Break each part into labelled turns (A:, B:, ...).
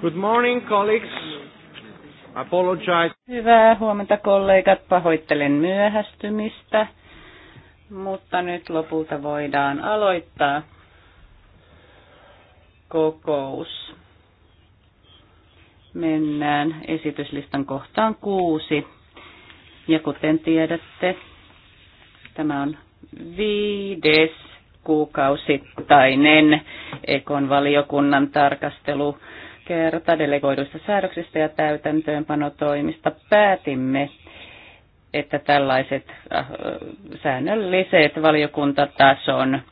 A: Good morning, colleagues. Apologize.
B: Hyvää huomenta kollegat, pahoittelen myöhästymistä, mutta nyt lopulta voidaan aloittaa kokous. Mennään esityslistan kohtaan kuusi. Ja kuten tiedätte, tämä on viides kuukausittainen Ekon valiokunnan tarkastelu kerta delegoiduista säädöksistä ja täytäntöönpanotoimista päätimme, että tällaiset äh, säännölliset valiokuntatason äh,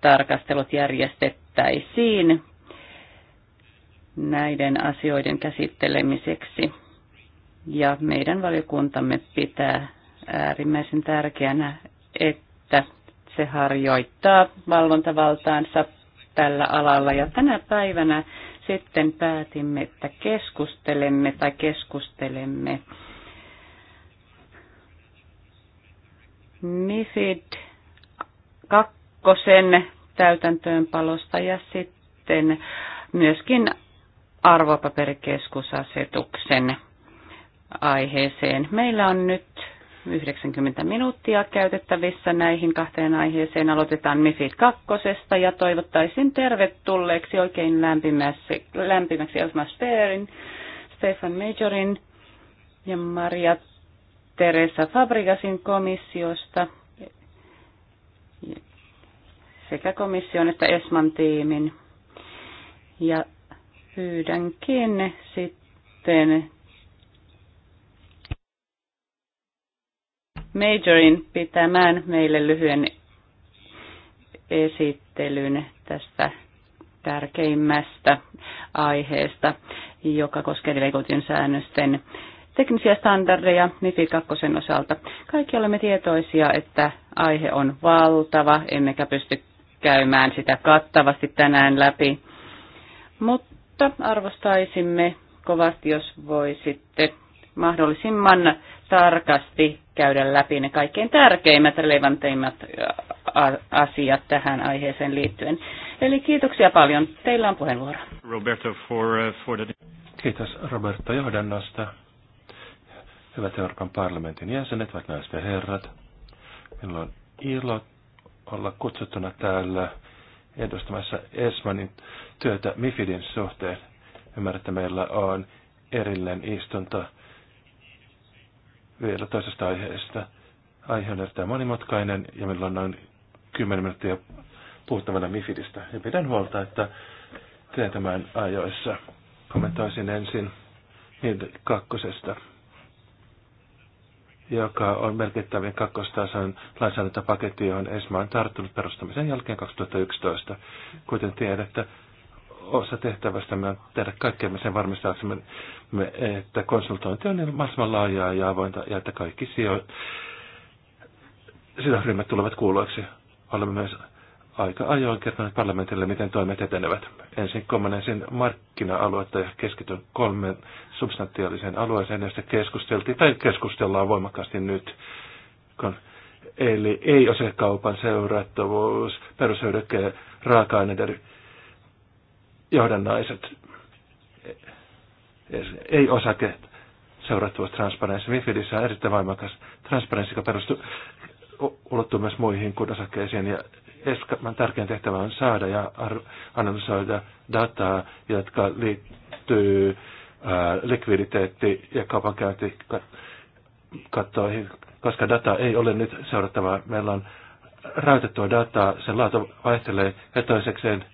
B: tarkastelut järjestettäisiin näiden asioiden käsittelemiseksi. Ja meidän valiokuntamme pitää äärimmäisen tärkeänä, että se harjoittaa valvontavaltaansa tällä alalla. Ja tänä päivänä sitten päätimme, että keskustelemme tai keskustelemme MIFID kakkosen täytäntöönpalosta ja sitten myöskin arvopaperikeskusasetuksen aiheeseen. Meillä on nyt 90 minuuttia käytettävissä näihin kahteen aiheeseen. Aloitetaan MIFID 2. ja toivottaisin tervetulleeksi oikein lämpimäksi, lämpimäksi Elsma Sperin, Stefan Majorin ja Maria Teresa Fabrigasin komissiosta sekä komission että ESMAN tiimin. Ja pyydänkin sitten Majorin pitämään meille lyhyen esittelyn tästä tärkeimmästä aiheesta, joka koskee delegoitujen säännösten teknisiä standardeja MIFI 2 osalta. Kaikki olemme tietoisia, että aihe on valtava, emmekä pysty käymään sitä kattavasti tänään läpi. Mutta arvostaisimme kovasti, jos voisitte mahdollisimman tarkasti käydä läpi ne kaikkein tärkeimmät, relevanteimmat asiat tähän aiheeseen liittyen. Eli kiitoksia paljon. Teillä on puheenvuoro.
C: Roberto for, uh, for the... Kiitos Roberto johdannosta. Hyvät Euroopan parlamentin jäsenet, hyvät naiset ja herrat. Minulla on ilo olla kutsuttuna täällä edustamassa Esmanin työtä Mifidin suhteen. Ymmärrän, että meillä on erillinen istunto vielä toisesta aiheesta. Aihe on erittäin monimutkainen ja meillä on noin 10 minuuttia puhuttavana Mifidistä. Ja pidän huolta, että teen tämän ajoissa. Kommentoisin ensin kakkosesta, joka on merkittävin kakkostason lainsäädäntöpaketti, johon ESMA on tarttunut perustamisen jälkeen 2011. Kuten tiedätte, osa me on tehdä kaikkemme sen varmistaaksemme, että konsultointi on mahdollisimman laajaa ja avointa ja että kaikki sijo- sidosryhmät tulevat kuuluiksi. Olemme myös aika ajoin kertoneet parlamentille, miten toimet etenevät. Ensin kommenensin markkina-aluetta ja keskityn kolmen substantiaaliseen alueeseen, josta keskusteltiin tai keskustellaan voimakkaasti nyt, kun eli ei-osekaupan seurattavuus, perushyödykkeen raaka-aineiden johdannaiset, ei osake seurattua transparenssi. Mifidissä on erittäin voimakas transparenssi, joka perustuu, ulottuu myös muihin kuin osakkeisiin. Ja Eskaman tärkein tehtävä on saada ja analysoida dataa, jotka liittyy äh, likviditeetti- ja kaupankäyntikattoihin, koska data ei ole nyt seurattavaa. Meillä on räytettyä dataa, sen laatu vaihtelee ja toisekseen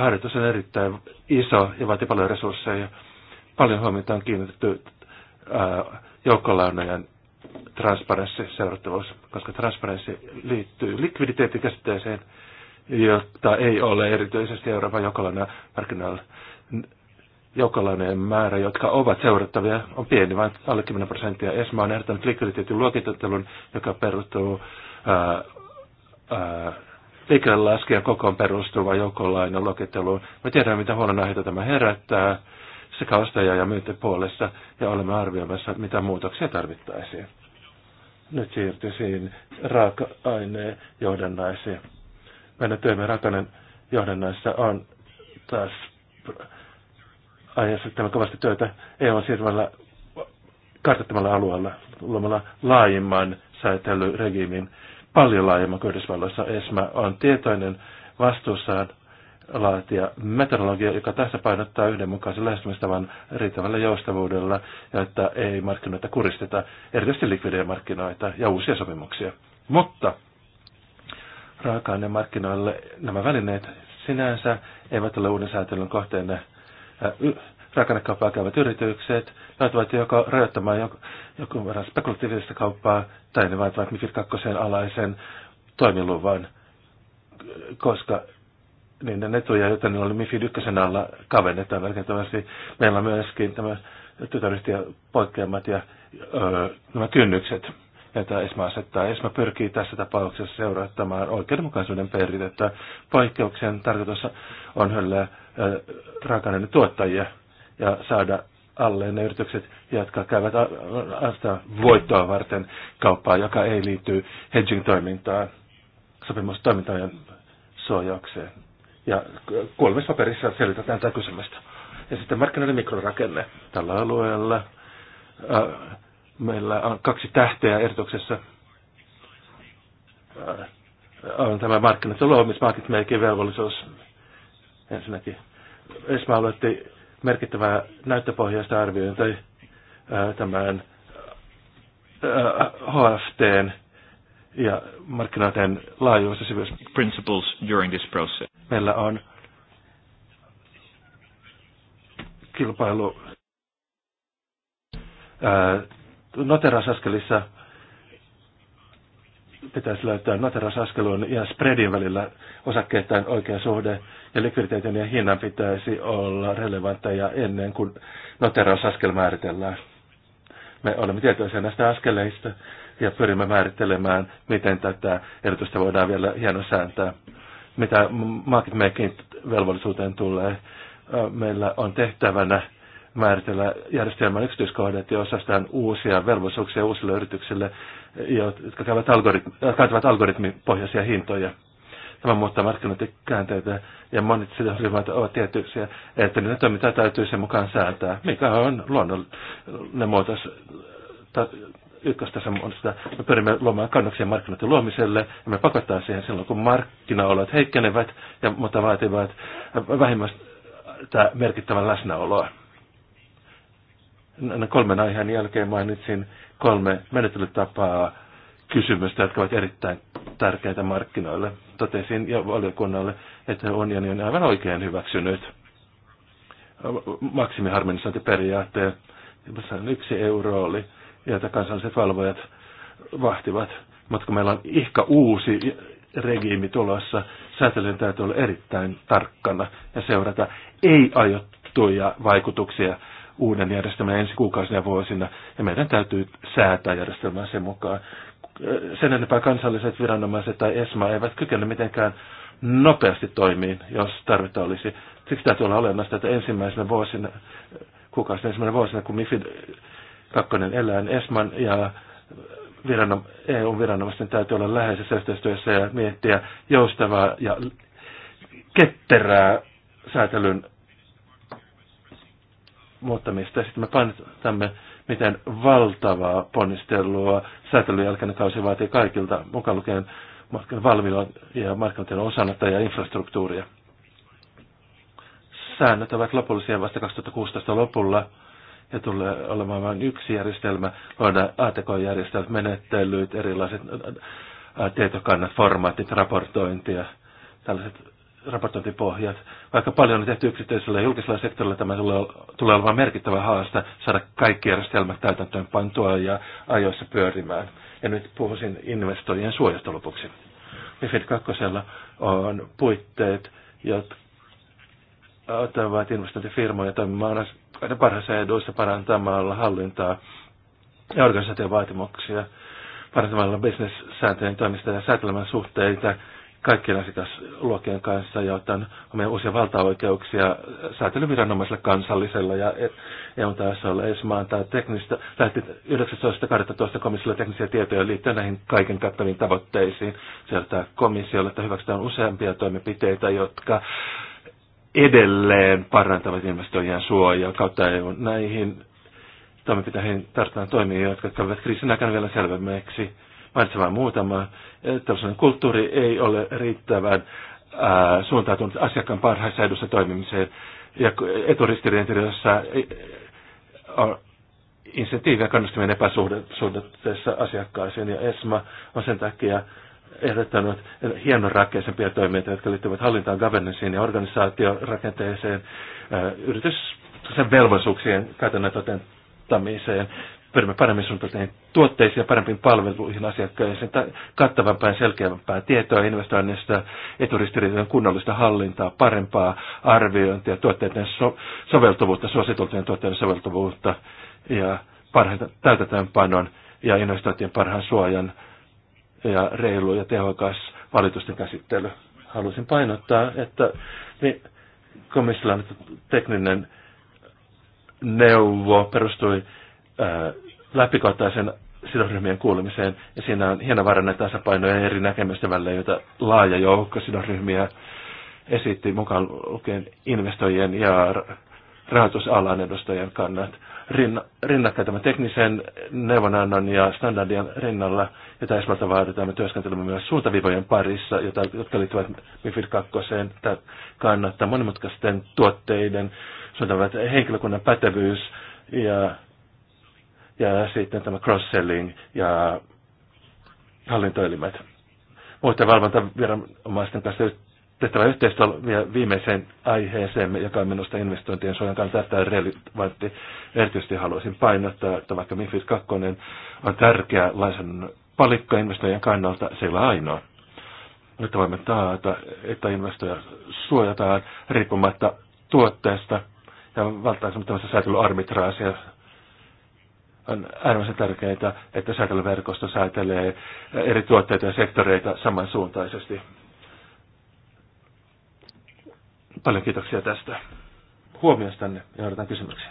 C: harjoitus on erittäin iso ja vaatii paljon resursseja. Paljon huomiota on kiinnitetty äh, joukkolainojen transparenssi, seurattavuus, koska transparenssi liittyy likviditeettikäsitteeseen, jota ei ole erityisesti Euroopan joukkolainojen markkinoilla. Joukkolainojen määrä, jotka ovat seurattavia, on pieni, vain alle 10 prosenttia. ESMA on ehdottanut likviditeetin luokitettelun, joka perustuu ää, äh, ää, äh, laskea kokoon perustuva jokolainen luokitteluun. Me tiedämme, mitä heitä tämä herättää sekä ostaja- ja myyntipuolessa, ja olemme arvioimassa, mitä muutoksia tarvittaisiin. Nyt siirtyisiin raaka-aineen johdannaisiin. Meidän työmme raaka johdannaissa on taas aiheessa tämä kovasti työtä EUn siirtymällä kartoittamalla alueella, luomalla laajimman säätelyregiimin paljon laajemmin kuin Yhdysvalloissa. ESMA on tietoinen vastuussaan laatia metodologia, joka tässä painottaa yhdenmukaisen lähestymistavan riittävällä joustavuudella, ja että ei markkinoita kuristeta, erityisesti likvidejä markkinoita ja uusia sopimuksia. Mutta raaka markkinoille nämä välineet sinänsä eivät ole uuden säätelyn kohteena. Äh, rakennekauppaa käyvät yritykset joutuvat joko rajoittamaan jonkun joku verran spekulatiivista kauppaa tai ne vaativat MIFID 2 alaisen toimiluvan, koska niiden etuja, joita ne oli MIFID 1 alla, kavennetaan merkittävästi. Meillä on myöskin tämä tytäryhtiö poikkeamat ja öö, nämä kynnykset, joita ESMA asettaa. ESMA pyrkii tässä tapauksessa seurattamaan oikeudenmukaisuuden peritettä. Poikkeuksen tarkoitus on hyllää öö, raaka tuottajia – ja saada alle ne yritykset, jotka käyvät ainoastaan voittoa varten kauppaa, joka ei liity hedging-toimintaan, sopimustoimintaan suojaukseen. Ja kolmessa paperissa selitetään tätä kysymystä. Ja sitten markkinoiden mikrorakenne tällä alueella. Meillä on kaksi tähteä erityksessä. On tämä markkinat ja market velvollisuus ensinnäkin. Esimerkiksi merkittävää näyttöpohjaista arviointia tämän HFTn ja markkinoiden laajuus Principles during this process. Meillä on kilpailu noterasaskelissa pitäisi löytää noterasaskelun ja spreadin välillä osakkeittain oikea suhde ja likviditeetin ja hinnan pitäisi olla relevantteja ennen kuin noterausaskel määritellään. Me olemme tietoisia näistä askeleista ja pyrimme määrittelemään, miten tätä erityistä voidaan vielä hieno sääntää. Mitä market making velvollisuuteen tulee, meillä on tehtävänä määritellä järjestelmän yksityiskohdat ja osastaan uusia velvollisuuksia uusille yrityksille, jotka käyvät algoritmi, äh, algoritmipohjaisia hintoja Tämä muuttaa markkinointikäänteitä ja monet sidosryhmät ovat tietyksiä, että niitä toimintaa täytyy sen mukaan säätää, mikä on luonnollinen muutos ykköstason on sitä, me pyrimme luomaan kannuksia markkinoiden luomiselle ja me pakottaa siihen silloin, kun markkinaolot heikkenevät ja mutta vaativat vähimmäistä merkittävän läsnäoloa. Kolmen aiheen jälkeen mainitsin kolme menettelytapaa kysymystä, jotka ovat erittäin tärkeitä markkinoille. Totesin ja valiokunnalle, että unioni on aivan oikein hyväksynyt maksimiharmonisointiperiaatteen. Se on yksi euro oli, jota kansalliset valvojat vahtivat. Mutta kun meillä on ihka uusi regiimi tulossa, säätelyn täytyy olla erittäin tarkkana ja seurata ei-aiottuja vaikutuksia uuden järjestelmän ensi kuukausina ja vuosina, ja meidän täytyy säätää järjestelmää sen mukaan sen enempää kansalliset viranomaiset tai ESMA eivät kykene mitenkään nopeasti toimiin, jos tarvetta olisi. Siksi täytyy olla olennaista, että ensimmäisenä vuosina, kuukausina ensimmäisenä vuosina, kun MIFID 2 elää, niin ESMAn ja viranom, EU-viranomaisten täytyy olla läheisessä yhteistyössä ja miettiä joustavaa ja ketterää säätelyn muuttamista. Sitten me painetamme miten valtavaa ponnistelua säätelyn jälkeinen kausi vaatii kaikilta, mukaan lukien valmiilla ja markkinoiden osanotta ja infrastruktuuria. Säännöt ovat lopullisia vasta 2016 lopulla ja tulee olemaan vain yksi järjestelmä, luoda ATK-järjestelmät, menettelyt, erilaiset tietokannat, formaatit, raportointia, tällaiset raportointipohjat. Vaikka paljon on tehty yksityisellä ja julkisella sektorilla, tämä tulee, tulee olemaan merkittävä haaste saada kaikki järjestelmät täytäntöön pantua ja ajoissa pyörimään. Ja nyt puhuisin investoijien suojasta lopuksi. MIFID 2 on puitteet, jotka ottavat investointifirmoja toimimaan parhaissa eduissa parantamalla hallintaa ja organisaation vaatimuksia, parantamalla bisnessääntöjen toimista ja säätelemään suhteita kaikkien asiakasluokien kanssa ja otan omia uusia valtaoikeuksia säätelyviranomaisella kansallisella ja e- EUn tasolla. ESMAan tämä teknistä lähti 19.12. komissiolla teknisiä tietoja liittyen näihin kaiken kattaviin tavoitteisiin. Sieltä komissiolle, että hyväksytään useampia toimenpiteitä, jotka edelleen parantavat investoijien suojaa kautta EU. Näihin toimenpiteihin tarttaan toimia, jotka kävivät kriisin aikana vielä selvemmäksi vain muutama. Eh, tällainen kulttuuri ei ole riittävän ää, suuntautunut asiakkaan parhaissa edussa toimimiseen. Ja eturistiriintiriössä eh, eh, on insentiivi ja kannustaminen epäsuhteessa asiakkaaseen. Ja ESMA on sen takia ehdottanut hienon rakkeisempia toimijoita, jotka liittyvät hallintaan, governanceen ja organisaatiorakenteeseen, sen velvollisuuksien käytännön toteuttamiseen, pyrimme paremmin suunniteltuihin tuotteisiin ja parempiin palveluihin asiakkaille, sen kattavampaan selkeämpää tietoa investoinnista, eturistiriitojen kunnollista hallintaa, parempaa arviointia, tuotteiden so- soveltuvuutta, suositeltujen tuotteiden soveltuvuutta ja parhaita täytäntöönpanon ja investointien parhaan suojan ja reilu ja tehokas valitusten käsittely. Haluaisin painottaa, että niin komissiolla tekninen neuvo perustui läpikohtaisen sidosryhmien kuulemiseen. Ja siinä on hienovarainen tasapaino tasapainoja eri näkemysten välillä, joita laaja joukko sidosryhmiä esitti mukaan lukien investoijien ja rahoitusalan edustajien kannat. rinnakkain tämän teknisen neuvonannon ja standardien rinnalla, jota esimerkiksi vaaditaan, me työskentelemme myös suuntaviivojen parissa, jota, jotka liittyvät MIFID 2, kannattaa monimutkaisten tuotteiden, suuntavat henkilökunnan pätevyys ja ja sitten tämä cross-selling ja hallintoelimet. Muiden valvontaviranomaisten kanssa tehtävä yhteistyö viimeiseen aiheeseen, joka on minusta investointien suojan kannalta tätä relevantti. Erityisesti haluaisin painottaa, että vaikka MIFID 2 on tärkeä lainsäädännön palikka investoijien kannalta, se ei ole ainoa. Nyt voimme taata, että investoija suojataan riippumatta tuotteesta ja välttämättä säätelyarbitraasia on äärimmäisen tärkeää, että säätelyverkosto säätelee eri tuotteita ja sektoreita samansuuntaisesti. Paljon kiitoksia tästä huomiostanne ja odotan kysymyksiä.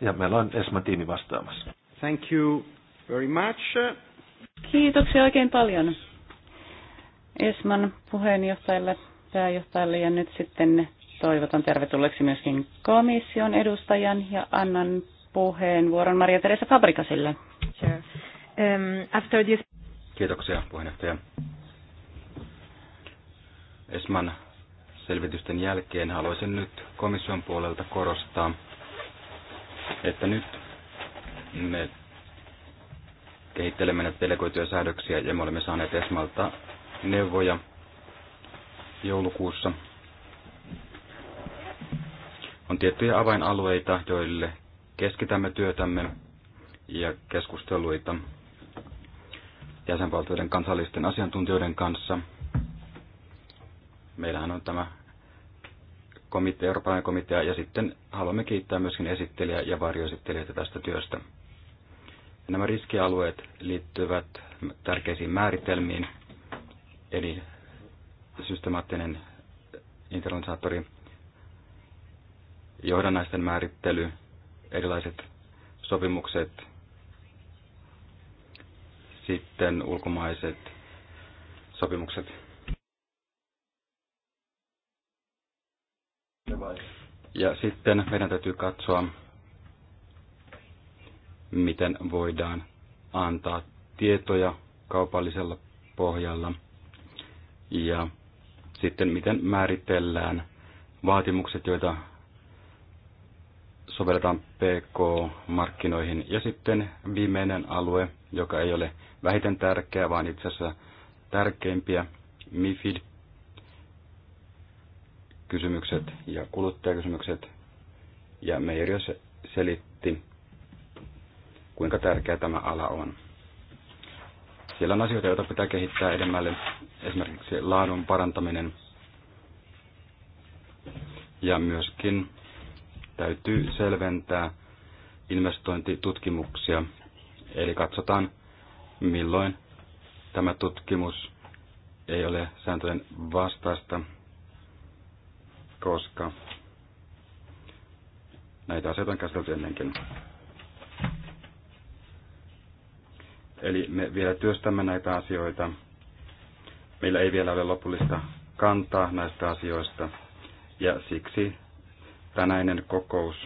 C: Ja meillä on Esman tiimi vastaamassa.
D: Thank you very much.
B: Kiitoksia oikein paljon Esman puheenjohtajalle, pääjohtajalle ja nyt sitten toivotan tervetulleeksi myöskin komission edustajan ja annan puheenvuoron Maria Teresa Fabrikasille. Sure. Um,
A: after this...
D: Kiitoksia puheenjohtaja. Esman selvitysten jälkeen haluaisin nyt komission puolelta korostaa, että nyt me kehittelemme näitä delegoituja säädöksiä ja me olemme saaneet Esmalta neuvoja joulukuussa. On tiettyjä avainalueita, joille keskitämme työtämme ja keskusteluita jäsenvaltioiden kansallisten asiantuntijoiden kanssa. Meillähän on tämä komitea, Euroopan komitea, ja sitten haluamme kiittää myöskin esittelijä ja varjoesittelijöitä tästä työstä. Ja nämä riskialueet liittyvät tärkeisiin määritelmiin, eli systemaattinen internalisaattori, johdannaisten määrittely, erilaiset sopimukset, sitten ulkomaiset sopimukset. Ja sitten meidän täytyy katsoa, miten voidaan antaa tietoja kaupallisella pohjalla ja sitten miten määritellään vaatimukset, joita sovelletaan PK-markkinoihin. Ja sitten viimeinen alue, joka ei ole vähiten tärkeä, vaan itse asiassa tärkeimpiä, MIFID, kysymykset ja kuluttajakysymykset. Ja Meirio selitti, kuinka tärkeä tämä ala on. Siellä on asioita, joita pitää kehittää edemmälle, esimerkiksi laadun parantaminen ja myöskin täytyy selventää investointitutkimuksia. Eli katsotaan, milloin tämä tutkimus ei ole sääntöjen vastaista, koska näitä asioita on käsitelty ennenkin. Eli me vielä työstämme näitä asioita. Meillä ei vielä ole lopullista kantaa näistä asioista, ja siksi tänäinen kokous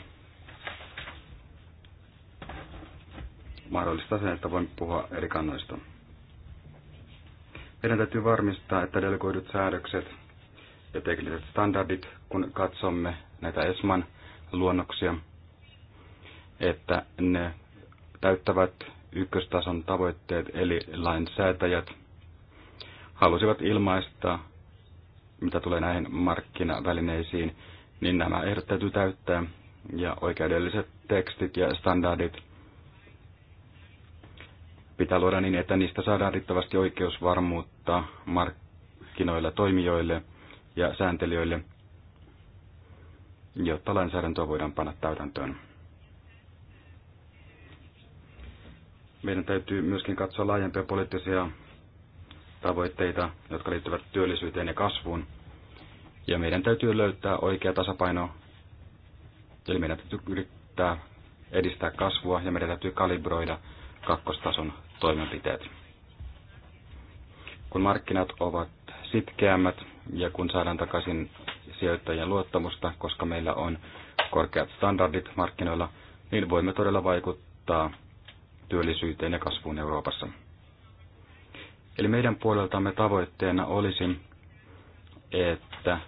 D: mahdollistaa sen, että voin puhua eri kannoista. Meidän täytyy varmistaa, että delegoidut säädökset ja tekniset standardit, kun katsomme näitä ESMAN luonnoksia, että ne täyttävät ykköstason tavoitteet, eli lainsäätäjät halusivat ilmaista, mitä tulee näihin markkinavälineisiin, niin nämä ehdot täytyy täyttää ja oikeudelliset tekstit ja standardit pitää luoda niin, että niistä saadaan riittävästi oikeusvarmuutta markkinoilla toimijoille ja sääntelijöille, jotta lainsäädäntöä voidaan panna täytäntöön. Meidän täytyy myöskin katsoa laajempia poliittisia tavoitteita, jotka liittyvät työllisyyteen ja kasvuun. Ja meidän täytyy löytää oikea tasapaino, eli meidän täytyy yrittää edistää kasvua ja meidän täytyy kalibroida kakkostason toimenpiteet. Kun markkinat ovat sitkeämmät ja kun saadaan takaisin sijoittajien luottamusta, koska meillä on korkeat standardit markkinoilla, niin voimme todella vaikuttaa työllisyyteen ja kasvuun Euroopassa. Eli meidän puoleltamme tavoitteena olisi, että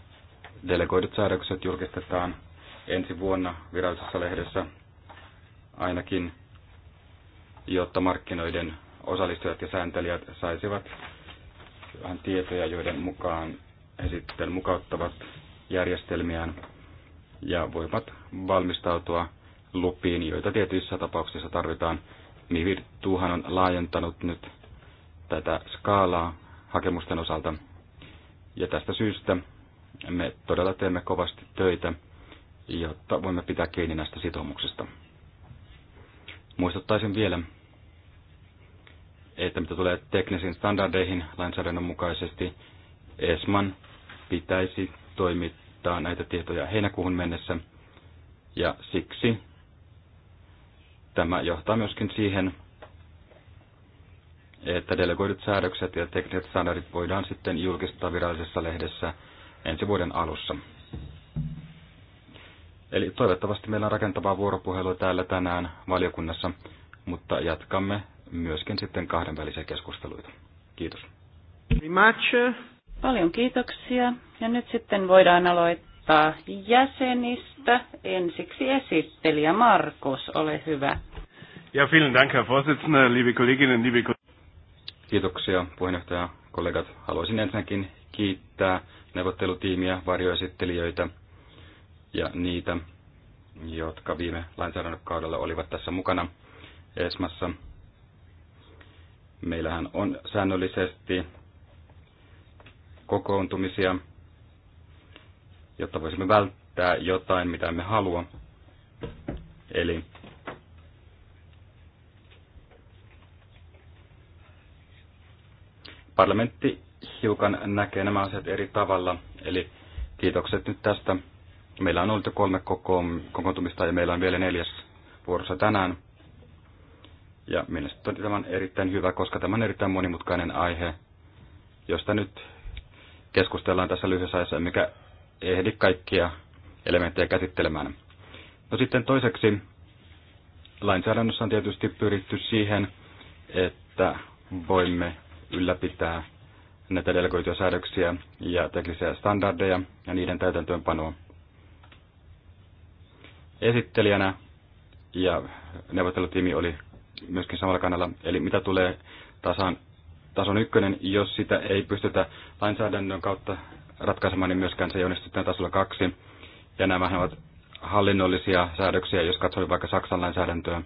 D: Delegoidut säädökset julkistetaan ensi vuonna virallisessa lehdessä ainakin, jotta markkinoiden osallistujat ja sääntelijät saisivat vähän tietoja, joiden mukaan he sitten mukauttavat järjestelmiään ja voivat valmistautua lupiin, joita tietyissä tapauksissa tarvitaan. MIVIR Tuuhan on laajentanut nyt tätä skaalaa hakemusten osalta. Ja tästä syystä me todella teemme kovasti töitä, jotta voimme pitää kiinni näistä sitoumuksista. Muistuttaisin vielä, että mitä tulee teknisiin standardeihin lainsäädännön mukaisesti, ESMAN pitäisi toimittaa näitä tietoja heinäkuuhun mennessä, ja siksi tämä johtaa myöskin siihen, että delegoidut säädökset ja tekniset standardit voidaan sitten julkistaa virallisessa lehdessä ensi vuoden alussa. Eli toivottavasti meillä on rakentavaa vuoropuhelua täällä tänään valiokunnassa, mutta jatkamme myöskin sitten kahdenvälisiä keskusteluita. Kiitos.
B: Paljon kiitoksia. Ja nyt sitten voidaan aloittaa jäsenistä. Ensiksi esittelijä Markus, ole hyvä.
C: Ja vielen dank, Herr Vorsitzender, liebe Kolleginnen, liebe
D: Kiitoksia puheenjohtaja, kollegat. Haluaisin ensinnäkin kiittää neuvottelutiimiä, varjoesittelijöitä ja niitä, jotka viime kaudella olivat tässä mukana ESMassa. Meillähän on säännöllisesti kokoontumisia, jotta voisimme välttää jotain, mitä emme halua. Eli parlamentti hiukan näkee nämä asiat eri tavalla. Eli kiitokset nyt tästä. Meillä on ollut jo kolme kokoontumista ja meillä on vielä neljäs vuorossa tänään. Ja mielestäni tämä on erittäin hyvä, koska tämä on erittäin monimutkainen aihe, josta nyt keskustellaan tässä lyhyessä ajassa, mikä ehdi kaikkia elementtejä käsittelemään. No sitten toiseksi, lainsäädännössä on tietysti pyritty siihen, että voimme ylläpitää näitä delegoituja säädöksiä ja teknisiä standardeja ja niiden täytäntöönpanoa. Esittelijänä ja neuvottelutiimi oli myöskin samalla kannalla, eli mitä tulee tasan, tason ykkönen, jos sitä ei pystytä lainsäädännön kautta ratkaisemaan, niin myöskään se ei onnistu tämän tasolla kaksi. Ja nämä ovat hallinnollisia säädöksiä, jos katsoo vaikka Saksan lainsäädäntöä.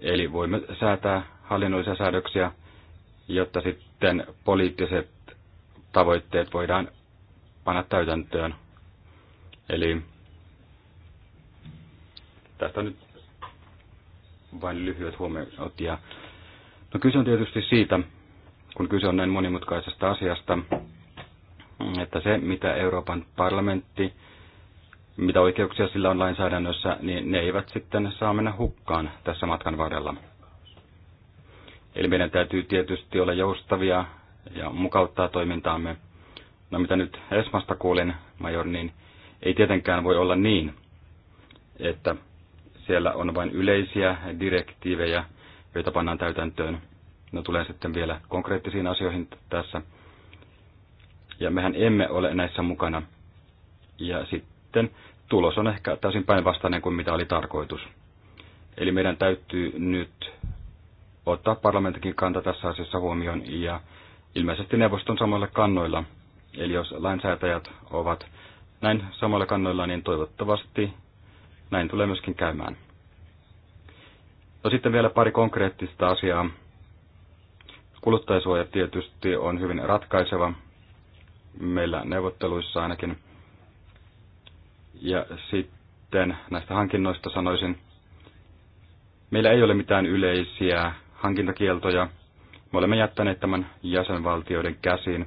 D: Eli voimme säätää hallinnollisia säädöksiä, jotta sitten poliittiset tavoitteet voidaan panna täytäntöön. Eli tästä nyt vain lyhyet huomiot. Ja no kyse on tietysti siitä, kun kyse on näin monimutkaisesta asiasta, että se, mitä Euroopan parlamentti, mitä oikeuksia sillä on lainsäädännössä, niin ne eivät sitten saa mennä hukkaan tässä matkan varrella. Eli meidän täytyy tietysti olla joustavia ja mukauttaa toimintaamme. No mitä nyt Esmasta kuulin, major, niin ei tietenkään voi olla niin, että siellä on vain yleisiä direktiivejä, joita pannaan täytäntöön. No tulee sitten vielä konkreettisiin asioihin tässä. Ja mehän emme ole näissä mukana. Ja sitten tulos on ehkä täysin päinvastainen kuin mitä oli tarkoitus. Eli meidän täytyy nyt ottaa parlamentin kanta tässä asiassa huomioon ja Ilmeisesti neuvoston samoilla kannoilla, eli jos lainsäätäjät ovat näin samoilla kannoilla, niin toivottavasti näin tulee myöskin käymään. No sitten vielä pari konkreettista asiaa. Kuluttajasuoja tietysti on hyvin ratkaiseva meillä neuvotteluissa ainakin. Ja sitten näistä hankinnoista sanoisin, meillä ei ole mitään yleisiä hankintakieltoja, me olemme jättäneet tämän jäsenvaltioiden käsiin.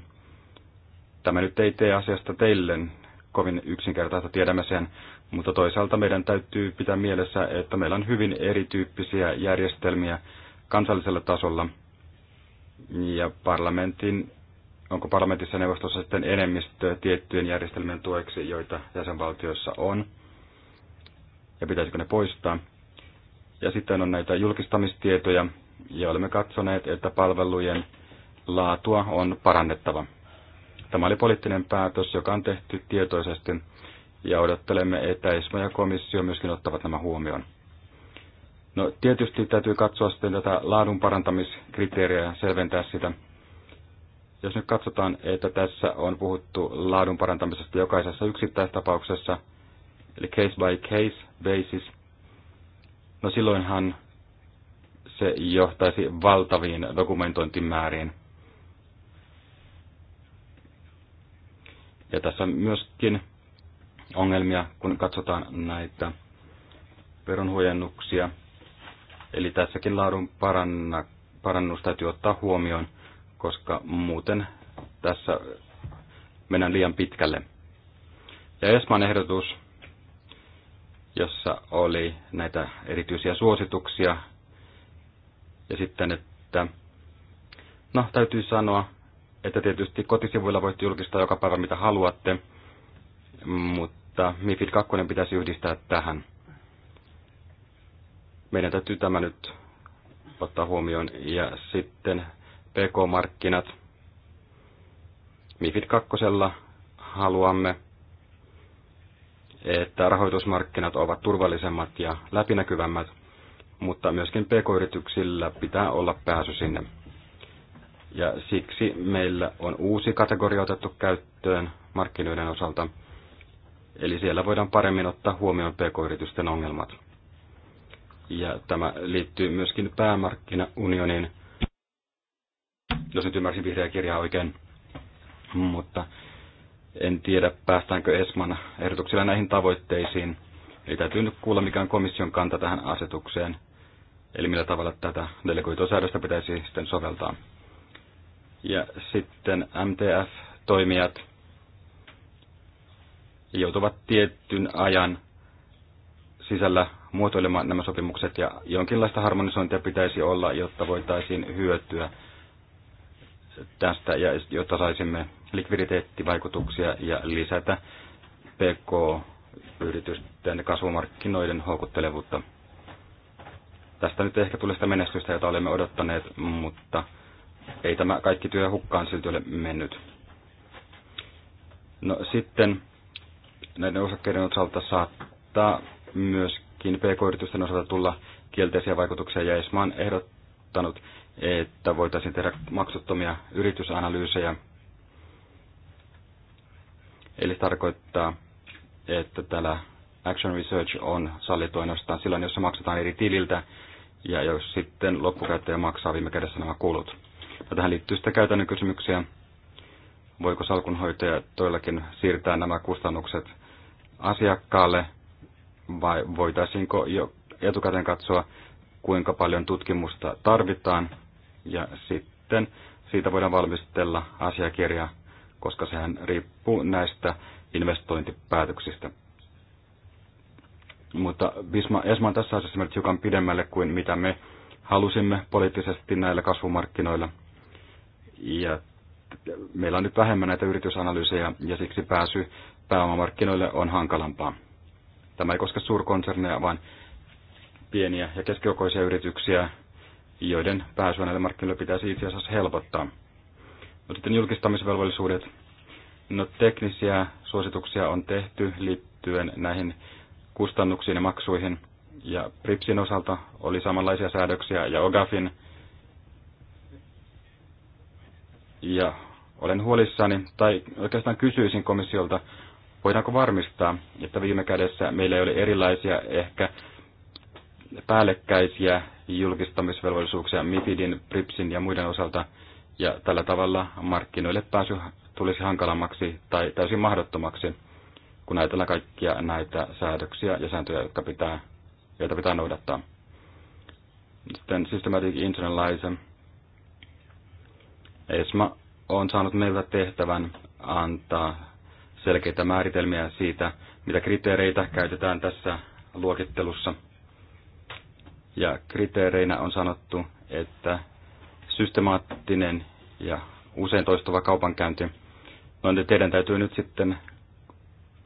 D: Tämä nyt ei tee asiasta teille kovin yksinkertaista, tiedämme sen, mutta toisaalta meidän täytyy pitää mielessä, että meillä on hyvin erityyppisiä järjestelmiä kansallisella tasolla ja parlamentin, onko parlamentissa ja neuvostossa sitten enemmistö tiettyjen järjestelmien tueksi, joita jäsenvaltioissa on, ja pitäisikö ne poistaa. Ja sitten on näitä julkistamistietoja, ja olemme katsoneet, että palvelujen laatua on parannettava. Tämä oli poliittinen päätös, joka on tehty tietoisesti, ja odottelemme, että ESMA ja komissio myöskin ottavat nämä huomioon. No, tietysti täytyy katsoa sitten tätä laadun parantamiskriteeriä ja selventää sitä. Jos nyt katsotaan, että tässä on puhuttu laadun parantamisesta jokaisessa yksittäistapauksessa, eli case by case basis, no silloinhan se johtaisi valtaviin dokumentointimääriin. Ja tässä on myöskin ongelmia, kun katsotaan näitä veronhuojennuksia. Eli tässäkin laadun paranna, parannus täytyy ottaa huomioon, koska muuten tässä mennään liian pitkälle. Ja Esman ehdotus, jossa oli näitä erityisiä suosituksia ja sitten, että no täytyy sanoa, että tietysti kotisivuilla voitte julkistaa joka päivä mitä haluatte, mutta MIFID 2 pitäisi yhdistää tähän. Meidän täytyy tämä nyt ottaa huomioon. Ja sitten PK-markkinat. MIFID 2 haluamme, että rahoitusmarkkinat ovat turvallisemmat ja läpinäkyvämmät mutta myöskin pk-yrityksillä pitää olla pääsy sinne. Ja siksi meillä on uusi kategoria otettu käyttöön markkinoiden osalta, eli siellä voidaan paremmin ottaa huomioon pk-yritysten ongelmat. Ja tämä liittyy myöskin päämarkkinaunionin, jos nyt ymmärsin vihreä kirjaa oikein, mutta en tiedä päästäänkö Esman ehdotuksilla näihin tavoitteisiin. Eli täytyy nyt kuulla, mikä on komission kanta tähän asetukseen eli millä tavalla tätä delegoitua säädöstä pitäisi sitten soveltaa. Ja sitten MTF-toimijat joutuvat tietyn ajan sisällä muotoilemaan nämä sopimukset ja jonkinlaista harmonisointia pitäisi olla, jotta voitaisiin hyötyä tästä ja jotta saisimme likviditeettivaikutuksia ja lisätä PK-yritysten kasvumarkkinoiden houkuttelevuutta. Tästä nyt ehkä tulee sitä menestystä, jota olemme odottaneet, mutta ei tämä kaikki työ hukkaan silti ole mennyt. No sitten näiden osakkeiden osalta saattaa myöskin pk-yritysten osalta tulla kielteisiä vaikutuksia, ja ESMA on ehdottanut, että voitaisiin tehdä maksuttomia yritysanalyysejä. Eli se tarkoittaa, että täällä Action Research on sallittu ainoastaan silloin, jossa maksetaan eri tililtä ja jos sitten loppukäyttäjä maksaa viime kädessä nämä kulut. Ja tähän liittyy sitten käytännön kysymyksiä. Voiko salkunhoitaja toillakin siirtää nämä kustannukset asiakkaalle vai voitaisiinko jo etukäteen katsoa, kuinka paljon tutkimusta tarvitaan ja sitten siitä voidaan valmistella asiakirja, koska sehän riippuu näistä investointipäätöksistä. Mutta Bisma, Esma on tässä asiassa mennyt hiukan pidemmälle kuin mitä me halusimme poliittisesti näillä kasvumarkkinoilla. Ja meillä on nyt vähemmän näitä yritysanalyysejä ja siksi pääsy pääomamarkkinoille on hankalampaa. Tämä ei koske suurkonserneja, vaan pieniä ja keskiokoisia yrityksiä, joiden pääsyä näille markkinoille pitäisi itse asiassa helpottaa. No sitten julkistamisvelvollisuudet. No teknisiä suosituksia on tehty liittyen näihin kustannuksiin ja maksuihin. Ja PRIPSin osalta oli samanlaisia säädöksiä ja OGAFin. Ja olen huolissani, tai oikeastaan kysyisin komissiolta, voidaanko varmistaa, että viime kädessä meillä ei ole erilaisia ehkä päällekkäisiä julkistamisvelvollisuuksia MIFIDin, PRIPSin ja muiden osalta, ja tällä tavalla markkinoille pääsy tulisi hankalammaksi tai täysin mahdottomaksi kun näitä kaikkia näitä säädöksiä ja sääntöjä, jotka pitää, joita pitää noudattaa. Sitten Systematic Internalizer. ESMA on saanut meiltä tehtävän antaa selkeitä määritelmiä siitä, mitä kriteereitä käytetään tässä luokittelussa. Ja kriteereinä on sanottu, että systemaattinen ja usein toistuva kaupankäynti. No teidän täytyy nyt sitten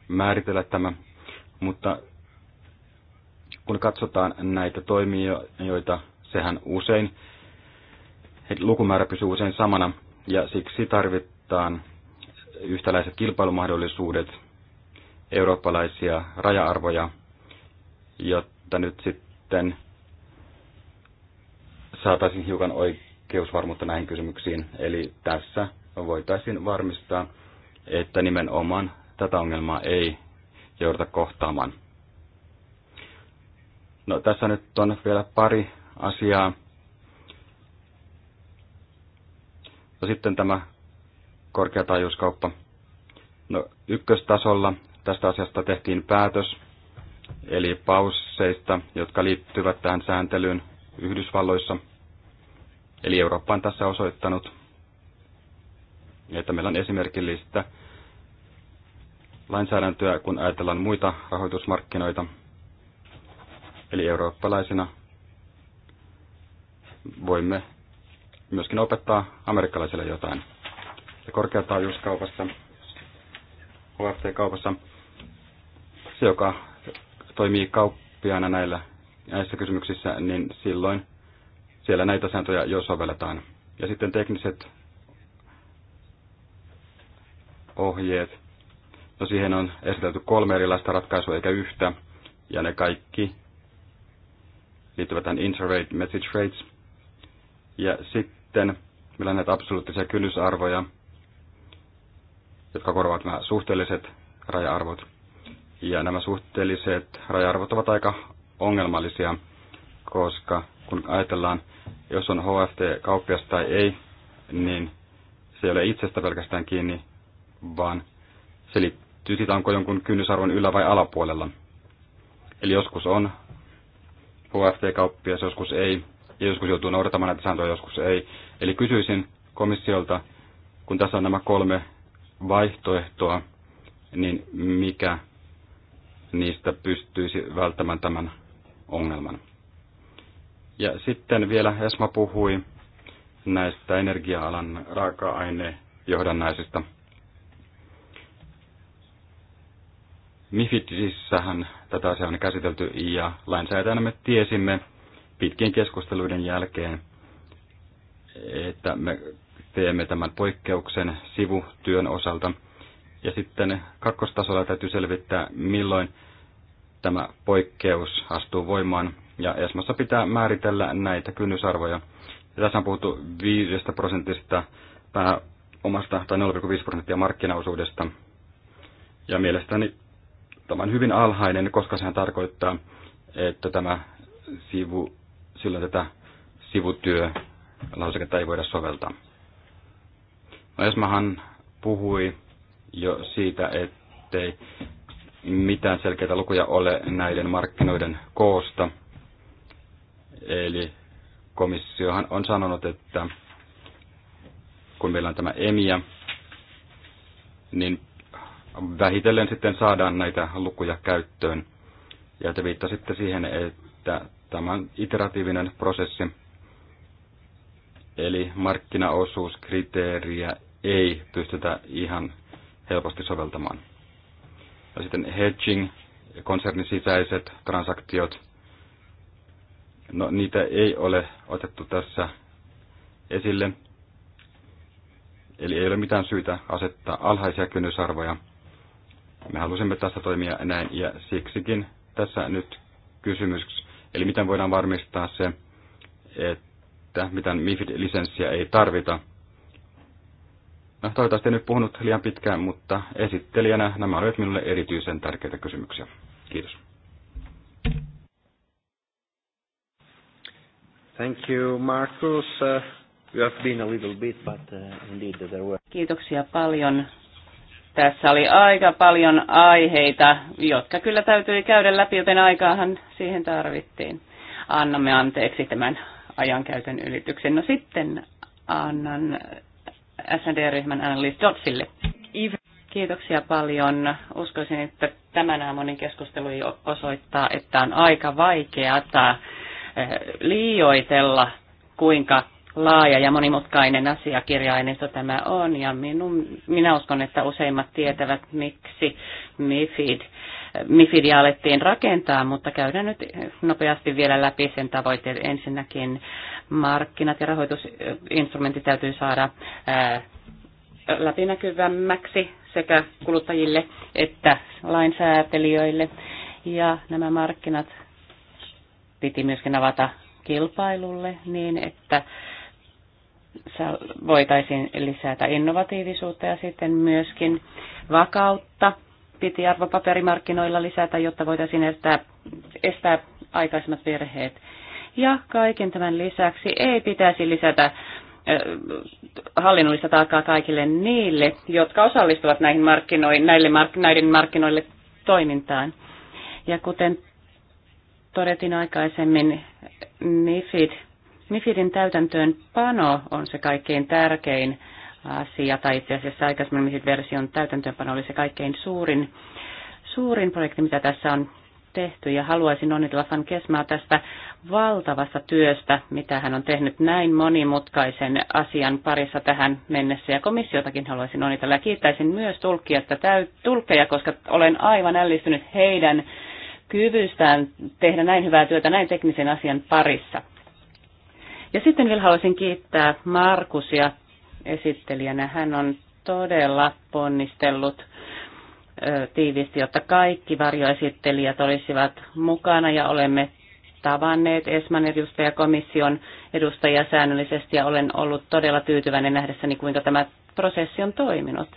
D: määritellä tämä, mutta kun katsotaan näitä toimijoita, sehän usein, lukumäärä pysyy usein samana, ja siksi tarvitaan yhtäläiset kilpailumahdollisuudet, eurooppalaisia raja-arvoja, jotta nyt sitten saataisiin hiukan oikeusvarmuutta näihin kysymyksiin. Eli tässä voitaisiin varmistaa, että nimenomaan tätä ongelmaa ei jouduta kohtaamaan. No, tässä nyt on vielä pari asiaa. No, sitten tämä korkeataajuuskauppa. No, ykköstasolla tästä asiasta tehtiin päätös, eli pausseista, jotka liittyvät tähän sääntelyyn Yhdysvalloissa. Eli Eurooppa on tässä osoittanut, että meillä on esimerkillistä lainsäädäntöä, kun ajatellaan muita rahoitusmarkkinoita. Eli eurooppalaisina voimme myöskin opettaa amerikkalaisille jotain. Ja korkeataajuuskaupassa, OFT-kaupassa, se joka toimii kauppiana näillä, näissä kysymyksissä, niin silloin siellä näitä sääntöjä jo sovelletaan. Ja sitten tekniset ohjeet No siihen on esitelty kolme erilaista ratkaisua eikä yhtä, ja ne kaikki liittyvät tähän Interrate Message Rates. Ja sitten meillä on näitä absoluuttisia kynnysarvoja, jotka korvaavat nämä suhteelliset raja-arvot. Ja nämä suhteelliset raja-arvot ovat aika ongelmallisia, koska kun ajatellaan, jos on HFT-kauppias tai ei, niin se ei ole itsestä pelkästään kiinni, vaan se liittyy onko jonkun kynnysarvon ylä- vai alapuolella. Eli joskus on HFT-kauppias, joskus ei, ja joskus joutuu noudattamaan näitä sääntöjä, joskus ei. Eli kysyisin komissiolta, kun tässä on nämä kolme vaihtoehtoa, niin mikä niistä pystyisi välttämään tämän ongelman. Ja sitten vielä Esma puhui näistä energia-alan raaka-ainejohdannaisista. Mifidissähän tätä asiaa on käsitelty ja lainsäätäjänä me tiesimme pitkien keskusteluiden jälkeen, että me teemme tämän poikkeuksen sivutyön osalta. Ja sitten kakkostasolla täytyy selvittää, milloin tämä poikkeus astuu voimaan. Ja Esmassa pitää määritellä näitä kynnysarvoja. Ja tässä on puhuttu 5 prosentista pääomasta tai 0,5 prosenttia markkinaosuudesta. Ja mielestäni Tämä on hyvin alhainen, koska sehän tarkoittaa, että tämä sivu, silloin tätä sivutyölauseketta ei voida soveltaa. No Esmahan puhui jo siitä, ettei mitään selkeitä lukuja ole näiden markkinoiden koosta. Eli komissiohan on sanonut, että kun meillä on tämä EMIA, niin vähitellen sitten saadaan näitä lukuja käyttöön. Ja te viittasitte siihen, että tämä on iteratiivinen prosessi, eli markkinaosuuskriteeriä ei pystytä ihan helposti soveltamaan. Ja sitten hedging, konsernin sisäiset transaktiot, no niitä ei ole otettu tässä esille. Eli ei ole mitään syytä asettaa alhaisia kynnysarvoja me halusimme tässä toimia näin ja siksikin tässä nyt kysymys, eli miten voidaan varmistaa se, että mitään MIFID-lisenssiä ei tarvita. No, toivottavasti en nyt puhunut liian pitkään, mutta esittelijänä nämä olivat minulle erityisen tärkeitä kysymyksiä. Kiitos.
B: Thank you, Markus. Uh, you have been a little bit, but uh, indeed there were... Kiitoksia paljon tässä oli aika paljon aiheita, jotka kyllä täytyi käydä läpi, joten aikaahan siihen tarvittiin. Annamme anteeksi tämän ajankäytön ylityksen. No sitten annan SND-ryhmän Annelies Dotsille. Kiitoksia paljon. Uskoisin, että tämän aamunin keskustelu osoittaa, että on aika vaikeaa eh, liioitella, kuinka laaja ja monimutkainen asiakirjaineisto tämä on, ja minun, minä uskon, että useimmat tietävät, miksi MIFID, MIFIDia alettiin rakentaa, mutta käydään nyt nopeasti vielä läpi sen tavoitteet. Ensinnäkin markkinat ja rahoitusinstrumentit täytyy saada ää, läpinäkyvämmäksi sekä kuluttajille että lainsäätelijöille, ja nämä markkinat piti myöskin avata kilpailulle niin, että voitaisiin lisätä innovatiivisuutta ja sitten myöskin vakautta piti arvopaperimarkkinoilla lisätä, jotta voitaisiin estää, estää aikaisemmat virheet. Ja kaiken tämän lisäksi ei pitäisi lisätä hallinnollista taakkaa kaikille niille, jotka osallistuvat näihin markkinoihin, näille mark, näiden markkinoille toimintaan. Ja kuten todettiin aikaisemmin, MIFID Mifidin täytäntöön pano on se kaikkein tärkein asia, tai itse asiassa aikaisemmin Mifid version täytäntöönpano oli se kaikkein suurin, suurin projekti, mitä tässä on tehty, ja haluaisin onnitella Van Kesmaa tästä valtavasta työstä, mitä hän on tehnyt näin monimutkaisen asian parissa tähän mennessä, ja komissiotakin haluaisin onnitella, ja kiittäisin myös tulkkia, että täy, tulkkeja, koska olen aivan ällistynyt heidän kyvystään tehdä näin hyvää työtä näin teknisen asian parissa. Ja sitten vielä haluaisin kiittää Markusia esittelijänä. Hän on todella ponnistellut tiiviisti, jotta kaikki varjoesittelijät olisivat mukana ja olemme tavanneet ESMAN edustajia, komission edustajia säännöllisesti ja olen ollut todella tyytyväinen nähdessäni, kuinka tämä prosessi on toiminut.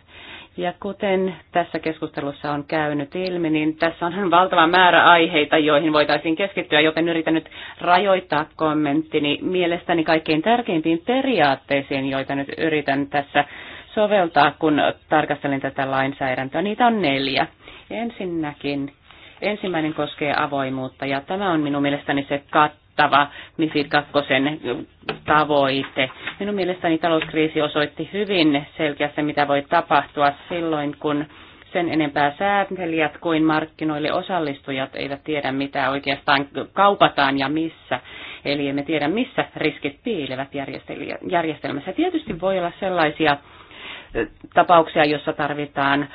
B: Ja kuten tässä keskustelussa on käynyt ilmi, niin tässä on valtava määrä aiheita, joihin voitaisiin keskittyä, joten yritän nyt rajoittaa kommenttini mielestäni kaikkein tärkeimpiin periaatteisiin, joita nyt yritän tässä soveltaa, kun tarkastelin tätä lainsäädäntöä. Niitä on neljä. Ensinnäkin Ensimmäinen koskee avoimuutta ja tämä on minun mielestäni se kat, kattava MIFID 2 tavoite. Minun mielestäni talouskriisi osoitti hyvin selkeästi, mitä voi tapahtua silloin, kun sen enempää sääntelijät kuin markkinoille osallistujat eivät tiedä, mitä oikeastaan kaupataan ja missä. Eli emme tiedä, missä riskit piilevät järjestelmässä. Tietysti voi olla sellaisia tapauksia, jossa tarvitaan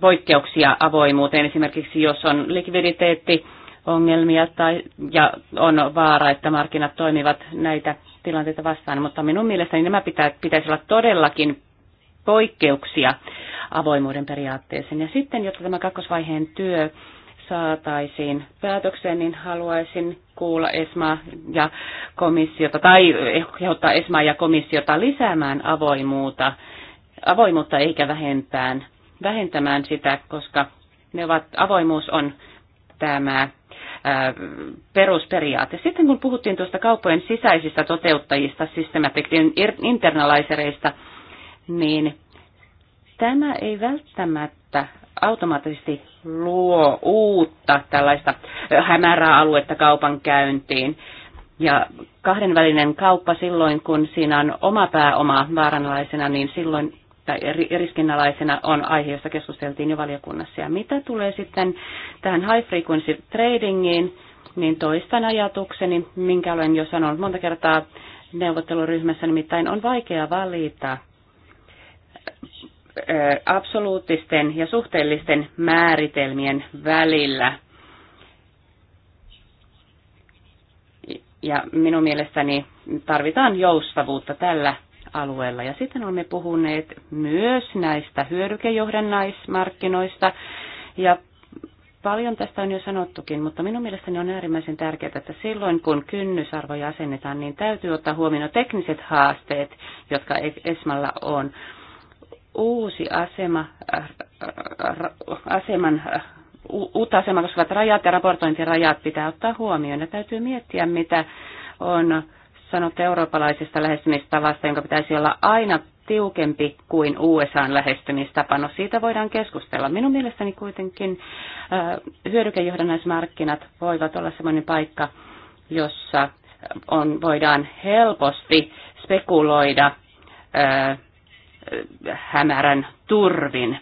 B: poikkeuksia avoimuuteen. Esimerkiksi jos on likviditeetti ongelmia tai, ja on vaara, että markkinat toimivat näitä tilanteita vastaan, mutta minun mielestäni nämä pitä, pitäisi olla todellakin poikkeuksia avoimuuden periaatteeseen. Ja sitten, jotta tämä kakkosvaiheen työ saataisiin päätökseen, niin haluaisin kuulla ESMA ja komissiota tai kehottaa ESMA ja komissiota lisäämään avoimuutta, avoimuutta eikä vähentään, vähentämään sitä, koska ne ovat, avoimuus on tämä perusperiaate. Sitten kun puhuttiin tuosta kauppojen sisäisistä toteuttajista, systematic internalizereista, niin tämä ei välttämättä automaattisesti luo uutta tällaista hämärää aluetta kaupan käyntiin Ja kahdenvälinen kauppa silloin, kun siinä on oma pääoma vaaranlaisena, niin silloin tai riskinalaisena on aihe, josta keskusteltiin jo valiokunnassa. Ja mitä tulee sitten tähän high frequency tradingiin, niin toistan ajatukseni, minkä olen jo sanonut monta kertaa neuvotteluryhmässä, nimittäin on vaikea valita absoluuttisten ja suhteellisten määritelmien välillä. Ja minun mielestäni tarvitaan joustavuutta tällä alueella. Ja sitten olemme puhuneet myös näistä hyödykejohdannaismarkkinoista ja paljon tästä on jo sanottukin, mutta minun mielestäni on äärimmäisen tärkeää, että silloin kun kynnysarvoja asennetaan, niin täytyy ottaa huomioon tekniset haasteet, jotka e- ESMalla on. Uusi asema, äh, äh, aseman äh, uutta asemaa koskevat rajat ja raportointirajat pitää ottaa huomioon. Ja täytyy miettiä, mitä on sanotte eurooppalaisesta lähestymistavasta, jonka pitäisi olla aina tiukempi kuin USAn lähestymistapa. No siitä voidaan keskustella. Minun mielestäni kuitenkin äh, hyödykejohdannaismarkkinat voivat olla sellainen paikka, jossa on, voidaan helposti spekuloida äh, hämärän turvin.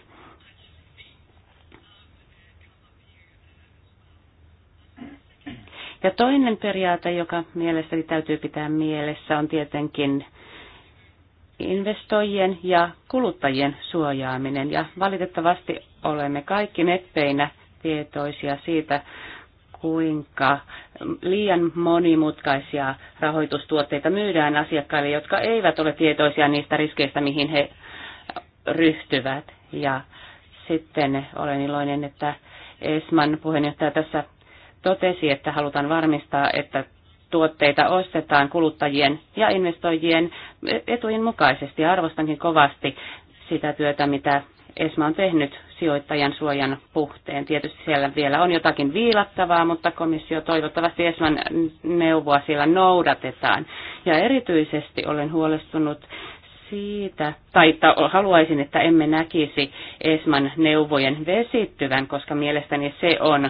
B: Ja toinen periaate, joka mielestäni täytyy pitää mielessä, on tietenkin investoijien ja kuluttajien suojaaminen. Ja valitettavasti olemme kaikki meppeinä tietoisia siitä, kuinka liian monimutkaisia rahoitustuotteita myydään asiakkaille, jotka eivät ole tietoisia niistä riskeistä, mihin he ryhtyvät. Ja sitten olen iloinen, että Esman puheenjohtaja tässä totesi, että halutaan varmistaa, että tuotteita ostetaan kuluttajien ja investoijien etujen mukaisesti. Arvostankin kovasti sitä työtä, mitä ESMA on tehnyt sijoittajan suojan puhteen. Tietysti siellä vielä on jotakin viilattavaa, mutta komissio toivottavasti ESMAn neuvoa siellä noudatetaan. Ja erityisesti olen huolestunut siitä, tai ta, haluaisin, että emme näkisi ESMAn neuvojen vesittyvän, koska mielestäni se on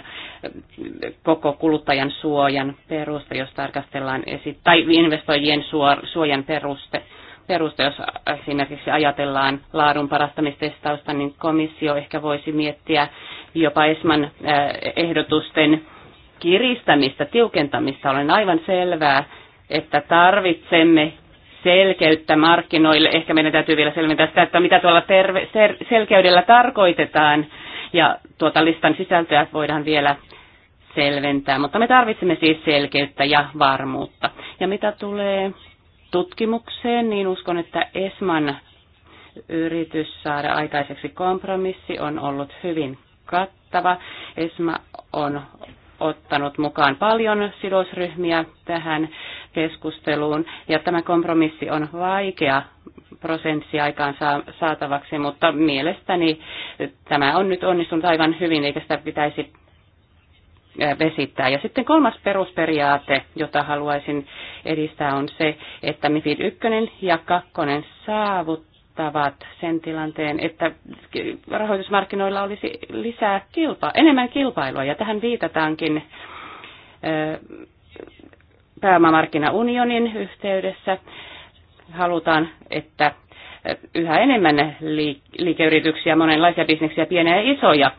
B: koko kuluttajan suojan peruste, jos tarkastellaan, esi- tai investoijien suojan peruste, peruste, jos esimerkiksi ajatellaan laadun parastamistestausta, niin komissio ehkä voisi miettiä jopa ESMAn ehdotusten kiristämistä, tiukentamista. Olen aivan selvää, että tarvitsemme selkeyttä markkinoille. Ehkä meidän täytyy vielä selventää sitä, että mitä tuolla terve, ser, selkeydellä tarkoitetaan. Ja tuota listan sisältöä voidaan vielä selventää, mutta me tarvitsemme siis selkeyttä ja varmuutta. Ja mitä tulee tutkimukseen, niin uskon, että ESMAN yritys saada aikaiseksi kompromissi on ollut hyvin kattava. ESMA on ottanut mukaan paljon sidosryhmiä tähän keskusteluun. Ja tämä kompromissi on vaikea prosentsi aikaan saatavaksi, mutta mielestäni tämä on nyt onnistunut aivan hyvin, eikä sitä pitäisi vesittää. Ja sitten kolmas perusperiaate, jota haluaisin edistää, on se, että MIFID 1 ja 2 saavuttavat sen tilanteen, että rahoitusmarkkinoilla olisi lisää kilpa, enemmän kilpailua, ja tähän viitataankin pääomamarkkinaunionin yhteydessä halutaan, että yhä enemmän liikeyrityksiä, monenlaisia bisneksiä, pieniä ja isoja,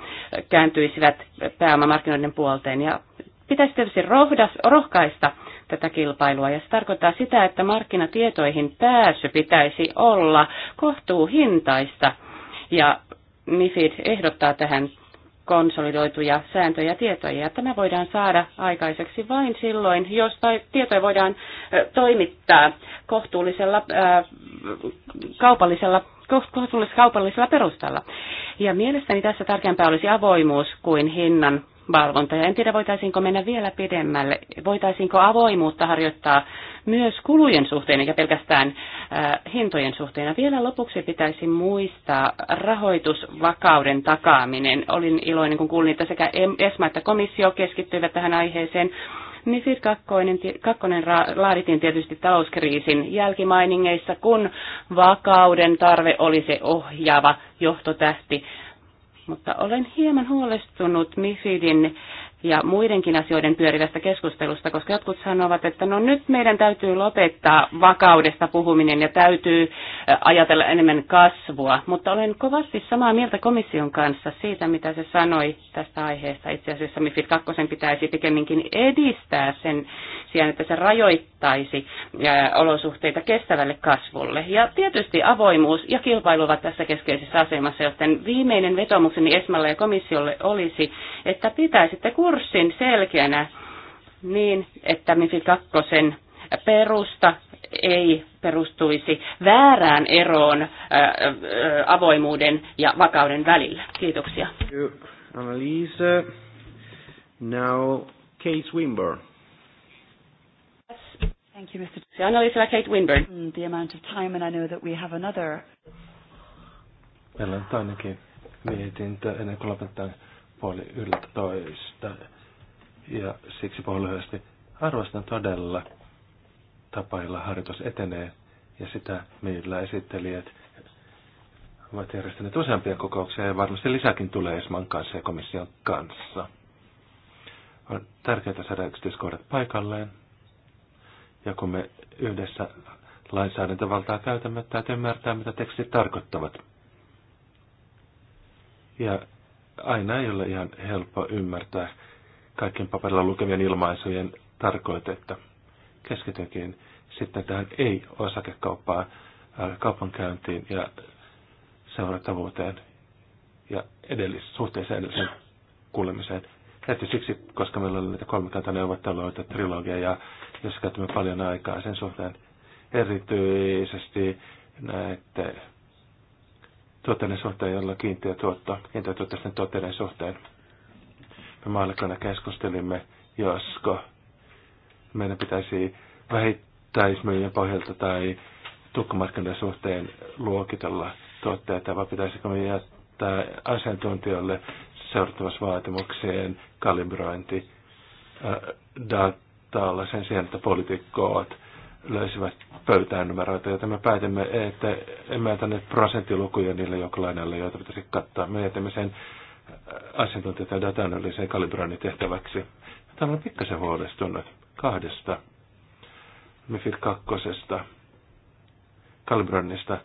B: kääntyisivät pääomamarkkinoiden puolteen. Ja pitäisi tietysti rohkaista tätä kilpailua. Ja se tarkoittaa sitä, että markkinatietoihin pääsy pitäisi olla kohtuuhintaista. Ja MIFID ehdottaa tähän konsolidoituja sääntöjä ja tietoja. Ja tämä voidaan saada aikaiseksi vain silloin, jos tietoja voidaan toimittaa kohtuullisella ää, kaupallisella kohtuullisella kaupallisella perustalla. Ja mielestäni tässä tärkeämpää olisi avoimuus kuin hinnan valvonta. Ja en tiedä, voitaisiinko mennä vielä pidemmälle. Voitaisiinko avoimuutta harjoittaa myös kulujen suhteen, eikä pelkästään äh, hintojen suhteen. Ja vielä lopuksi pitäisi muistaa rahoitusvakauden takaaminen. Olin iloinen, kun kuulin, että sekä ESMA että komissio keskittyivät tähän aiheeseen. MIFID niin kakkonen 2 laadittiin tietysti talouskriisin jälkimainingeissa, kun vakauden tarve oli se ohjaava johtotähti mutta olen hieman huolestunut MIFIDin ja muidenkin asioiden pyörivästä keskustelusta, koska jotkut sanovat, että no nyt meidän täytyy lopettaa vakaudesta puhuminen ja täytyy ajatella enemmän kasvua. Mutta olen kovasti samaa mieltä komission kanssa siitä, mitä se sanoi tästä aiheesta. Itse asiassa MIFID 2 pitäisi pikemminkin edistää sen sijaan, että se rajoittaisi olosuhteita kestävälle kasvulle. Ja tietysti avoimuus ja kilpailu ovat tässä keskeisessä asemassa, joten viimeinen vetomukseni Esmalle ja komissiolle olisi, että pitäisitte kuulla kurssin selkeänä niin, että MIFI 2 perusta ei perustuisi väärään eroon äh, äh, avoimuuden ja vakauden välillä. Kiitoksia. Annalise. Now Kate Swinburne. Thank you, Mr. So, Annalisa Kate Winburn. The amount of time, and I know that we have another.
C: Meillä on ainakin mietintö ennen kuin lopetetaan puoli toista. Ja siksi puhun lyhyesti. Arvostan todella tapailla harjoitus etenee ja sitä, millä esittelijät ovat järjestäneet useampia kokouksia ja varmasti lisäkin tulee Esman kanssa ja komission kanssa. On tärkeää saada yksityiskohdat paikalleen. Ja kun me yhdessä lainsäädäntövaltaa käytämme, täytyy ymmärtää, mitä tekstit tarkoittavat. Ja aina ei ole ihan helppo ymmärtää kaiken paperilla lukevien ilmaisujen tarkoitetta. Keskitynkin sitten tähän ei-osakekauppaan, äh, kaupankäyntiin ja seurattavuuteen ja edellis, suhteeseen edellisen kuulemiseen. Heti siksi, koska meillä oli näitä kolmikantaneuvotteluita, trilogia ja jos käytämme paljon aikaa sen suhteen erityisesti näiden tuottajan suhteen, jolla kiinteä tuotto, kiinteätuotteisten tuottajan suhteen. Me maanantaina keskustelimme, josko meidän pitäisi vähittäismyyjien pohjalta tai tukkomarkkinoiden suhteen luokitella tuotteita, vai pitäisikö me jättää asiantuntijoille seurattavassa vaatimukseen kalibrointi äh, dataalla sen sijaan, että poliitikkoot löysivät pöytään numeroita, joten me päätimme, että emme tänne prosenttilukuja niille jokalainalle, joita pitäisi kattaa. Me jätimme sen äh, asiantuntijoiden data-analyysin kalibroinnin tehtäväksi. Tämä on pikkasen huolestunut kahdesta MIFID kakkosesta kalibroinnista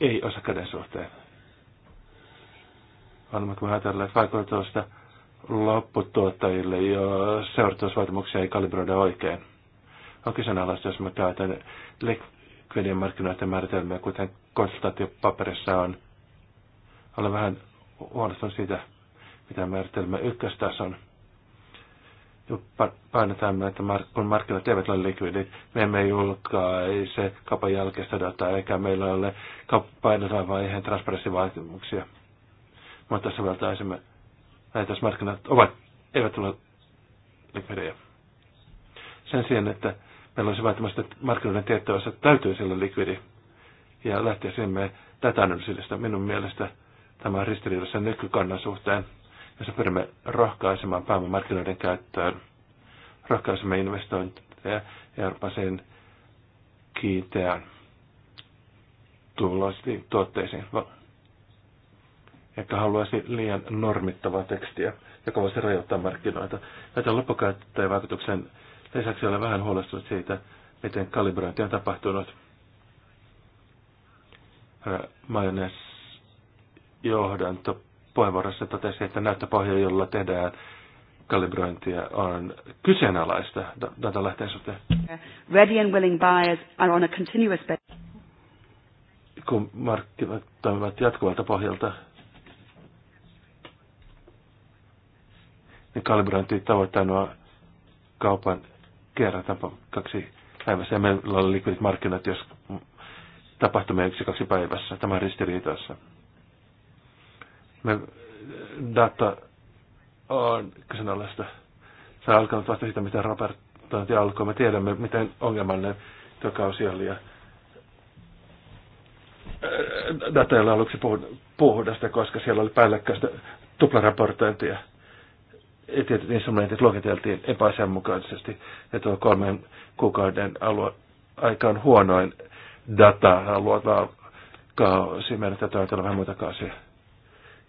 C: ei käden suhteen. Olemmeko me ajatelleet vaikutusta lopputuottajille, ja seuratusvaatimuksia ei kalibroida oikein. On kyseenalaista, jos me käytän likvidien markkinoiden määritelmiä, kuten konsultaatiopaperissa on. Olen vähän huolestunut siitä, mitä määritelmä on. Painetaan, että kun markkinat eivät ole likvidit, me emme julkaise kaupan jälkeistä dataa, eikä meillä ole kauppainetaan vaiheen transparenssivaatimuksia. Mutta tässä soveltaisimme markkinat ovat, eivät ole likvidejä. Sen sijaan, että meillä olisi välttämättä markkinoiden tiettyä täytyy sillä likvidi. Ja sinne tätä analyysistä minun mielestä tämä on ristiriidassa nykykannan suhteen, jossa pyrimme rohkaisemaan pääomamarkkinoiden käyttöön, rohkaisemme investointeja eurooppalaisiin kiinteään tuotteisiin että haluaisi liian normittavaa tekstiä, joka voisi rajoittaa markkinoita. Näiden loppukäyttäjävaikutuksen lisäksi olen vähän huolestunut siitä, miten kalibrointi on tapahtunut. Majones johdanto puheenvuorossa totesi, että näyttöpohja, jolla tehdään kalibrointia, on kyseenalaista datalähteen suhteen.
B: Ready and willing buyers are on a continuous basis.
C: Kun markkinat toimivat jatkuvalta pohjalta, niin kalibrointi tavoittaa kaupan kerran tapa kaksi päivässä. Ja meillä on liikkuvat markkinat, jos tapahtumia yksi kaksi päivässä. Tämä on ristiriitoissa. Me data on kyseenalaista. Se on alkanut vasta siitä, miten raportointi alkoi. Me tiedämme, miten ongelmallinen tuo kausi oli. Ja data ei ollut aluksi puhdasta, koska siellä oli päällekkäistä tuplaraportointia tietyt instrumentit luokiteltiin epäasianmukaisesti ja tuo kolmen kuukauden alue aika on huonoin data luotava kausi. Meidän täytyy ajatella vähän muita kaosia.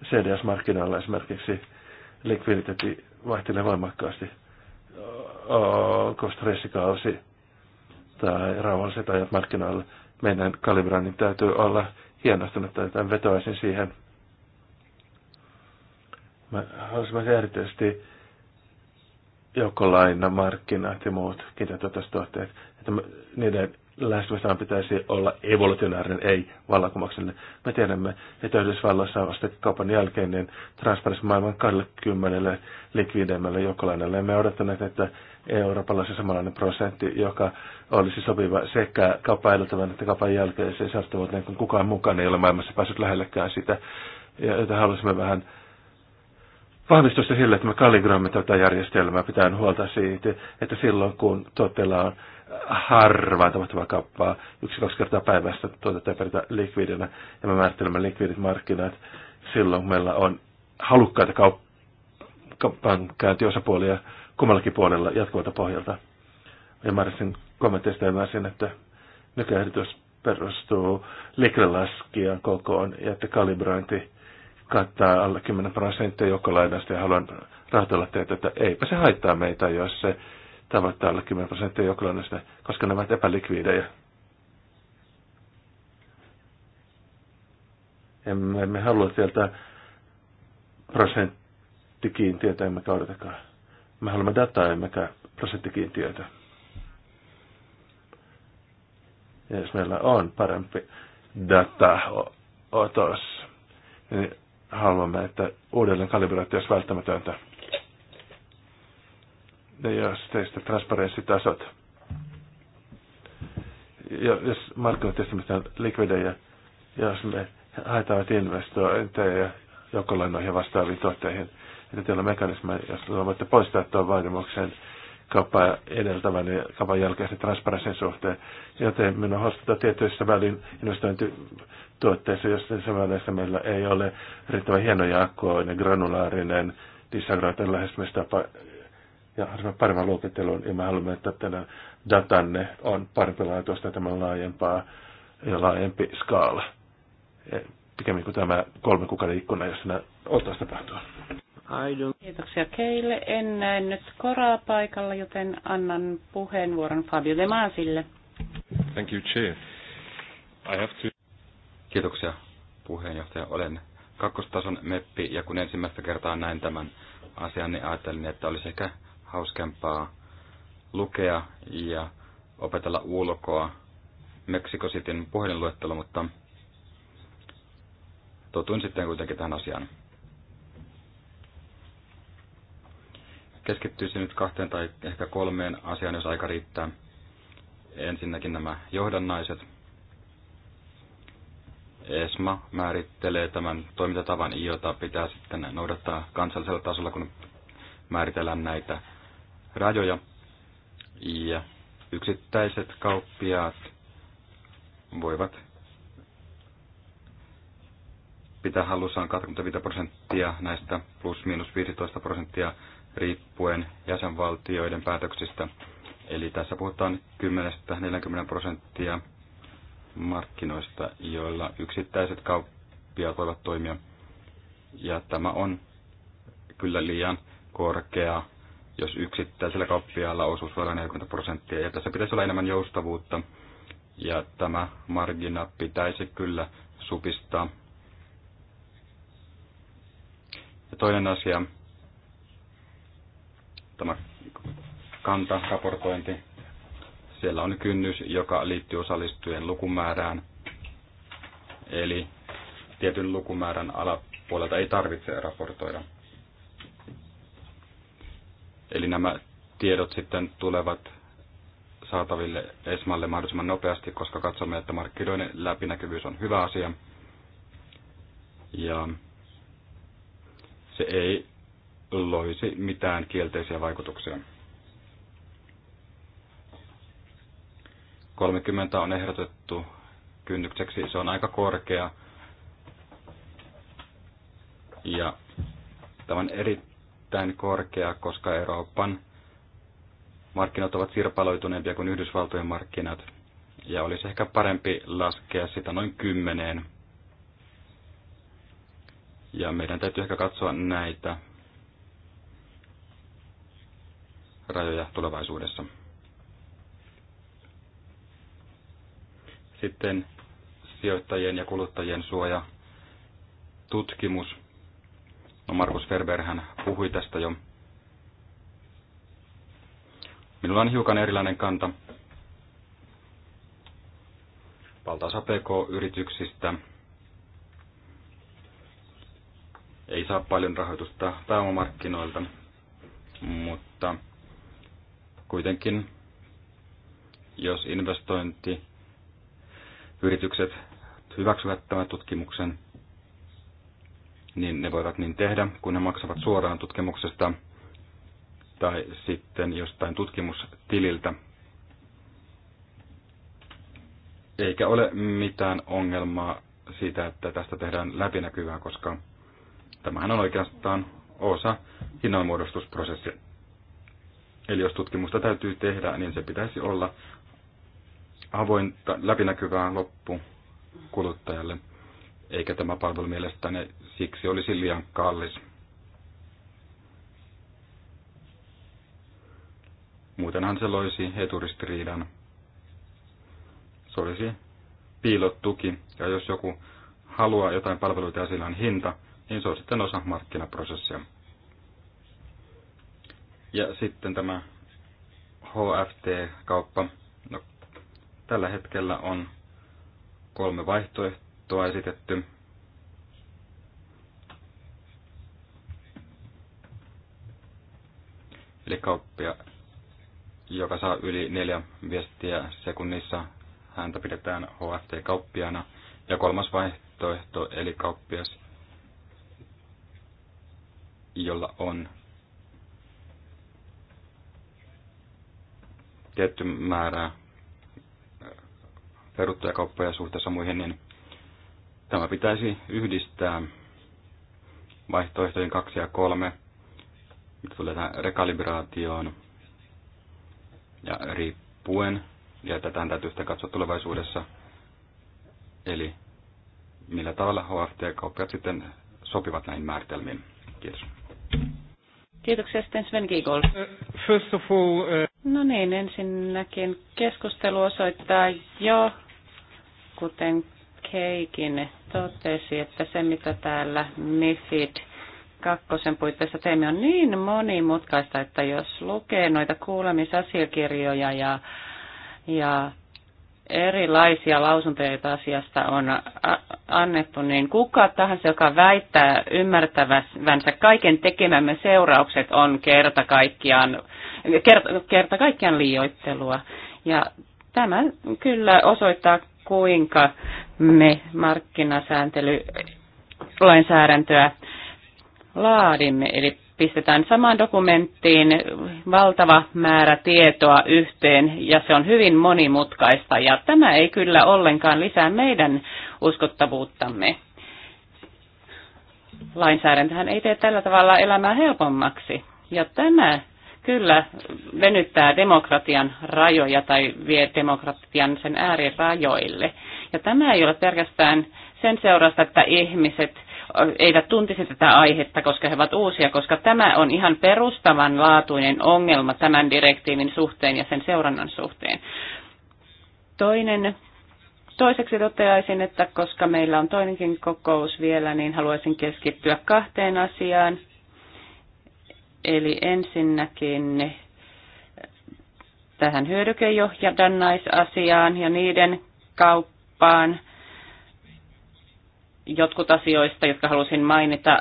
C: CDS-markkinoilla esimerkiksi likviditeetti vaihtelee voimakkaasti. Onko stressikausi tai rauhalliset ajat markkinoilla? Meidän kalibroinnin täytyy olla hienostunut, että vetoaisin siihen – Mä haluaisin erityisesti joukkolainamarkkinat ja muut kiinteätuotteiset että niiden lähestymistään pitäisi olla evolutionaarinen, ei vallankumouksellinen. Me tiedämme, että Yhdysvalloissa on vasta kaupan jälkeinen niin transparenssi maailman 20 likviidemmälle joukkolainalle. me odotamme, että Euroopalla olisi samanlainen prosentti, joka olisi sopiva sekä kaupan edeltävän että kaupan se saattavuuteen, kun kukaan mukaan ei ole maailmassa päässyt lähellekään sitä. Ja että halusimme vähän vahvistusta sille, että me kaligramme tätä järjestelmää, pitää huolta siitä, että silloin kun totellaan on äh, harvaan tapahtuvaa kappaa, yksi kaksi kertaa päivässä tuotetaan perintä likvidinä, ja me määrittelemme likvidit markkinat, silloin meillä on halukkaita kaupan käyntiosapuolia kummallakin puolella jatkuvalta pohjalta. Ja Marisin kommenteista ymmärsin, että nykyään perustuu liikelaskijan kokoon ja että kalibrointi kattaa alle 10 prosenttia joukkolainasta ja haluan rahoitella teitä, että eipä se haittaa meitä, jos se tavoittaa alle 10 prosenttia joukkolainasta, koska ne ovat epälikviidejä. Emme me halua sieltä prosenttikiintiötä, emmekä odotakaan. Me haluamme dataa, emmekä prosenttikiintiötä. Ja jos meillä on parempi data otos, niin haluamme, että uudelleen kalibraatio olisi välttämätöntä. Ne jos teistä transparenssitasot, ja jos markkinat esimerkiksi likvidejä, jos me haetaan investointeja ja ja vastaaviin tuotteihin, että teillä on mekanismi, jos voitte poistaa tuon vaatimuksen kauppaa edeltävän ja kaupan jälkeisen transparenssin suhteen, joten minun on tietyissä välin investointi tuotteessa, jossa samanlaista meillä ei ole riittävän hienojakoinen, granulaarinen, disagraatin lähestymistapa ja paremman luokittelun. Ja me haluamme, että tämä datanne on parempi laatuista tämän laajempaa ja laajempi skaala. Pikemmin kuin tämä kolme kuukauden ikkuna, jos sinä oltaisiin tapahtua.
B: Kiitoksia Keille. En näe nyt koraa paikalla, joten annan puheenvuoron Fabio De Masille.
D: Thank you, Chair. I have to... Kiitoksia puheenjohtaja. Olen kakkostason meppi ja kun ensimmäistä kertaa näin tämän asian, niin ajattelin, että olisi ehkä hauskempaa lukea ja opetella ulkoa Mexico Cityn puhelinluettelo, mutta totuin sitten kuitenkin tähän asiaan. Keskittyisin nyt kahteen tai ehkä kolmeen asiaan, jos aika riittää. Ensinnäkin nämä johdannaiset – ESMA määrittelee tämän toimintatavan, jota pitää sitten noudattaa kansallisella tasolla, kun määritellään näitä rajoja. Ja yksittäiset kauppiaat voivat pitää hallussaan 25 prosenttia näistä plus miinus 15 prosenttia riippuen jäsenvaltioiden päätöksistä. Eli tässä puhutaan 10-40 prosenttia markkinoista, joilla yksittäiset kauppiaat voivat toimia. Ja tämä on kyllä liian korkea, jos yksittäisellä kauppiaalla osuus voi olla 40 prosenttia. Ja tässä pitäisi olla enemmän joustavuutta, ja tämä margina pitäisi kyllä supistaa. Ja toinen asia, tämä kanta, raportointi. Siellä on kynnys, joka liittyy osallistujien lukumäärään. Eli tietyn lukumäärän alapuolelta ei tarvitse raportoida. Eli nämä tiedot sitten tulevat saataville ESMAlle mahdollisimman nopeasti, koska katsomme, että markkinoiden läpinäkyvyys on hyvä asia. Ja se ei loisi mitään kielteisiä vaikutuksia. 30 on ehdotettu kynnykseksi, se on aika korkea. Ja tämä on erittäin korkea, koska Euroopan markkinat ovat sirpaloituneempia kuin Yhdysvaltojen markkinat. Ja olisi ehkä parempi laskea sitä noin kymmeneen. Ja meidän täytyy ehkä katsoa näitä rajoja tulevaisuudessa. Sitten sijoittajien ja kuluttajien suoja, tutkimus. No Markus Ferberhän puhui tästä jo. Minulla on hiukan erilainen kanta. Valtaosa PK-yrityksistä ei saa paljon rahoitusta pääomamarkkinoilta, mutta kuitenkin jos investointi yritykset hyväksyvät tämän tutkimuksen, niin ne voivat niin tehdä, kun ne maksavat suoraan tutkimuksesta tai sitten jostain tutkimustililtä. Eikä ole mitään ongelmaa siitä, että tästä tehdään läpinäkyvää, koska tämähän on oikeastaan osa hinnanmuodostusprosessia. Eli jos tutkimusta täytyy tehdä, niin se pitäisi olla avointa, läpinäkyvää loppu kuluttajalle, eikä tämä palvelu mielestäni siksi olisi liian kallis. Muutenhan se loisi eturistiriidan. Se olisi piilotuki, ja jos joku haluaa jotain palveluita ja sillä on hinta, niin se on sitten osa markkinaprosessia. Ja sitten tämä HFT-kauppa. Tällä hetkellä on kolme vaihtoehtoa esitetty. Eli kauppia, joka saa yli neljä viestiä sekunnissa, häntä pidetään HFT-kauppiana. Ja kolmas vaihtoehto, eli kauppias, jolla on tietty määrä peruttuja kauppoja suhteessa muihin, niin tämä pitäisi yhdistää vaihtoehtojen kaksi ja kolme, mitä tulee tähän rekalibraatioon ja riippuen, ja tätä täytyy sitten katsoa tulevaisuudessa, eli millä tavalla HFT-kauppiat sitten sopivat näihin määritelmiin. Kiitos.
B: Kiitoksia sitten Sven Giegold. Uh, first of all, uh... No niin, ensinnäkin keskustelu osoittaa jo kuten Keikin totesi, että se mitä täällä MIFID kakkosen puitteissa teemme on niin monimutkaista, että jos lukee noita kuulemisasiakirjoja ja, ja erilaisia lausuntoja, joita asiasta on annettu, niin kuka tahansa, joka väittää ymmärtävänsä kaiken tekemämme seuraukset, on kerta kaikkiaan, kerta, kerta kaikkiaan liioittelua. Ja tämä kyllä osoittaa kuinka me lainsäädäntöä laadimme. Eli pistetään samaan dokumenttiin valtava määrä tietoa yhteen ja se on hyvin monimutkaista ja tämä ei kyllä ollenkaan lisää meidän uskottavuuttamme. Lainsäädäntöhän ei tee tällä tavalla elämää helpommaksi ja tämä kyllä venyttää demokratian rajoja tai vie demokratian sen äärirajoille. Ja tämä ei ole pelkästään sen seurasta, että ihmiset eivät tuntisi tätä aihetta, koska he ovat uusia, koska tämä on ihan perustavanlaatuinen ongelma tämän direktiivin suhteen ja sen seurannan suhteen. Toinen Toiseksi toteaisin, että koska meillä on toinenkin kokous vielä, niin haluaisin keskittyä kahteen asiaan. Eli ensinnäkin tähän hyödykejo- ja niiden kauppaan. Jotkut asioista, jotka halusin mainita,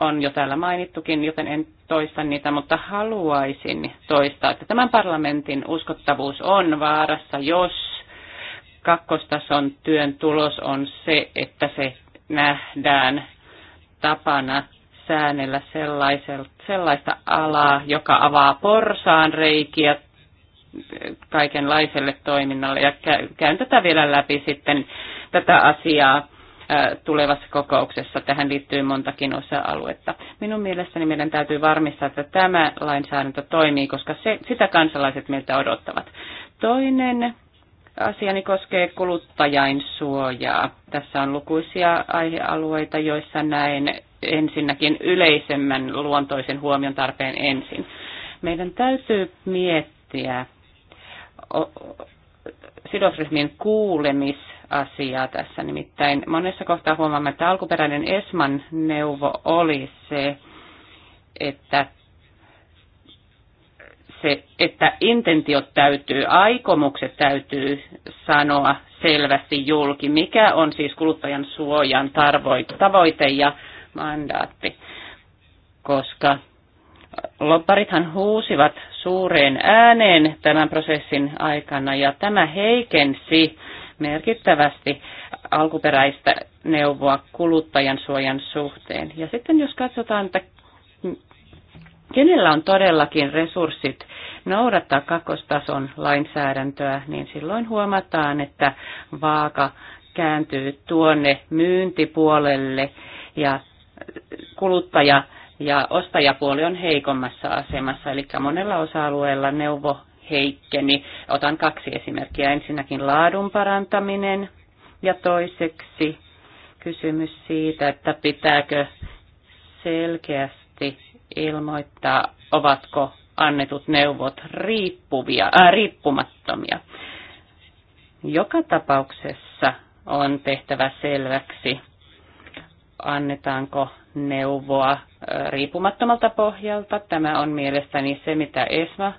B: on jo täällä mainittukin, joten en toista niitä, mutta haluaisin toistaa, että tämän parlamentin uskottavuus on vaarassa, jos kakkostason työn tulos on se, että se nähdään tapana säännellä sellaista alaa, joka avaa porsaan reikiä kaikenlaiselle toiminnalle. Ja käyn tätä vielä läpi sitten tätä asiaa tulevassa kokouksessa. Tähän liittyy montakin osa-aluetta. Minun mielestäni meidän täytyy varmistaa, että tämä lainsäädäntö toimii, koska se, sitä kansalaiset meiltä odottavat. Toinen asiani koskee kuluttajain suojaa. Tässä on lukuisia aihealueita, joissa näen ensinnäkin yleisemmän luontoisen huomion tarpeen ensin. Meidän täytyy miettiä sidosryhmien kuulemisasiaa tässä. Nimittäin monessa kohtaa huomaamme, että alkuperäinen ESMAN neuvo oli se, että se, että intentiot täytyy, aikomukset täytyy sanoa selvästi julki, mikä on siis kuluttajan suojan tavoite ja mandaatti, koska lopparithan huusivat suureen ääneen tämän prosessin aikana ja tämä heikensi merkittävästi alkuperäistä neuvoa kuluttajan suojan suhteen. Ja sitten jos katsotaan, että kenellä on todellakin resurssit noudattaa kakkostason lainsäädäntöä, niin silloin huomataan, että vaaka kääntyy tuonne myyntipuolelle ja kuluttaja- ja ostajapuoli on heikommassa asemassa, eli monella osa-alueella neuvo heikkeni. Otan kaksi esimerkkiä. Ensinnäkin laadun parantaminen ja toiseksi kysymys siitä, että pitääkö selkeästi ilmoittaa, ovatko annetut neuvot riippuvia, äh, riippumattomia. Joka tapauksessa on tehtävä selväksi, annetaanko neuvoa riippumattomalta pohjalta. Tämä on mielestäni se, mitä ESMA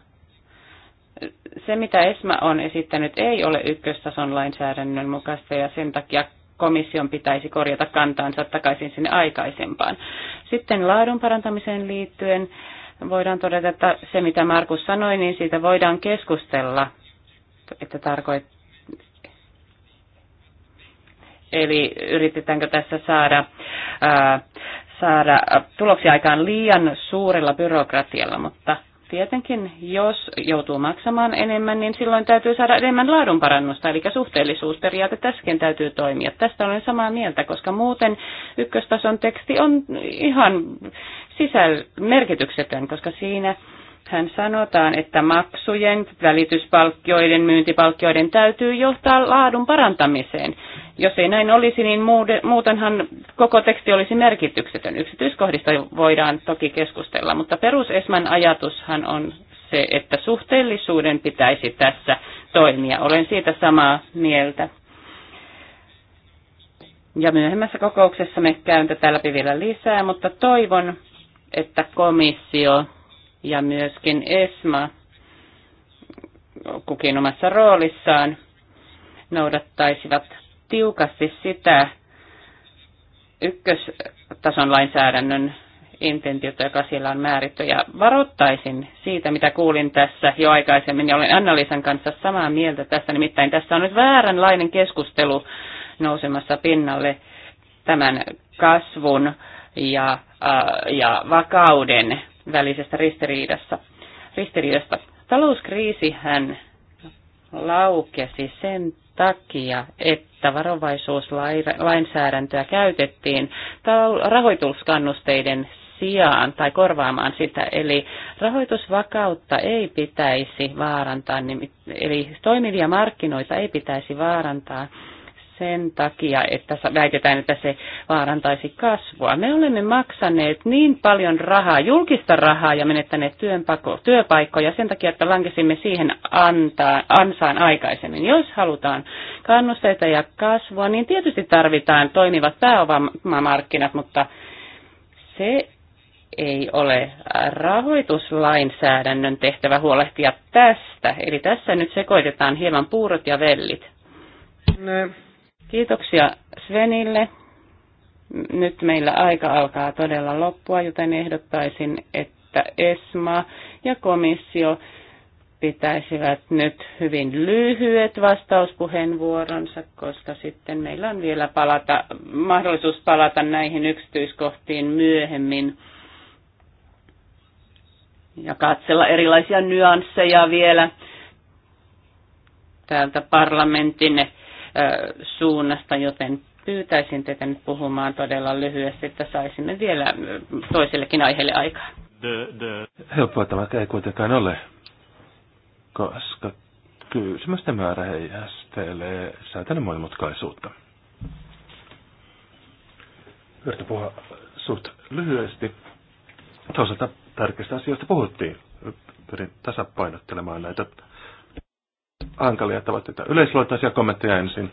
B: se, mitä ESMA on esittänyt, ei ole ykköstason lainsäädännön mukaista ja sen takia komission pitäisi korjata kantaansa takaisin sinne aikaisempaan. Sitten laadun parantamiseen liittyen voidaan todeta, että se mitä Markus sanoi, niin siitä voidaan keskustella, että tarkoittaa Eli yritetäänkö tässä saada, ää, saada tuloksia aikaan liian suurella byrokratialla, mutta tietenkin, jos joutuu maksamaan enemmän, niin silloin täytyy saada enemmän laadunparannusta, eli suhteellisuusperiaate tässäkin täytyy toimia. Tästä olen samaa mieltä, koska muuten ykköstason teksti on ihan sisäl- merkityksetön, koska siinä hän sanotaan, että maksujen, välityspalkkioiden, myyntipalkkioiden täytyy johtaa laadun parantamiseen. Jos ei näin olisi, niin muutenhan koko teksti olisi merkityksetön. Yksityiskohdista voidaan toki keskustella, mutta perusesmän ajatushan on se, että suhteellisuuden pitäisi tässä toimia. Olen siitä samaa mieltä. Ja myöhemmässä kokouksessa me käyn tätä läpi vielä lisää, mutta toivon, että komissio ja myöskin ESMA kukin omassa roolissaan noudattaisivat tiukasti sitä ykköstason lainsäädännön intentiota, joka siellä on määritty. Ja varoittaisin siitä, mitä kuulin tässä jo aikaisemmin, ja olen Anna-Liisan kanssa samaa mieltä tässä. Nimittäin tässä on nyt vääränlainen keskustelu nousemassa pinnalle tämän kasvun ja, äh, ja vakauden välisestä ristiriidasta. ristiriidasta. Talouskriisihän laukesi sen takia, että varovaisuuslainsäädäntöä käytettiin rahoituskannusteiden sijaan tai korvaamaan sitä. Eli rahoitusvakautta ei pitäisi vaarantaa, eli toimivia markkinoita ei pitäisi vaarantaa sen takia, että väitetään, että se vaarantaisi kasvua. Me olemme maksaneet niin paljon rahaa, julkista rahaa ja menettäneet työnpako, työpaikkoja sen takia, että lankesimme siihen antaa, ansaan aikaisemmin. Jos halutaan kannusteita ja kasvua, niin tietysti tarvitaan toimivat pääomamarkkinat, mutta se ei ole rahoituslainsäädännön tehtävä huolehtia tästä. Eli tässä nyt sekoitetaan hieman puurot ja vellit. No. Kiitoksia Svenille. Nyt meillä aika alkaa todella loppua, joten ehdottaisin, että ESMA ja komissio pitäisivät nyt hyvin lyhyet vastauspuheenvuoronsa, koska sitten meillä on vielä palata, mahdollisuus palata näihin yksityiskohtiin myöhemmin ja katsella erilaisia nyansseja vielä täältä parlamentin suunnasta, joten pyytäisin teitä nyt puhumaan todella lyhyesti, että saisimme vielä toisellekin aiheelle aikaa. The, the...
C: Helppoa tämä ei kuitenkaan ole, koska kysymysten määrä heijastelee säätänyt monimutkaisuutta. Yritän puhua suht lyhyesti. Toisaalta tärkeistä asioista puhuttiin. Pyrin tasapainottelemaan näitä hankalia tavoitteita. Yleisluontoisia kommentteja ensin.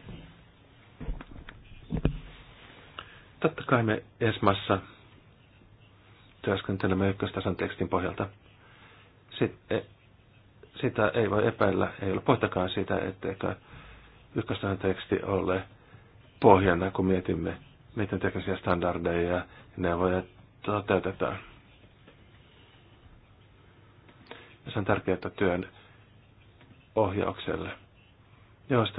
C: Totta kai me Esmassa työskentelemme ykköstason tekstin pohjalta. E, sitä ei voi epäillä, ei ole pohtakaan sitä, etteikö ykköstason teksti ole pohjana, kun mietimme, miten teknisiä standardeja ja neuvoja toteutetaan. Ja se on tärkeää työn ohjaukselle.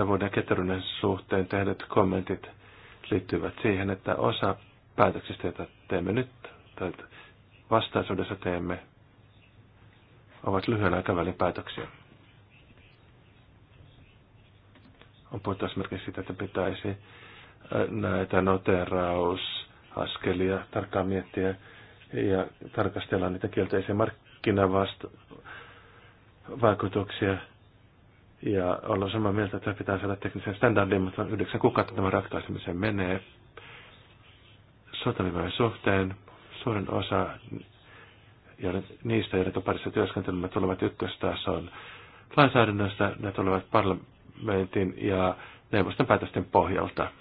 C: vuoden ketteryyden suhteen tehdyt kommentit liittyvät siihen, että osa päätöksistä, joita teemme nyt tai vastaisuudessa teemme, ovat lyhyen aikavälin päätöksiä. On puhuttu esimerkiksi siitä, että pitäisi näitä noterausaskelia tarkkaan miettiä ja tarkastella niitä kielteisiä markkinavaikutuksia ja ollaan samaa mieltä, että pitää saada teknisen standardin, mutta yhdeksän kuukautta tämän ratkaisemiseen menee. Sotamivojen suhteen suurin osa ja niistä, joiden parissa työskentelemme, tulevat ykköstason lainsäädännöstä. Ne tulevat parlamentin ja neuvoston päätösten pohjalta.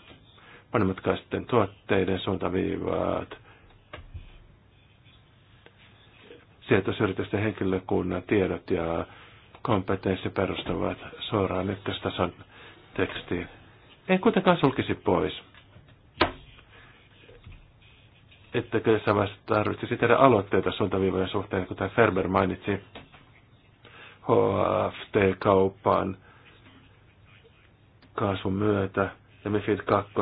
C: Monimutkaisten tuotteiden suuntaviivat, sijoitusyritysten henkilökunnan tiedot ja kompetenssi perustuvat suoraan ykköstason tekstiin. En kuitenkaan sulkisi pois. Että kyllä tarvitsisi tehdä aloitteita suuntaviivojen suhteen, kuten Ferber mainitsi HFT-kauppaan kasvun myötä ja MIFID 2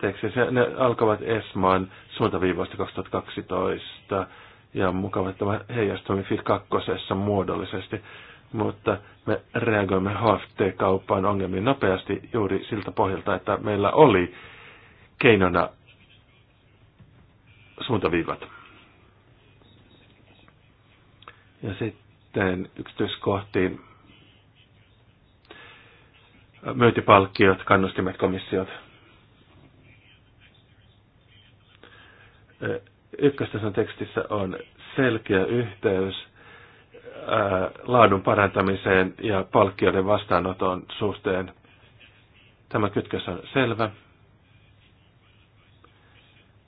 C: tekstin. Ne alkavat ESMAan suuntaviivoista 2012 ja mukava, että tämä heijastuu MIFID 2 muodollisesti mutta me reagoimme HFT-kauppaan ongelmiin nopeasti juuri siltä pohjalta, että meillä oli keinona suuntaviivat. Ja sitten yksityiskohtiin myyntipalkkiot, kannustimet, komissiot. Ykköstason tekstissä on selkeä yhteys – laadun parantamiseen ja palkkioiden vastaanoton suhteen. Tämä kytkös on selvä.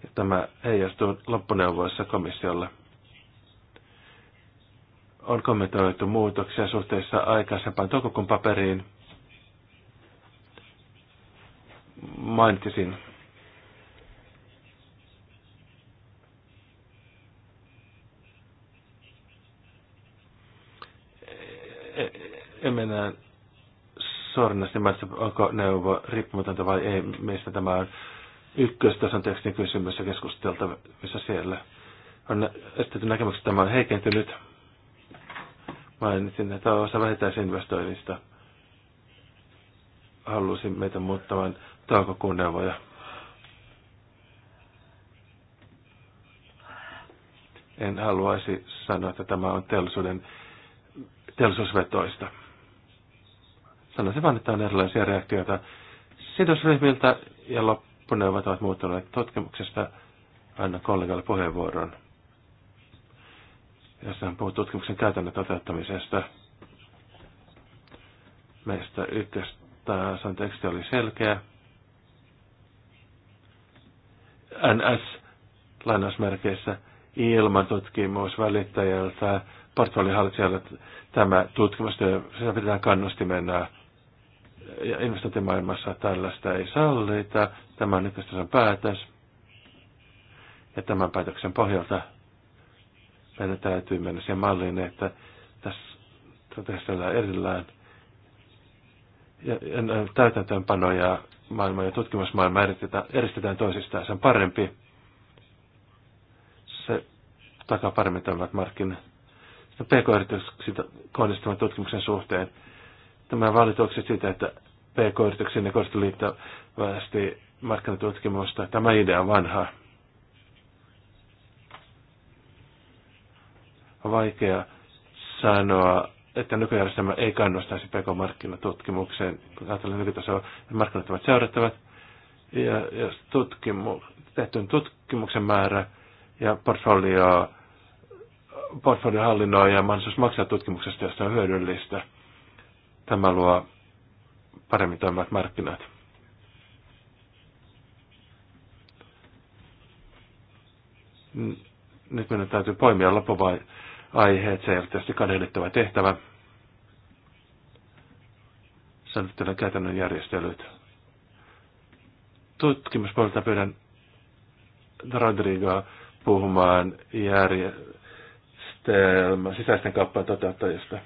C: Ja tämä heijastuu loppuneuvoissa komissiolle. On kommentoitu muutoksia suhteessa aikaisempaan toukokuun paperiin. Mainitsin Sitten mennään sornasti, määrästä, onko neuvo riippumatonta vai ei. Meistä tämä on ykköstason tekstin kysymys ja keskusteltavissa siellä. On estetty näkemykset, että tämä on heikentynyt. Mainitsin, että osa vähittäisinvestoinnista halusin meitä muuttamaan taukokuun neuvoja. En haluaisi sanoa, että tämä on teollisuuden, teollisuusvetoista että on erilaisia reaktioita sidosryhmiltä ja loppuneuvot ovat muuttuneet tutkimuksesta anna kollegalle puheenvuoron, jossa sehän puhuu tutkimuksen käytännön toteuttamisesta. Meistä yhteistä sen teksti oli selkeä. NS lainausmerkeissä ilman tutkimusvälittäjältä portfolihallitsijalle tämä tutkimustyö, sitä pitää kannustimena ja investointimaailmassa tällaista ei sallita. Tämä on ykköstason päätös. Ja tämän päätöksen pohjalta meidän täytyy mennä siihen malliin, että tässä tehdään erillään ja, ja täytäntöönpanoja maailma ja tutkimusmaailma eristetään, eristetään toisistaan. Se on parempi. Se takaa paremmin toimivat markkinat. Sitten pk-yrityksistä kohdistuvan tutkimuksen suhteen Tämä valitukset siitä, että PK-yrityksiin ja korstoliitto väesti markkinatutkimusta. Tämä idea on vanha. On vaikea sanoa, että nykyjärjestelmä ei kannustaisi PK-markkinatutkimukseen, kun ajatellaan nykytasoa, että niin markkinat ovat seurattavat. Ja jos tutkimu, tehtyn tutkimuksen määrä ja portfolio, hallinnoi ja mahdollisuus maksaa tutkimuksesta, jos on hyödyllistä – Tämä luo paremmin toimivat markkinat. Nyt minun täytyy poimia loppuvaiheet. Se ei ole tietysti kadehdittava tehtävä. Säilyttelen käytännön järjestelyt. Tutkimuspuolelta pyydän Rodrigoa puhumaan järjestelmä sisäisten kauppaan toteuttajista.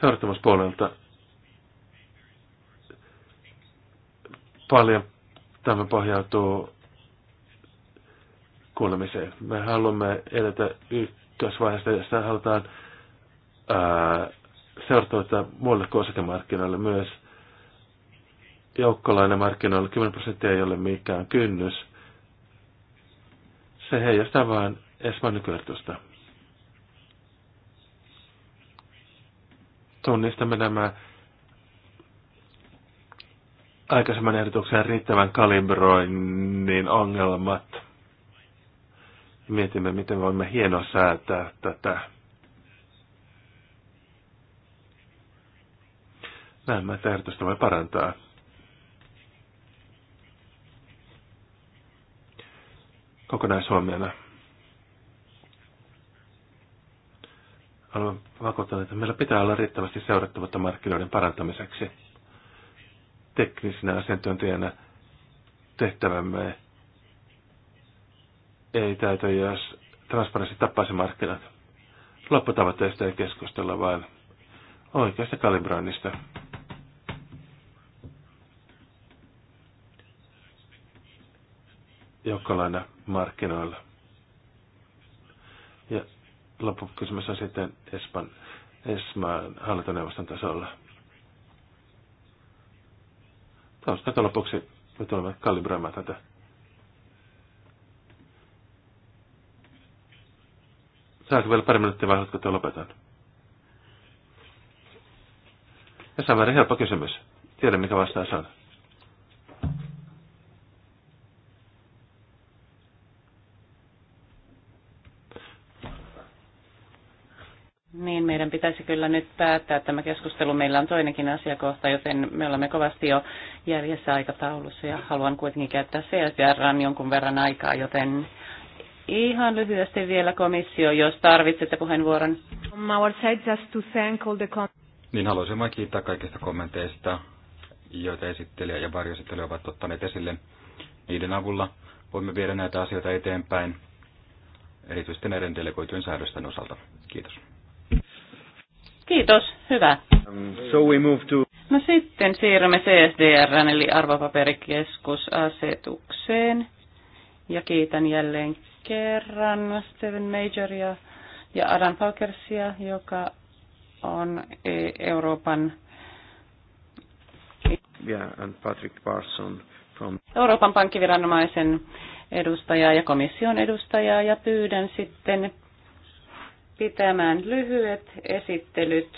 C: seurattamuspuolelta paljon tämä pohjautuu kuulemiseen. Me haluamme edetä ykkösvaiheesta, jossa halutaan seurata muille kuin osakemarkkinoille myös markkinoilla 10 prosenttia ei ole mikään kynnys. Se heijastaa vain esman nykyvertusta. tunnistamme nämä aikaisemman ehdotuksen riittävän kalibroinnin ongelmat. Mietimme, miten voimme säätää tätä. Näemme, että ehdotusta voi parantaa. kokonaishuomiona. haluan vakuuttaa, että meillä pitää olla riittävästi seurattavuutta markkinoiden parantamiseksi. Teknisenä asiantuntijana tehtävämme ei täytä, jos transparenssi tappaisi markkinat. Lopputavoitteista ei keskustella, vaan oikeasta kalibroinnista. Jokkalaina markkinoilla loppukysymys on sitten Espan, Esman hallintoneuvoston tasolla. Taustan lopuksi me tulemme kalibroimaan tätä. Saanko vielä pari minuuttia vai haluatko te lopetan? Jossain määrin helppo kysymys. Tiedän mikä vastaus on.
B: Niin, meidän pitäisi kyllä nyt päättää tämä keskustelu. Meillä on toinenkin asiakohta, joten me olemme kovasti jo jäljessä aikataulussa ja haluan kuitenkin käyttää CSR jonkun verran aikaa, joten ihan lyhyesti vielä komissio, jos tarvitsette puheenvuoron.
D: Niin haluaisin vain kiittää kaikista kommenteista, joita esittelijä ja varjoesittelijä ovat ottaneet esille. Niiden avulla voimme viedä näitä asioita eteenpäin, erityisesti näiden delegoitujen säädösten osalta. Kiitos.
B: Kiitos, hyvä.
D: Um, so we move
B: to... No sitten siirrymme CSDR eli arvopaperikeskusasetukseen. Ja kiitän jälleen kerran Steven Majoria ja Adam Falkersia, joka on e- Euroopan yeah, and Patrick Parson from... Euroopan pankkiviranomaisen edustajaa ja komission edustajaa ja pyydän sitten pitämään lyhyet esittelyt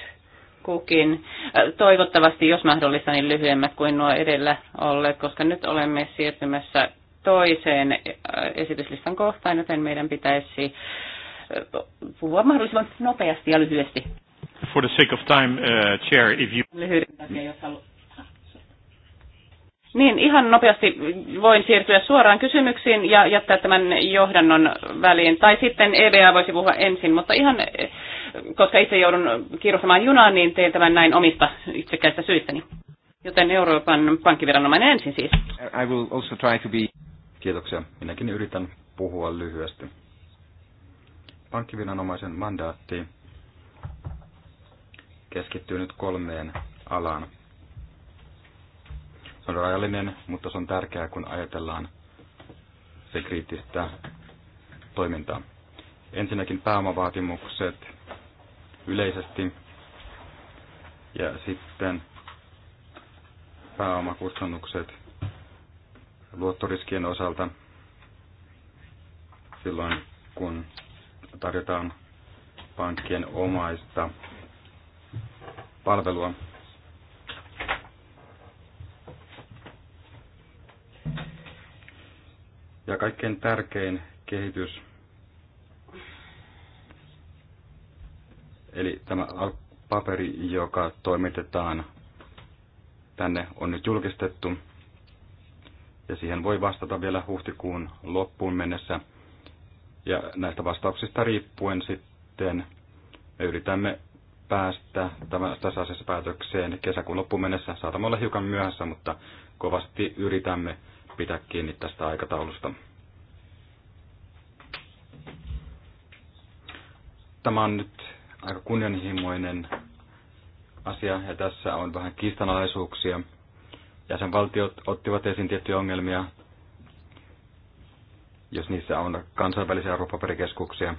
B: kukin. Äh, toivottavasti, jos mahdollista, niin lyhyemmät kuin nuo edellä olleet, koska nyt olemme siirtymässä toiseen äh, esityslistan kohtaan, joten meidän pitäisi äh, puhua mahdollisimman nopeasti ja lyhyesti.
C: For the sake of time, uh, Chair, if you...
B: Lyhyen takia, jos haluaa. Niin, ihan nopeasti voin siirtyä suoraan kysymyksiin ja jättää tämän johdannon väliin. Tai sitten EBA voisi puhua ensin, mutta ihan, koska itse joudun kiiruhtamaan junaan, niin teen tämän näin omista itsekäistä syistäni. Joten Euroopan pankkiviranomainen ensin siis.
D: I will also try to be... Kiitoksia. Minäkin yritän puhua lyhyesti. Pankkiviranomaisen mandaatti keskittyy nyt kolmeen alaan on rajallinen, mutta se on tärkeää, kun ajatellaan se kriittistä toimintaa. Ensinnäkin pääomavaatimukset yleisesti ja sitten pääomakustannukset luottoriskien osalta silloin, kun tarjotaan pankkien omaista palvelua Ja kaikkein tärkein kehitys, eli tämä paperi, joka toimitetaan tänne, on nyt julkistettu. Ja siihen voi vastata vielä huhtikuun loppuun mennessä. Ja näistä vastauksista riippuen sitten me yritämme päästä tämän, tässä asiassa päätökseen kesäkuun loppuun mennessä. Saatamme olla hiukan myöhässä, mutta kovasti yritämme pitää kiinni tästä aikataulusta. Tämä on nyt aika kunnianhimoinen asia ja tässä on vähän kiistanalaisuuksia. Jäsenvaltiot ottivat esiin tiettyjä ongelmia, jos niissä on kansainvälisiä arvopaperikeskuksia.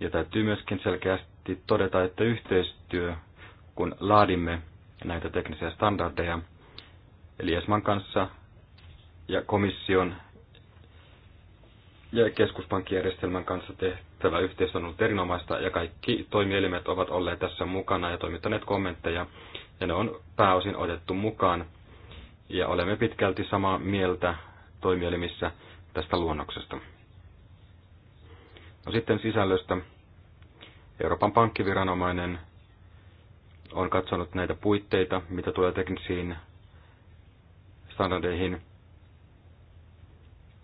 D: Ja täytyy myöskin selkeästi todeta, että yhteistyö, kun laadimme näitä teknisiä standardeja, eli ESMAn kanssa ja komission ja keskuspankkijärjestelmän kanssa tehtävä yhteistyö on ollut erinomaista ja kaikki toimielimet ovat olleet tässä mukana ja toimittaneet kommentteja ja ne on pääosin otettu mukaan ja olemme pitkälti samaa mieltä toimielimissä tästä luonnoksesta. No sitten sisällöstä. Euroopan pankkiviranomainen on katsonut näitä puitteita, mitä tulee teknisiin standardeihin –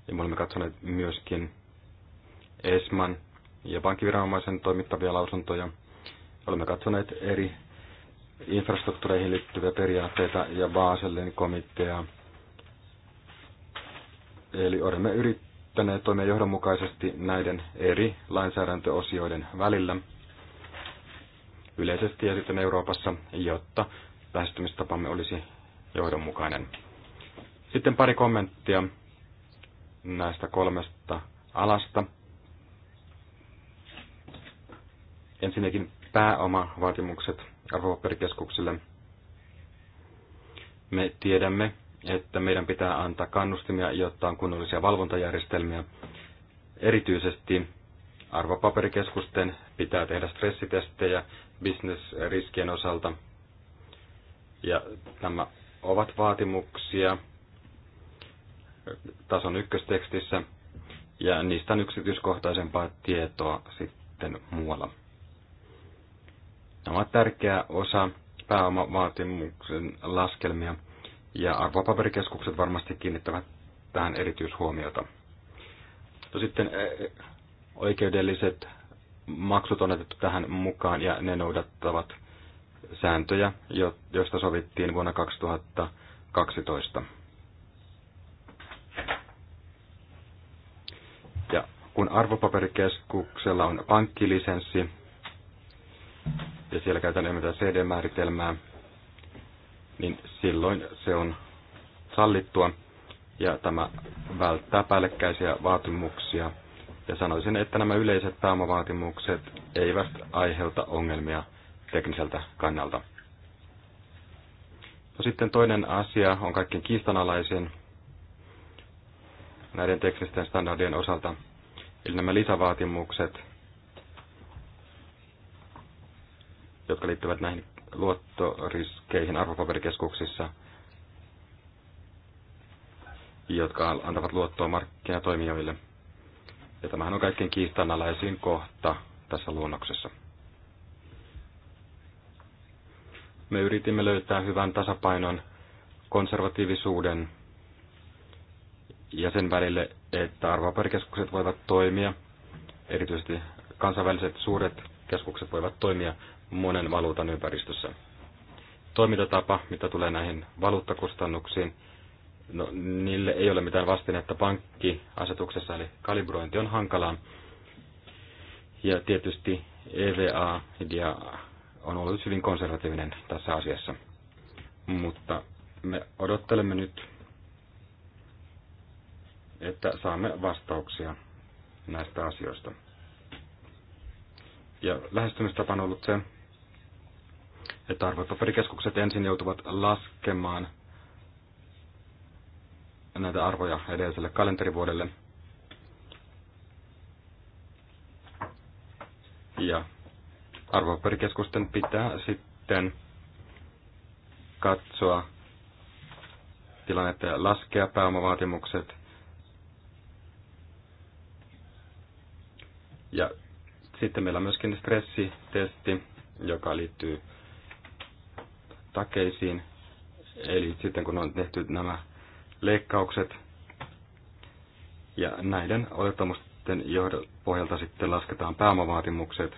D: ja me olemme katsoneet myöskin ESMAN ja pankkiviranomaisen toimittavia lausuntoja. Olemme katsoneet eri infrastruktuureihin liittyviä periaatteita ja Baselin komiteaa. Eli olemme yrittäneet toimia johdonmukaisesti näiden eri lainsäädäntöosioiden välillä yleisesti ja sitten Euroopassa, jotta lähestymistapamme olisi johdonmukainen. Sitten pari kommenttia näistä kolmesta alasta. Ensinnäkin pääomavaatimukset arvopaperikeskuksille. Me tiedämme, että meidän pitää antaa kannustimia, jotta on kunnollisia valvontajärjestelmiä. Erityisesti arvopaperikeskusten pitää tehdä stressitestejä bisnesriskien osalta. Ja nämä ovat vaatimuksia, tason ykköstekstissä, ja niistä on yksityiskohtaisempaa tietoa sitten muualla. Nämä ovat tärkeä osa pääomavaatimuksen laskelmia, ja arvopaperikeskukset varmasti kiinnittävät tähän erityishuomiota. No sitten eh, oikeudelliset maksut on otettu tähän mukaan, ja ne noudattavat sääntöjä, joista sovittiin vuonna 2012. kun arvopaperikeskuksella on pankkilisenssi, ja siellä käytetään enemmän CD-määritelmää, niin silloin se on sallittua, ja tämä välttää päällekkäisiä vaatimuksia. Ja sanoisin, että nämä yleiset pääomavaatimukset eivät aiheuta ongelmia tekniseltä kannalta. No sitten toinen asia on kaikkein kiistanalaisin näiden teknisten standardien osalta – Eli nämä lisävaatimukset, jotka liittyvät näihin luottoriskeihin arvopaperikeskuksissa, jotka antavat luottoa markkinatoimijoille. Ja tämähän on kaikkein kiistanalaisin kohta tässä luonnoksessa. Me yritimme löytää hyvän tasapainon konservatiivisuuden ja sen välille, että arvopaperikeskukset voivat toimia, erityisesti kansainväliset suuret keskukset voivat toimia monen valuutan ympäristössä. Toimintatapa, mitä tulee näihin valuuttakustannuksiin, no, niille ei ole mitään vastinetta pankkiasetuksessa, eli kalibrointi on hankalaa. Ja tietysti EVA on ollut hyvin konservatiivinen tässä asiassa. Mutta me odottelemme nyt että saamme vastauksia näistä asioista. Ja lähestymistapa on ollut se, että arvopaperikeskukset ensin joutuvat laskemaan näitä arvoja edelliselle kalenterivuodelle. Ja arvopaperikeskusten pitää sitten katsoa tilannetta ja laskea pääomavaatimukset Ja sitten meillä on myöskin stressitesti, joka liittyy takeisiin. Eli sitten kun on tehty nämä leikkaukset ja näiden olettamusten pohjalta sitten lasketaan pääomavaatimukset.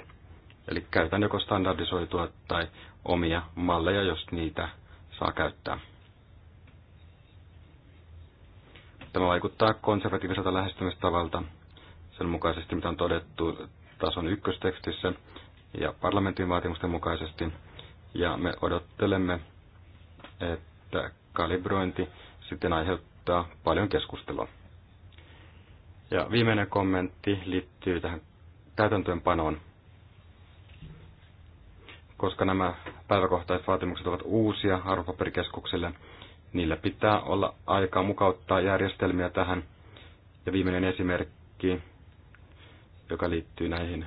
D: Eli käytän joko standardisoitua tai omia malleja, jos niitä saa käyttää. Tämä vaikuttaa konservatiiviselta lähestymistavalta, sen mukaisesti, mitä on todettu tason ykköstekstissä ja parlamentin vaatimusten mukaisesti. Ja me odottelemme, että kalibrointi sitten aiheuttaa paljon keskustelua. Ja viimeinen kommentti liittyy tähän täytäntöönpanoon. Koska nämä päiväkohtaiset vaatimukset ovat uusia arvopaperikeskuksille, niillä pitää olla aikaa mukauttaa järjestelmiä tähän. Ja viimeinen esimerkki joka liittyy näihin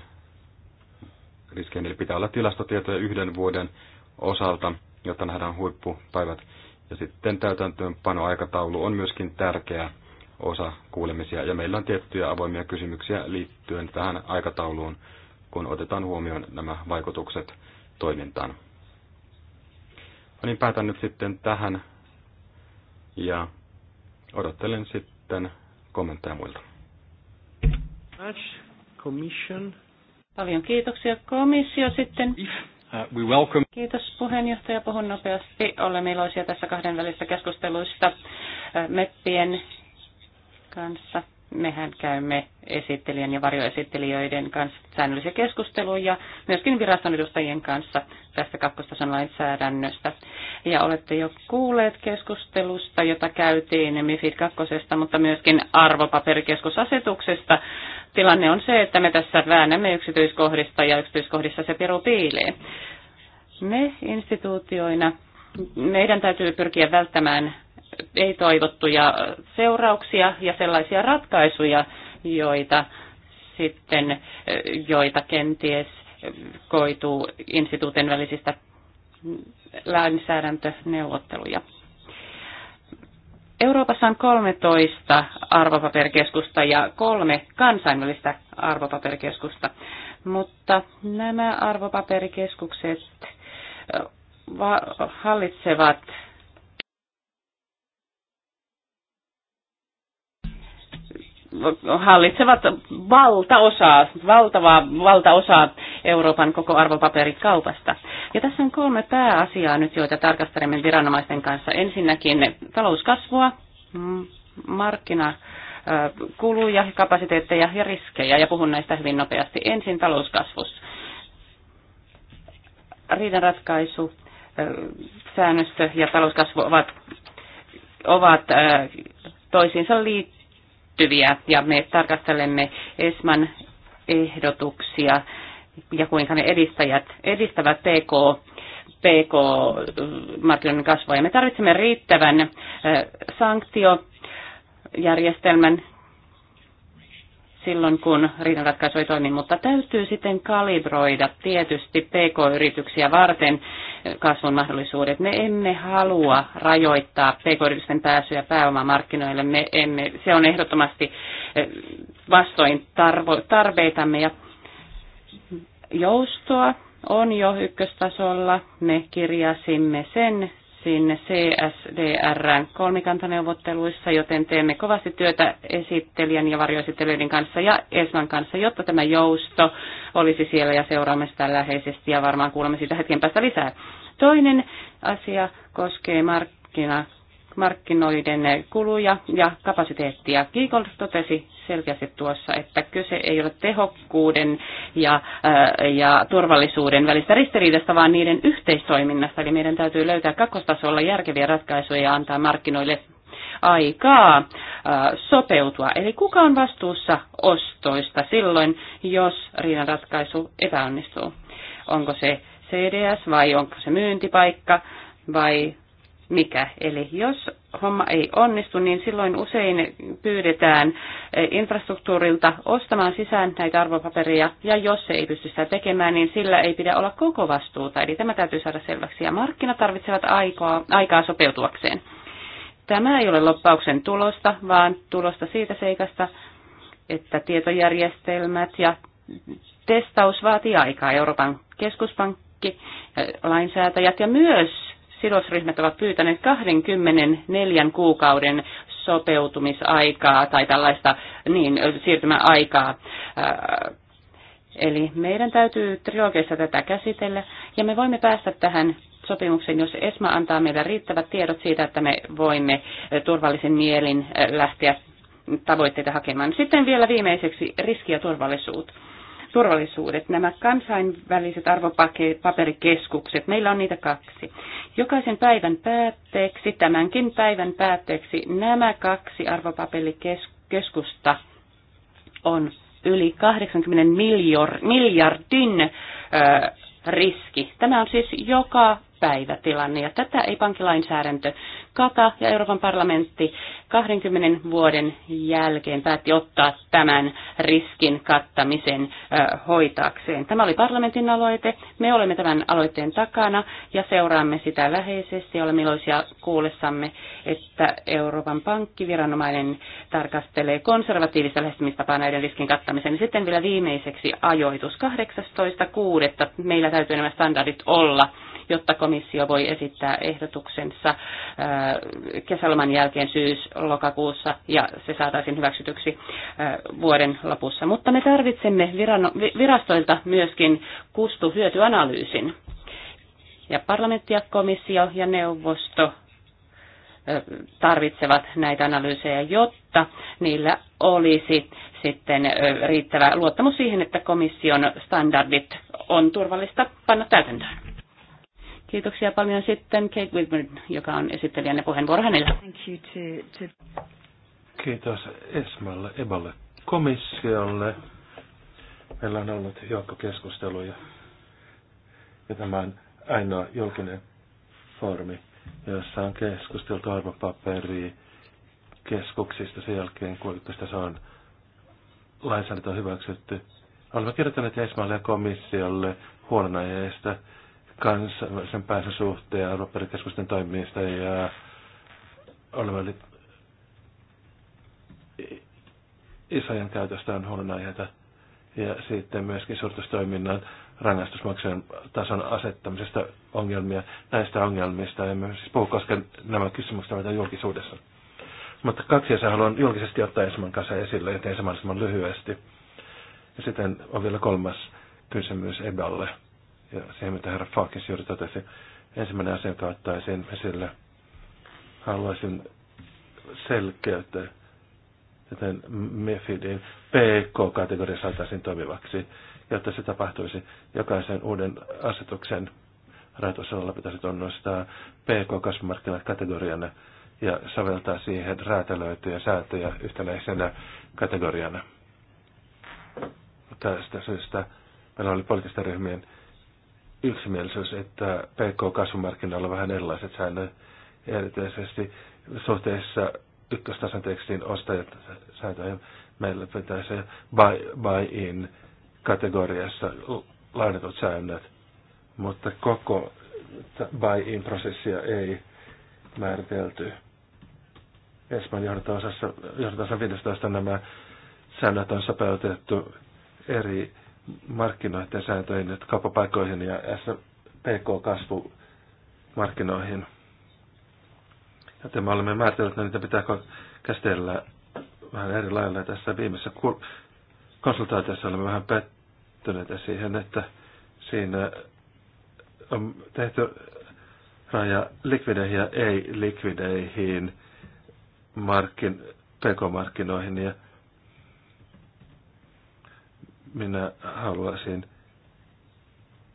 D: riskeihin. Eli pitää olla tilastotietoja yhden vuoden osalta, jotta nähdään huippupäivät. Ja sitten täytäntöönpanoaikataulu on myöskin tärkeä osa kuulemisia. Ja meillä on tiettyjä avoimia kysymyksiä liittyen tähän aikatauluun, kun otetaan huomioon nämä vaikutukset toimintaan. No niin, päätän nyt sitten tähän ja odottelen sitten kommentteja muilta.
B: Much. Commission. Paljon kiitoksia komissio sitten.
D: Uh, we welcome.
B: Kiitos puheenjohtaja. Puhun nopeasti. Olemme iloisia tässä kahden välistä keskusteluista uh, MEPPien kanssa. Mehän käymme esittelijän ja varjoesittelijöiden kanssa säännöllisiä keskusteluja myöskin viraston edustajien kanssa tästä kakkostason lainsäädännöstä. Ja olette jo kuulleet keskustelusta, jota käytiin MIFID 2, mutta myöskin arvopaperikeskusasetuksesta tilanne on se, että me tässä väännämme yksityiskohdista ja yksityiskohdissa se peru piilee. Me instituutioina, meidän täytyy pyrkiä välttämään ei-toivottuja seurauksia ja sellaisia ratkaisuja, joita sitten, joita kenties koituu instituutin välisistä lainsäädäntöneuvotteluja Euroopassa on 13 arvopaperikeskusta ja kolme kansainvälistä arvopaperikeskusta, mutta nämä arvopaperikeskukset hallitsevat hallitsevat valtaosaa, valtavaa valtaosaa Euroopan koko arvopaperikaupasta. Ja tässä on kolme pääasiaa nyt, joita tarkastelemme viranomaisten kanssa. Ensinnäkin talouskasvua, mm, markkina, kuluja, kapasiteetteja ja riskejä, ja puhun näistä hyvin nopeasti. Ensin talouskasvus. Riidanratkaisu, säännöstö ja talouskasvu ovat, ovat toisiinsa liittyneet liittyviä ja me tarkastelemme ESMAN ehdotuksia ja kuinka ne edistäjät, edistävät PK PK-markkinoiden mm, kasvua. Ja me tarvitsemme riittävän sanktiojärjestelmän silloin, kun riidanratkaisu ei toimi, mutta täytyy sitten kalibroida tietysti pk-yrityksiä varten kasvun mahdollisuudet. Me emme halua rajoittaa pk-yritysten pääsyä pääomamarkkinoille. Me emme, se on ehdottomasti vastoin tarvo, tarpeitamme ja joustoa on jo ykköstasolla. Me kirjasimme sen sinne CSDRn kolmikantaneuvotteluissa, joten teemme kovasti työtä esittelijän ja varjoesittelijöiden kanssa ja ESMAn kanssa, jotta tämä jousto olisi siellä ja seuraamme sitä läheisesti ja varmaan kuulemme siitä hetken päästä lisää. Toinen asia koskee markkina markkinoiden kuluja ja kapasiteettia. Kiikold totesi selkeästi tuossa, että kyse ei ole tehokkuuden ja, ja turvallisuuden välistä ristiriidasta, vaan niiden yhteistoiminnasta. Eli meidän täytyy löytää kakkostasolla järkeviä ratkaisuja ja antaa markkinoille aikaa sopeutua. Eli kuka on vastuussa ostoista silloin, jos riidan ratkaisu epäonnistuu? Onko se CDS vai onko se myyntipaikka vai mikä. Eli jos homma ei onnistu, niin silloin usein pyydetään e, infrastruktuurilta ostamaan sisään näitä arvopaperia, ja jos se ei pysty sitä tekemään, niin sillä ei pidä olla koko vastuuta. Eli tämä täytyy saada selväksi, ja markkinat tarvitsevat aikaa, aikaa sopeutuakseen. Tämä ei ole loppauksen tulosta, vaan tulosta siitä seikasta, että tietojärjestelmät ja testaus vaatii aikaa. Euroopan keskuspankki, e, lainsäätäjät ja myös sidosryhmät ovat pyytäneet 24 kuukauden sopeutumisaikaa tai tällaista niin, siirtymäaikaa. Eli meidän täytyy trilogeissa tätä käsitellä ja me voimme päästä tähän sopimuksen, jos ESMA antaa meille riittävät tiedot siitä, että me voimme turvallisin mielin lähteä tavoitteita hakemaan. Sitten vielä viimeiseksi riski ja turvallisuus turvallisuudet, nämä kansainväliset arvopaperikeskukset, meillä on niitä kaksi. Jokaisen päivän päätteeksi, tämänkin päivän päätteeksi, nämä kaksi arvopaperikeskusta on yli 80 miljardin riski. Tämä on siis joka päivätilanne. Ja tätä ei pankilainsäädäntö kata ja Euroopan parlamentti 20 vuoden jälkeen päätti ottaa tämän riskin kattamisen hoitaakseen. Tämä oli parlamentin aloite. Me olemme tämän aloitteen takana ja seuraamme sitä läheisesti. Olemme iloisia kuullessamme, että Euroopan pankkiviranomainen tarkastelee konservatiivista lähestymistapaa näiden riskin kattamiseen. Sitten vielä viimeiseksi ajoitus 18.6. Meillä täytyy nämä standardit olla jotta komissio voi esittää ehdotuksensa äh, kesäloman jälkeen syys-lokakuussa ja se saataisiin hyväksytyksi äh, vuoden lopussa. Mutta me tarvitsemme virastoilta myöskin kustu-hyötyanalyysin. Ja parlamentti ja komissio ja neuvosto äh, tarvitsevat näitä analyysejä, jotta niillä olisi sitten riittävä luottamus siihen, että komission standardit on turvallista panna täytäntöön. Kiitoksia paljon sitten Kate Whitman, joka on esittelijänne puheenvuoro hänellä.
C: Kiitos Esmalle, Eballe, komissiolle. Meillä on ollut keskusteluja ja tämä on ainoa julkinen foorumi, jossa on keskusteltu arvopaperia keskuksista sen jälkeen, kun se on lainsäädäntö hyväksytty. Olemme kirjoittaneet Esmalle ja komissiolle huolenaiheesta sen päässä suhteen Eurooppa-keskusten toimista ja olemme isojen käytöstä on huolenaiheita ja sitten myöskin suurtustoiminnan rangaistusmaksujen tason asettamisesta ongelmia. Näistä ongelmista emme siis puhu, koska nämä kysymykset ovat julkisuudessa. Mutta kaksi asiaa haluan julkisesti ottaa Esman kanssa esille ja tein sen lyhyesti. Ja sitten on vielä kolmas kysymys Eballe ja se, mitä herra Faakis juuri totesi. Ensimmäinen asia, jonka ottaisin esille, haluaisin selkeyttä, joten MEFIDin PK-kategoria saataisiin toimivaksi, jotta se tapahtuisi. Jokaisen uuden asetuksen rahoitusalalla pitäisi tunnustaa PK-kasvumarkkinat ja soveltaa siihen räätälöityjä sääntöjä yhtenäisenä kategoriana. Tästä syystä meillä oli poliittisten ryhmien yksimielisyys, että PK-kasvumarkkinoilla on vähän erilaiset säännöt, erityisesti suhteessa ykköstason tekstin ostajat sääntöihin. Meillä pitäisi buy, in kategoriassa lainatut säännöt, mutta koko buy in prosessia ei määritelty. Espanjan johdanto-osassa, 15 nämä säännöt on sopeutettu eri markkinoiden sääntöihin, kauppapaikoihin ja PK-kasvu Joten me olemme määritelleet, että niitä pitää käsitellä vähän eri lailla. Tässä viimeisessä konsultaatiossa olemme vähän pettyneitä siihen, että siinä on tehty raja likvideihin ja ei-likvideihin markkin, pk-markkinoihin ja minä haluaisin,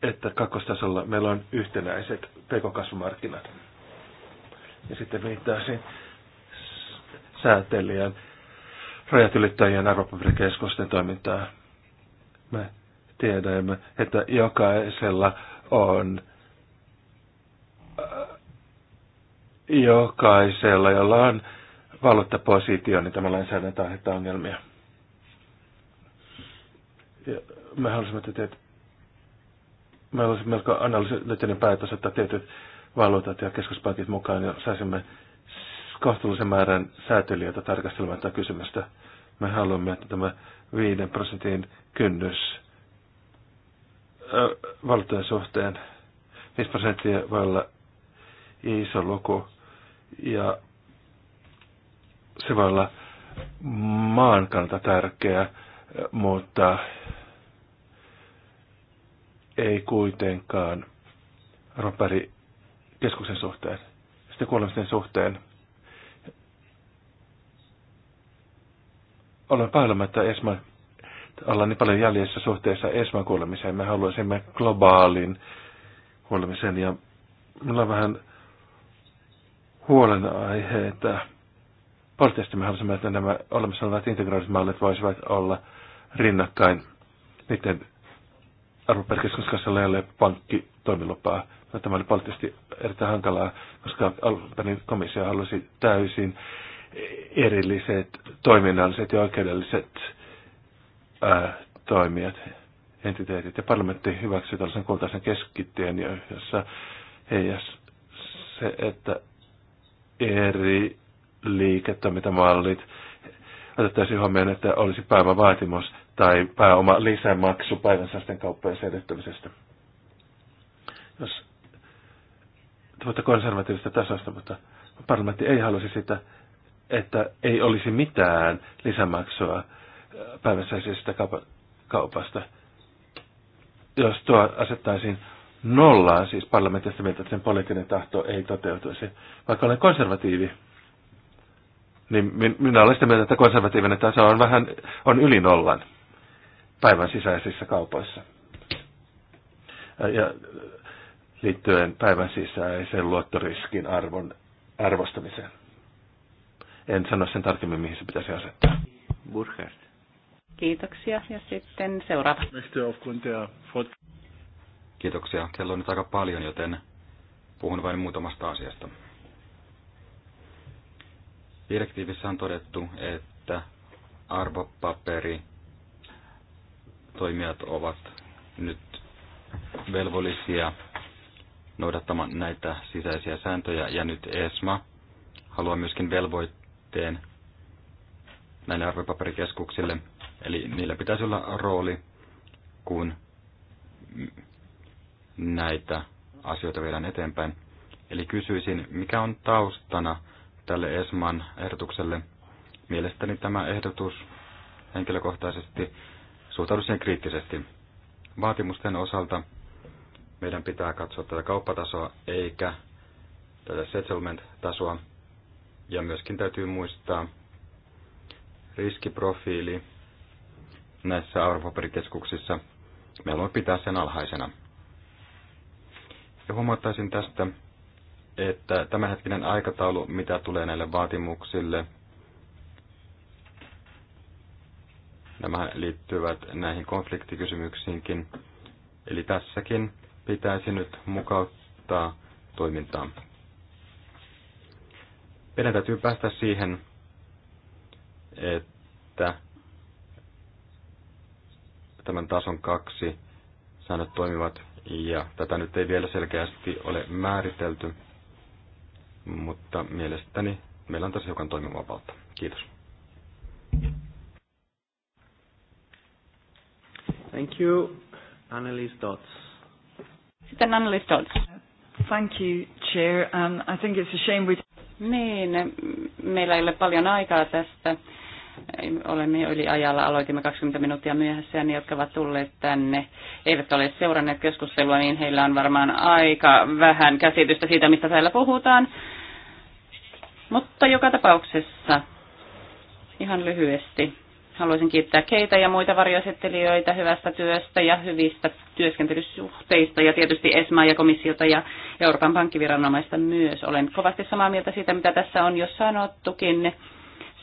C: että kakkostasolla meillä on yhtenäiset pekokasvumarkkinat. kasvumarkkinat Ja sitten viittaisin säätelijän, rajat ylittäjien arvopaperikeskusten toimintaa. Me tiedämme, että jokaisella on äh, jokaisella, jolla on valuuttapositio, niin tämä lainsäädäntö aiheuttaa ongelmia. Ja me halusimme, että teet, me olisi melko analyyttinen päätös, että tietyt valuutat ja keskuspankit mukaan ja saisimme kohtuullisen määrän säätelijöitä tarkastelemaan tätä kysymystä. Me haluamme, että tämä 5 prosentin kynnys valtojen suhteen 5 prosenttia voi olla iso luku ja se voi olla maan kannalta tärkeä mutta ei kuitenkaan roppari keskuksen suhteen, sitten kuolemisten suhteen. Olen pahoillani, että Esma, ollaan niin paljon jäljessä suhteessa Esman kuolemiseen. Me haluaisimme globaalin kuolemisen ja minulla on vähän huolenaihe, että poliittisesti me haluaisimme, että nämä olemassa olevat integraalit mallit voisivat olla – rinnakkain. Niiden arvopaperikeskus kanssa pankkitoimilupaa. No, tämä oli poliittisesti erittäin hankalaa, koska Albanin komissio halusi täysin erilliset toiminnalliset ja oikeudelliset ää, toimijat, entiteetit. Ja parlamentti hyväksyi tällaisen kultaisen keskittien, jossa heijas se, että eri liiketoimintamallit otettaisiin huomioon, että olisi vaatimus – tai pääoma lisämaksu päivänsäisten kauppojen selittämisestä. Jos tuota konservatiivista tasosta, mutta parlamentti ei halusi sitä, että ei olisi mitään lisämaksua äh, päivänsäisestä kaupasta. Jos tuo asettaisiin nollaan, siis parlamentista mieltä, että sen poliittinen tahto ei toteutuisi. Vaikka olen konservatiivi, niin minä olen sitä mieltä, että konservatiivinen taso on vähän on yli nollan päivän sisäisissä kaupoissa. Ja liittyen päivän sisäisen luottoriskin arvon arvostamiseen. En sano sen tarkemmin, mihin se pitäisi asettaa. Burkhard.
B: Kiitoksia ja sitten seuraava.
D: Kiitoksia. Kello on nyt aika paljon, joten puhun vain muutamasta asiasta. Direktiivissä on todettu, että arvopaperi toimijat ovat nyt velvollisia noudattamaan näitä sisäisiä sääntöjä. Ja nyt ESMA haluaa myöskin velvoitteen näille arvopaperikeskuksille. Eli niillä pitäisi olla rooli, kun näitä asioita viedään eteenpäin. Eli kysyisin, mikä on taustana tälle ESMAn ehdotukselle? Mielestäni tämä ehdotus henkilökohtaisesti suhtaudu siihen kriittisesti. Vaatimusten osalta meidän pitää katsoa tätä kauppatasoa eikä tätä settlement-tasoa. Ja myöskin täytyy muistaa riskiprofiili näissä arvopaperikeskuksissa. Me haluamme pitää sen alhaisena. Ja huomauttaisin tästä, että tämänhetkinen aikataulu, mitä tulee näille vaatimuksille – Nämä liittyvät näihin konfliktikysymyksiinkin. Eli tässäkin pitäisi nyt mukauttaa toimintaa. Meidän täytyy päästä siihen, että tämän tason kaksi säännöt toimivat, ja tätä nyt ei vielä selkeästi ole määritelty, mutta mielestäni meillä on tässä hiukan toimivapautta. Kiitos.
C: Thank you, Annelies Dots.
B: Sitten Annelies Dots. Thank you, Chair. Um, I think it's a shame we... Niin, meillä ei ole paljon aikaa tästä. Olemme jo yli ajalla, aloitimme 20 minuuttia myöhässä ja ne, jotka ovat tulleet tänne, eivät ole seuranneet keskustelua, niin heillä on varmaan aika vähän käsitystä siitä, mistä täällä puhutaan. Mutta joka tapauksessa, ihan lyhyesti, Haluaisin kiittää Keitä ja muita varjoesittelijöitä hyvästä työstä ja hyvistä työskentelysuhteista ja tietysti ESMA ja komissiota ja Euroopan pankkiviranomaista myös. Olen kovasti samaa mieltä siitä, mitä tässä on jo sanottukin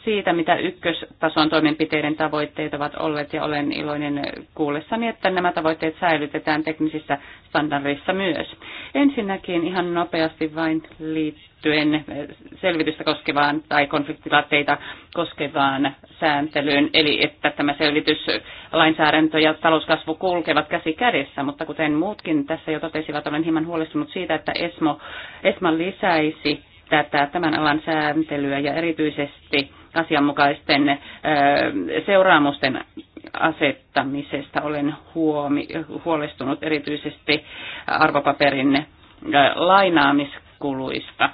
B: siitä, mitä ykköstason toimenpiteiden tavoitteet ovat olleet ja olen iloinen kuullessani, että nämä tavoitteet säilytetään teknisissä standardeissa myös. Ensinnäkin ihan nopeasti vain liittyen selvitystä koskevaan tai konfliktilaatteita koskevaan sääntelyyn, eli että tämä selvitys, lainsäädäntö ja talouskasvu kulkevat käsi kädessä, mutta kuten muutkin tässä jo totesivat, olen hieman huolestunut siitä, että ESMO, ESMA lisäisi tätä tämän alan sääntelyä ja erityisesti asianmukaisten seuraamusten asettamisesta olen huomi, huolestunut erityisesti arvopaperin lainaamiskuluista.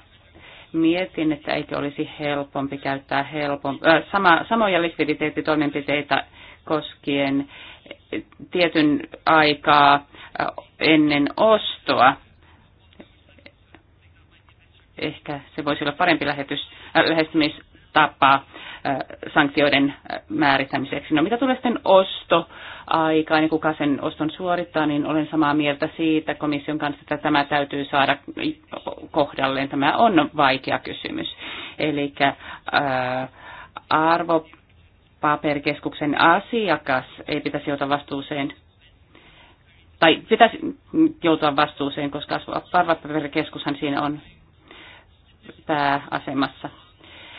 B: Mietin, että eikö olisi helpompi käyttää helpom, sama, samoja likviditeettitoimenpiteitä koskien tietyn aikaa ennen ostoa. Ehkä se voisi olla parempi lähetys, äh, lähestymis, tapa äh, sanktioiden äh, määrittämiseksi. No mitä tulee sitten ostoaikaan niin kuka sen oston suorittaa, niin olen samaa mieltä siitä komission kanssa, että tämä täytyy saada kohdalleen. Tämä on vaikea kysymys. Eli äh, arvopaperikeskuksen asiakas ei pitäisi joutua vastuuseen tai pitäisi joutua vastuuseen, koska arvopaperikeskushan siinä on pääasemassa.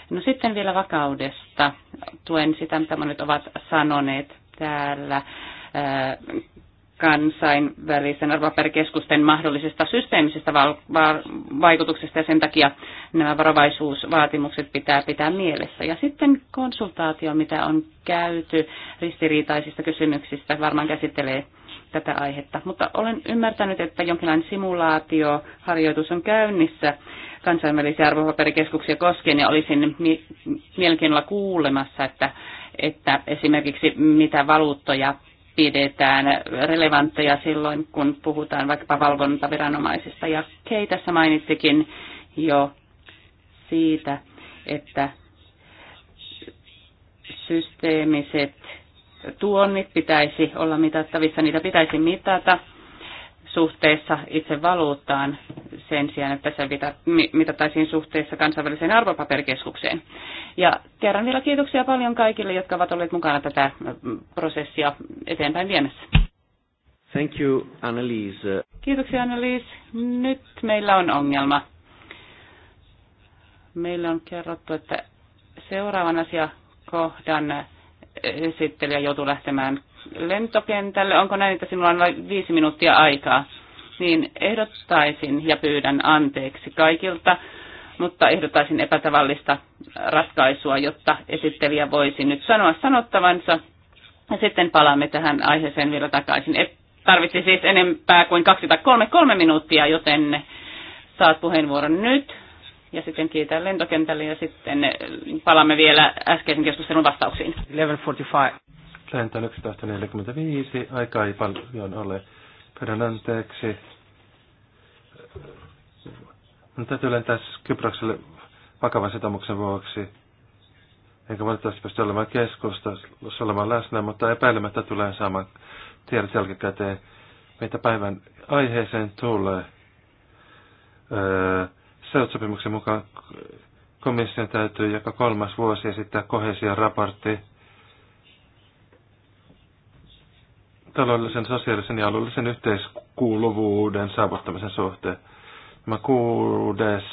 B: No sitten vielä vakaudesta. Tuen sitä, mitä monet ovat sanoneet täällä äh, kansainvälisen arvoperkeskusten mahdollisesta systeemisestä vaikutuksesta ja sen takia nämä varovaisuusvaatimukset pitää pitää mielessä. Ja sitten konsultaatio, mitä on käyty ristiriitaisista kysymyksistä, varmaan käsittelee tätä aihetta. Mutta olen ymmärtänyt, että jonkinlainen simulaatioharjoitus on käynnissä kansainvälisiä arvopaperikeskuksia koskien ja olisin mielenkiinnolla kuulemassa, että, että esimerkiksi mitä valuuttoja pidetään relevantteja silloin, kun puhutaan vaikkapa valvontaviranomaisista. Ja Kei tässä mainittikin jo siitä, että systeemiset tuonnit pitäisi olla mitattavissa, niitä pitäisi mitata suhteessa itse valuuttaan sen sijaan, että se mitataisiin suhteessa kansainväliseen arvopaperikeskukseen. Ja kerran vielä kiitoksia paljon kaikille, jotka ovat olleet mukana tätä prosessia eteenpäin viemässä. Thank you,
A: Anneliise.
B: Kiitoksia, Anneliise. Nyt meillä on ongelma. Meillä on kerrottu, että seuraavan asiakohdan esittelijä joutuu lähtemään lentokentälle. Onko näin, että sinulla on vain viisi minuuttia aikaa? Niin ehdottaisin ja pyydän anteeksi kaikilta, mutta ehdottaisin epätavallista ratkaisua, jotta esittelijä voisi nyt sanoa sanottavansa. Ja sitten palaamme tähän aiheeseen vielä takaisin. Et tarvitsi siis enempää kuin kaksi tai kolme, kolme minuuttia, joten saat puheenvuoron nyt ja sitten kiitän lentokentälle ja sitten palaamme vielä äskeisen keskustelun vastauksiin. 11.45.
C: Lento on 11.45, aika ei paljon ole. Pyydän anteeksi. Minun täytyy lentää Kyprokselle vakavan sitomuksen vuoksi. Enkä valitettavasti pysty olemaan keskustelussa olemaan läsnä, mutta epäilemättä tulee saamaan tiedot jälkikäteen, mitä päivän aiheeseen tulee. Öö, SEUT-sopimuksen mukaan komission täytyy joka kolmas vuosi esittää kohesion raportti taloudellisen, sosiaalisen ja alueellisen yhteiskuuluvuuden saavuttamisen suhteen. Tämä kuudes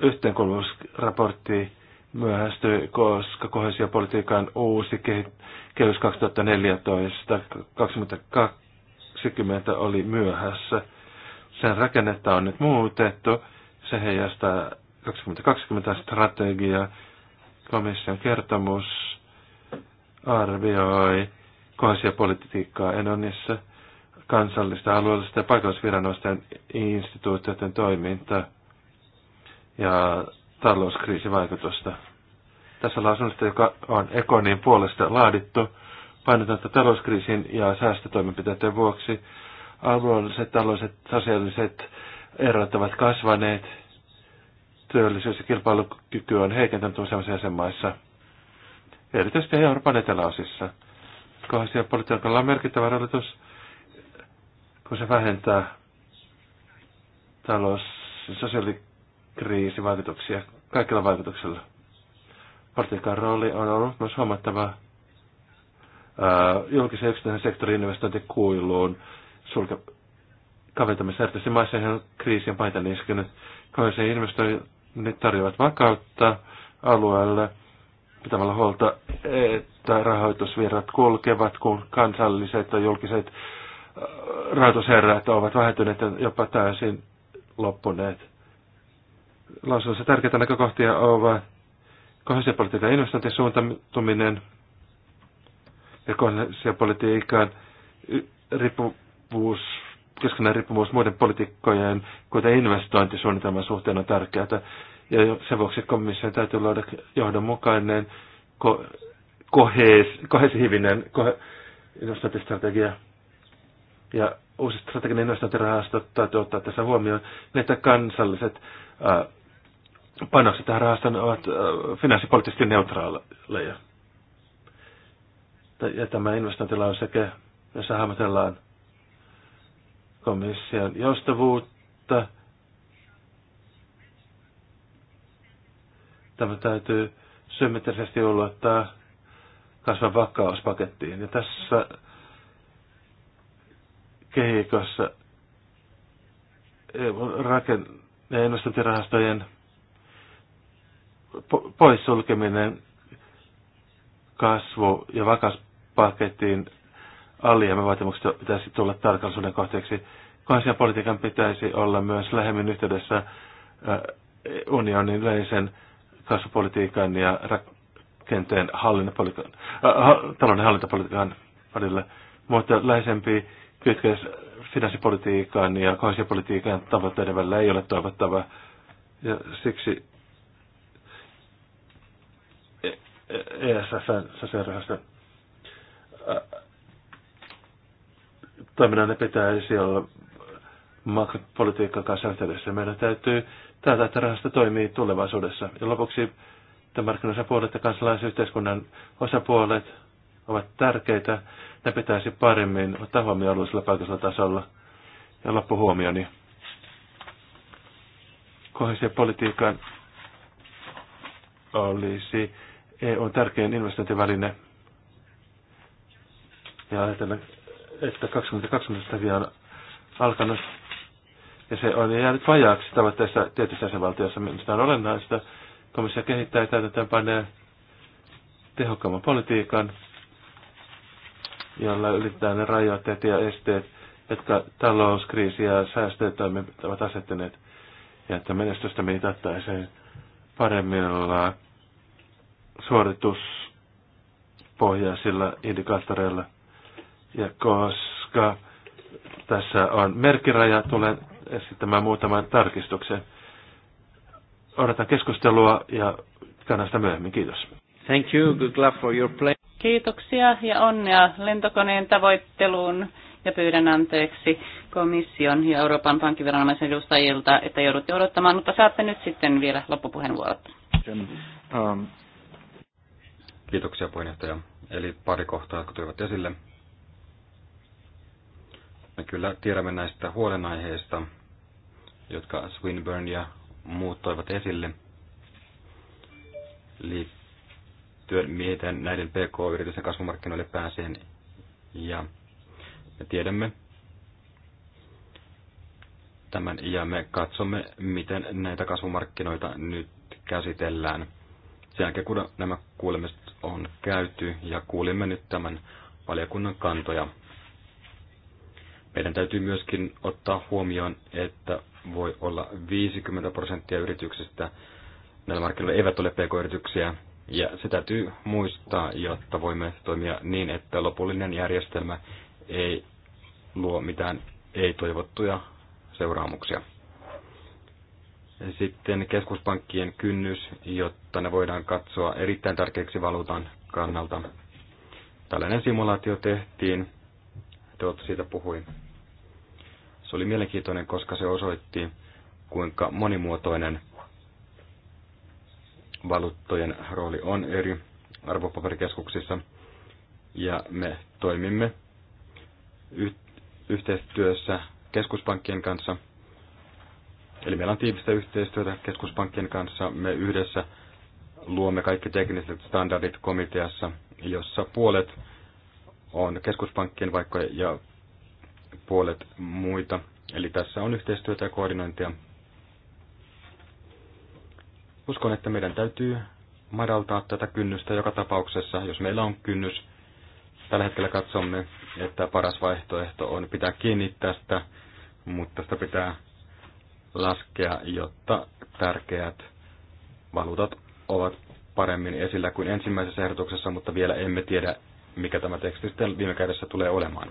C: yhteenkuuluvuusraportti myöhästyi, koska kohesiopolitiikan uusi kehys 2014-2020 oli myöhässä. Sen rakennetta on nyt muutettu. Se heijastaa 2020 strategia, Komission kertomus arvioi kohesiopolitiikkaa Enonissa, kansallista, alueellista ja paikallisviranomaisten instituutioiden toiminta ja talouskriisivaikutusta. Tässä lausunnosta, joka on Ekonin puolesta laadittu, painotan, että talouskriisin ja säästötoimenpiteiden vuoksi alueelliset, taloudelliset, sosiaaliset erot ovat kasvaneet. Työllisyys ja kilpailukyky on heikentänyt useissa jäsenmaissa, erityisesti Euroopan eteläosissa. Kohdassa politiikalla on merkittävä rahoitus, kun se vähentää talous- ja sosiaalikriisivaikutuksia kaikilla vaikutuksilla. Politiikan rooli on ollut myös huomattava julkisen yksityisen sektorin investointikuiluun sulke, kaventamista. Erityisesti maissa, joihin kriisi on paita iskenyt, niin kansainvälisen investoinnit tarjoavat vakautta alueelle pitämällä huolta, että rahoitusvirrat kulkevat, kun kansalliset ja julkiset äh, rahoitusherrat ovat vähentyneet ja jopa täysin loppuneet. Lausunnossa tärkeitä näkökohtia ovat kohdallisen investointien suuntaantuminen ja kohdallisen politiikan riippuvuus riippuvuus, keskenään riippuvuus muiden politiikkojen, kuten investointisuunnitelman suhteen on tärkeää. Ja sen vuoksi komissio täytyy luoda johdonmukainen, ko, kohees, kohesiivinen kohe, investointistrategia. Ja uusi strateginen investointirahasto täytyy ottaa tässä huomioon, niin että kansalliset ää, panokset tähän rahastoon ovat ää, finanssipoliittisesti neutraaleja. Ja tämä investointilauseke, jossa hahmotellaan komission joustavuutta. Tämä täytyy symmetrisesti ulottaa kasvan vakauspakettiin. Ja tässä kehikossa e rakenne- investointirahastojen poissulkeminen kasvu- ja vakauspakettiin alijäämävaatimukset pitäisi tulla tarkallisuuden kohteeksi. Kansian politiikan pitäisi olla myös lähemmin yhteydessä äh, unionin yleisen kasvupolitiikan ja rakenteen hallintapolitiikan,
A: äh, talouden
C: hallintapolitiikan välillä, mutta läheisempi kytkös finanssipolitiikan ja kohesiopolitiikan tavoitteiden välillä ei ole toivottava. Ja siksi ESFn e-, e sosiaalirahaston äh, toiminnan pitäisi olla makropolitiikka kanssa yhteydessä. Meidän täytyy täältä, että rahasta toimii tulevaisuudessa. Ja lopuksi markkinoisapuolet ja kansalaisyhteiskunnan osapuolet ovat tärkeitä. Ne pitäisi paremmin ottaa huomioon alueellisella paikallisella tasolla. Ja loppuhuomioni. Kohesiopolitiikan olisi EUn tärkein investointiväline. Ja ajatellaan, että 2020 vielä on alkanut ja se on jäänyt vajaaksi tavoitteessa tietyissä jäsenvaltioissa, mistä on olennaista. Komissio kehittää ja täytäntöönpanee tehokkaamman politiikan, jolla ylittää ne rajoitteet ja esteet, jotka talouskriisi ja säästötoimet ovat asettaneet, ja että menestystä mitattaisiin paremmilla suorituspohjaisilla indikaattoreilla – ja koska tässä on merkiraja, tulen esittämään muutaman tarkistuksen. Odotan keskustelua ja kannan sitä myöhemmin. Kiitos. Thank you. Good luck for your
A: play.
B: Kiitoksia ja onnea lentokoneen tavoitteluun ja pyydän anteeksi komission ja Euroopan pankkiviranomaisen edustajilta, että joudutte odottamaan, mutta saatte nyt sitten vielä loppupuheenvuorot.
D: Um, Kiitoksia puheenjohtaja. Eli pari kohtaa, jotka tulivat esille. Me kyllä tiedämme näistä huolenaiheista, jotka Swinburne ja muut toivat esille liittyen, miten näiden PK-yritysten kasvumarkkinoille pääseen. Ja me tiedämme tämän ja me katsomme, miten näitä kasvumarkkinoita nyt käsitellään. Sen jälkeen, kun nämä kuulemiset on käyty ja kuulimme nyt tämän valiokunnan kantoja meidän täytyy myöskin ottaa huomioon, että voi olla 50 prosenttia yrityksistä näillä markkinoilla eivät ole pk-yrityksiä, ja se täytyy muistaa, jotta voimme toimia niin, että lopullinen järjestelmä ei luo mitään ei-toivottuja seuraamuksia. Sitten keskuspankkien kynnys, jotta ne voidaan katsoa erittäin tärkeäksi valuutan kannalta. Tällainen simulaatio tehtiin, Teot siitä puhuin. Se oli mielenkiintoinen, koska se osoitti, kuinka monimuotoinen valuuttojen rooli on eri arvopaperikeskuksissa. Ja me toimimme yhteistyössä keskuspankkien kanssa. Eli meillä on tiivistä yhteistyötä keskuspankkien kanssa. Me yhdessä luomme kaikki tekniset standardit komiteassa, jossa puolet on keskuspankkien vaikka ja puolet muita. Eli tässä on yhteistyötä ja koordinointia. Uskon, että meidän täytyy madaltaa tätä kynnystä joka tapauksessa, jos meillä on kynnys. Tällä hetkellä katsomme, että paras vaihtoehto on pitää kiinni tästä, mutta sitä pitää laskea, jotta tärkeät valuutat ovat paremmin esillä kuin ensimmäisessä ehdotuksessa, mutta vielä emme tiedä, mikä tämä teksti sitten viime kädessä tulee olemaan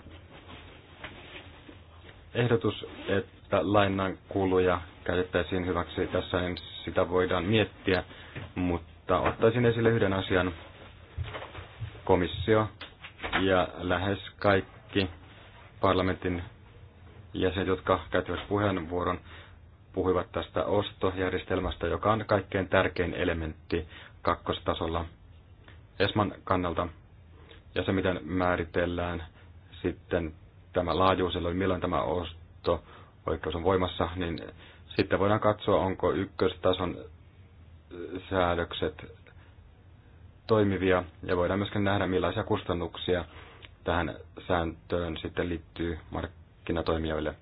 D: ehdotus, että lainan kuluja käytettäisiin hyväksi tässä, en sitä voidaan miettiä, mutta ottaisin esille yhden asian. Komissio ja lähes kaikki parlamentin jäsenet, jotka käyttivät puheenvuoron, puhuivat tästä ostojärjestelmästä, joka on kaikkein tärkein elementti kakkostasolla ESMAN kannalta. Ja se, miten määritellään sitten tämä laajuus, eli milloin tämä osto-oikeus on voimassa, niin sitten voidaan katsoa, onko ykköstason säädökset toimivia, ja voidaan myöskin nähdä, millaisia kustannuksia tähän sääntöön sitten liittyy markkinatoimijoille.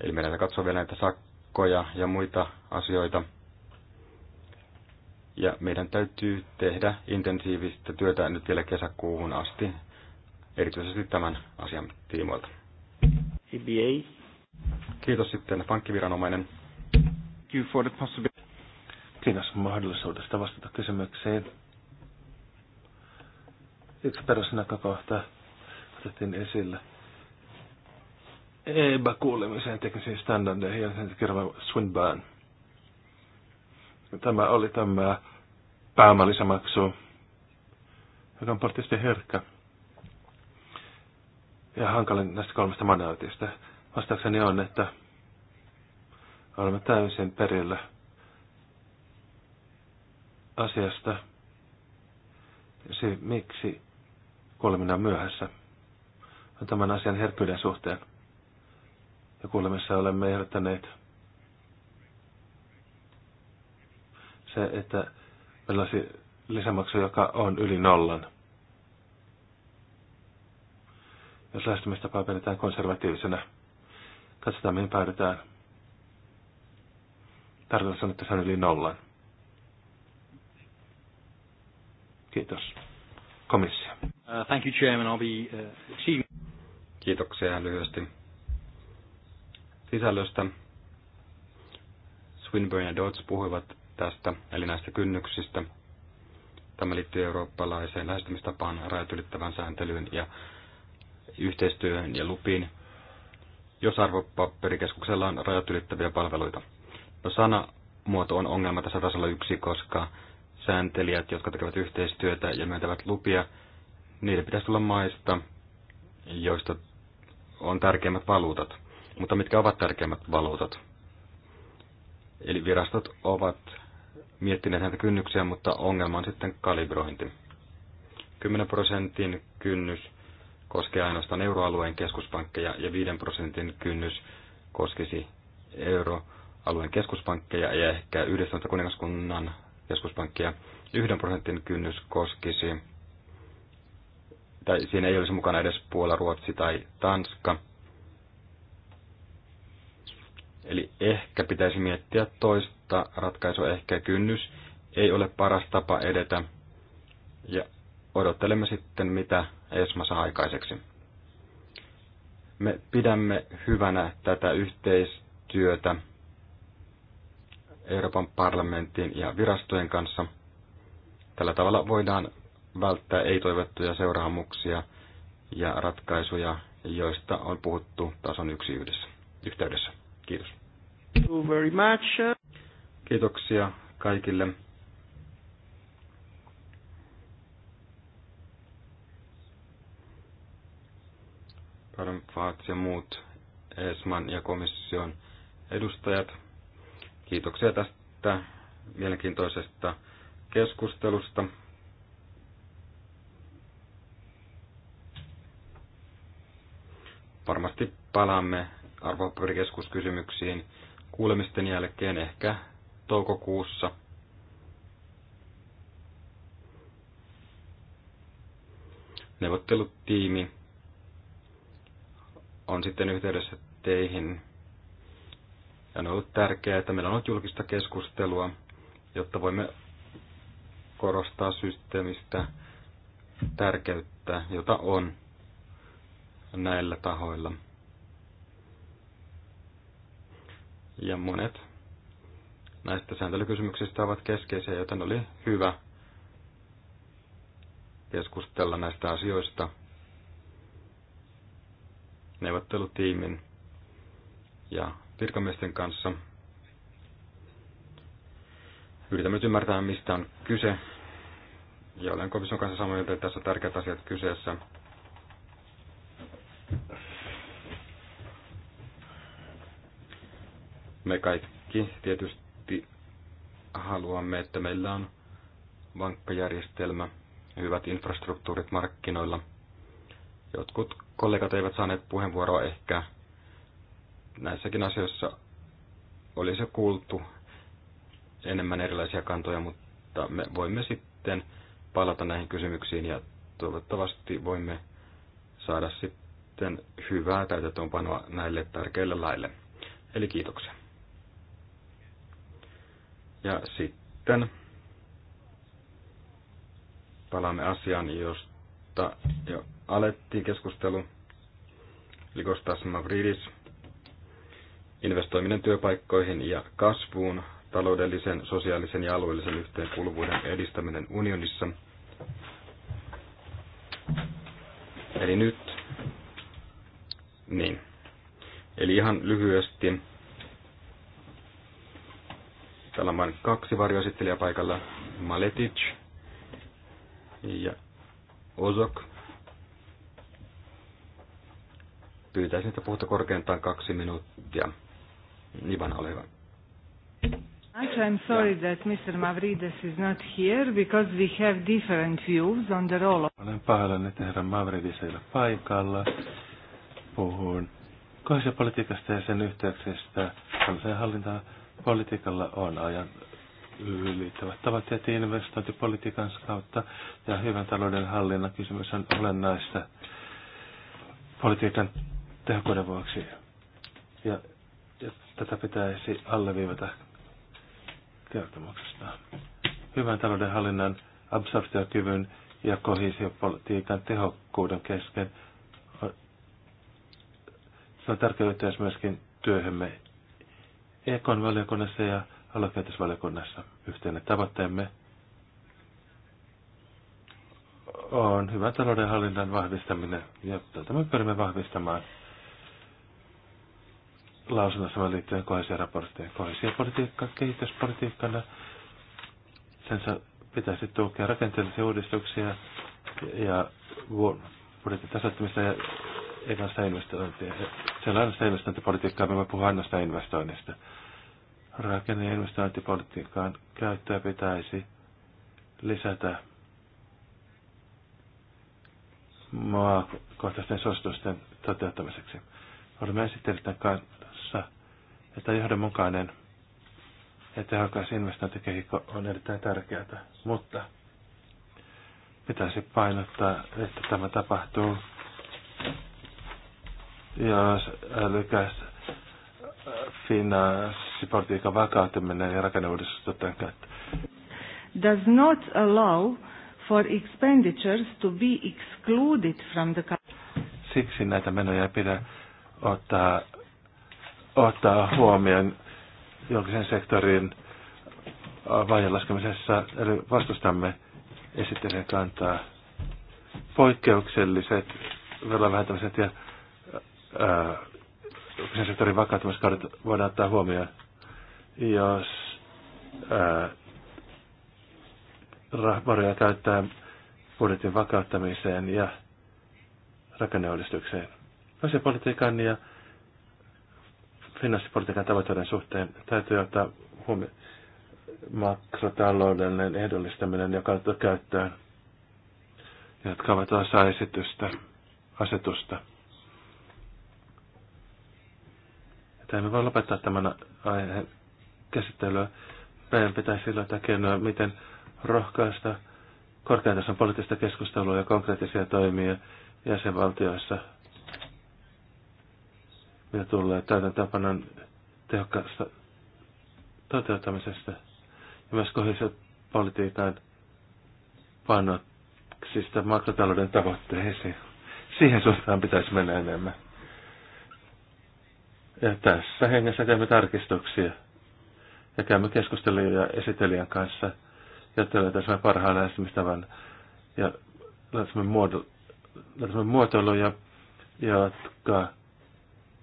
D: Eli meidän katsoa vielä näitä sakkoja ja muita asioita. Ja meidän täytyy tehdä intensiivistä työtä nyt vielä kesäkuuhun asti erityisesti tämän asian tiimoilta. EBA. Kiitos sitten pankkiviranomainen.
C: Kiitos mahdollisuudesta vastata kysymykseen. Yksi perusnäkökohta otettiin esille. EBA-kuulemiseen teknisiin standardeihin ja sen kerran Swinburn. Tämä oli tämä pääomalisämaksu, joka on poliittisesti herkkä ja hankalin näistä kolmesta mandaatista. Vastaukseni on, että olemme täysin perillä asiasta. Se, miksi kuoleminen on myöhässä, on tämän asian herkkyyden suhteen. Ja kuulemissa olemme ehdottaneet se, että meillä olisi lisämaksu, joka on yli nollan. jos lähestymistapaa pidetään konservatiivisena. Katsotaan, mihin päädytään. Tarkoitan sanoa, että se on yli nollan. Kiitos. Komissio. Uh,
D: thank you, Chairman. I'll be, uh, Kiitoksia lyhyesti. Sisällöstä Swinburne ja Dodds puhuivat tästä, eli näistä kynnyksistä. Tämä liittyy eurooppalaiseen lähestymistapaan, rajat ylittävään sääntelyyn ja yhteistyöhön ja lupiin, jos arvopaperikeskuksella on rajat ylittäviä palveluita. No muoto on ongelma tässä tasolla yksi, koska sääntelijät, jotka tekevät yhteistyötä ja myöntävät lupia, niiden pitäisi tulla maista, joista on tärkeimmät valuutat. Mutta mitkä ovat tärkeimmät valuutat? Eli virastot ovat miettineet näitä kynnyksiä, mutta ongelma on sitten kalibrointi. 10 prosentin kynnys koskee ainoastaan euroalueen keskuspankkeja ja 5 prosentin kynnys koskisi euroalueen keskuspankkeja ja ehkä yhdistyneitä kuningaskunnan keskuspankkeja 1 prosentin kynnys koskisi, tai siinä ei olisi mukana edes Puola, Ruotsi tai Tanska. Eli ehkä pitäisi miettiä toista ratkaisua, ehkä kynnys ei ole paras tapa edetä. Ja odottelemme sitten, mitä Esmassa aikaiseksi. Me pidämme hyvänä tätä yhteistyötä Euroopan parlamentin ja virastojen kanssa. Tällä tavalla voidaan välttää ei-toivottuja seuraamuksia ja ratkaisuja, joista on puhuttu tason yksi yhdessä, yhteydessä. Kiitos.
A: very much.
D: Kiitoksia kaikille. Kadenfaats ja muut ESMAN ja komission edustajat. Kiitoksia tästä mielenkiintoisesta keskustelusta. Varmasti palaamme arvopaperikeskuskysymyksiin kuulemisten jälkeen ehkä toukokuussa. Neuvottelutiimi on sitten yhteydessä teihin. Ja on ollut tärkeää, että meillä on ollut julkista keskustelua, jotta voimme korostaa systeemistä tärkeyttä, jota on näillä tahoilla. Ja monet näistä sääntelykysymyksistä ovat keskeisiä, joten oli hyvä keskustella näistä asioista – neuvottelutiimin ja virkamiesten kanssa. Yritämme nyt ymmärtää, mistä on kyse. Ja olen komission kanssa samaa mieltä, että tässä on tärkeät asiat kyseessä. Me kaikki tietysti haluamme, että meillä on vankka järjestelmä, hyvät infrastruktuurit markkinoilla. Jotkut kollegat eivät saaneet puheenvuoroa ehkä näissäkin asioissa oli se kuultu enemmän erilaisia kantoja, mutta me voimme sitten palata näihin kysymyksiin ja toivottavasti voimme saada sitten hyvää täytäntöönpanoa näille tärkeille laille. Eli kiitoksia. Ja sitten palaamme asiaan, josta jo alettiin keskustelu. Eli Mavridis, investoiminen työpaikkoihin ja kasvuun, taloudellisen, sosiaalisen ja alueellisen yhteenkuuluvuuden edistäminen unionissa. Eli nyt, niin. Eli ihan lyhyesti, täällä on kaksi varjoesittelijä paikalla, Maletic ja Ozok. Pyytäisin, että puhutte korkeintaan kaksi minuuttia. Ivana, ole hyvä.
A: I'm sorry that Mr. Mavrides is not here because we have different views on the role of...
C: Olen pahoillani, että herra Mavridis ei ole paikalla. Puhun kohdallisuuspolitiikasta ja sen yhteyksistä. Kansain hallintaan politiikalla on ajan ylittävät tavoitteet investointipolitiikan kautta ja hyvän talouden hallinnan kysymys on olennaista. Politiikan tehokkuuden vuoksi. Ja, ja tätä pitäisi alleviivata kertomuksesta. Hyvän taloudenhallinnan, absorptiokyvyn ja kohesiopolitiikan tehokkuuden kesken on, se on tärkeä yhteys myöskin työhömme EKon valiokunnassa ja aluekehitysvaliokunnassa. Yhteinen tavoitteemme on hyvän taloudenhallinnan vahvistaminen ja tätä me pyrimme vahvistamaan – lausunnossa liittyen kohesioraporttiin. Kohesiopolitiikka kehityspolitiikkana sen pitäisi tukea rakenteellisia uudistuksia ja budjetin tasoittamista ja ei investointia. sen on ainoastaan investointipolitiikkaa, me puhumme ainoastaan investoinnista. Rakenne- ja investointipolitiikkaan käyttöä pitäisi lisätä maakohtaisten suositusten toteuttamiseksi. Olemme esittäneet että johdonmukainen ja tehokas investointikehikko on erittäin tärkeää, mutta pitäisi painottaa, että tämä tapahtuu, jos älykäs äh, finanssipolitiikan vakautuminen ja rakenneuudistus otetaan käyttöön.
A: Does not allow for expenditures to
B: be excluded from the...
C: Siksi näitä menoja ei pidä ottaa ottaa huomioon julkisen sektorin vajeen laskemisessa, eli vastustamme esittelijän kantaa poikkeukselliset verovähentämiset ja ää, julkisen sektorin vakautumiskaudet voidaan ottaa huomioon, jos varoja käyttää budjetin vakauttamiseen ja rakenneuudistukseen. Toisen politiikan ja finanssipolitiikan tavoitteiden suhteen täytyy ottaa huomioon makrotaloudellinen ehdollistaminen, joka otettu käyttöön, jotka ovat osa esitystä, asetusta. Tämä me voi lopettaa tämän aiheen käsittelyä. Meidän pitäisi löytää takia miten rohkaista korkean tason poliittista keskustelua ja konkreettisia toimia jäsenvaltioissa – mitä tulee tapanan tehokkaasta toteuttamisesta ja myös politiikan panoksista makrotalouden tavoitteisiin. Siihen suuntaan pitäisi mennä enemmän. Ja tässä hengessä käymme tarkistuksia ja käymme keskusteluja ja esittelijän kanssa, jotta löytäisimme parhaan lähestymistavan ja löytäisimme muotoiluja, jotka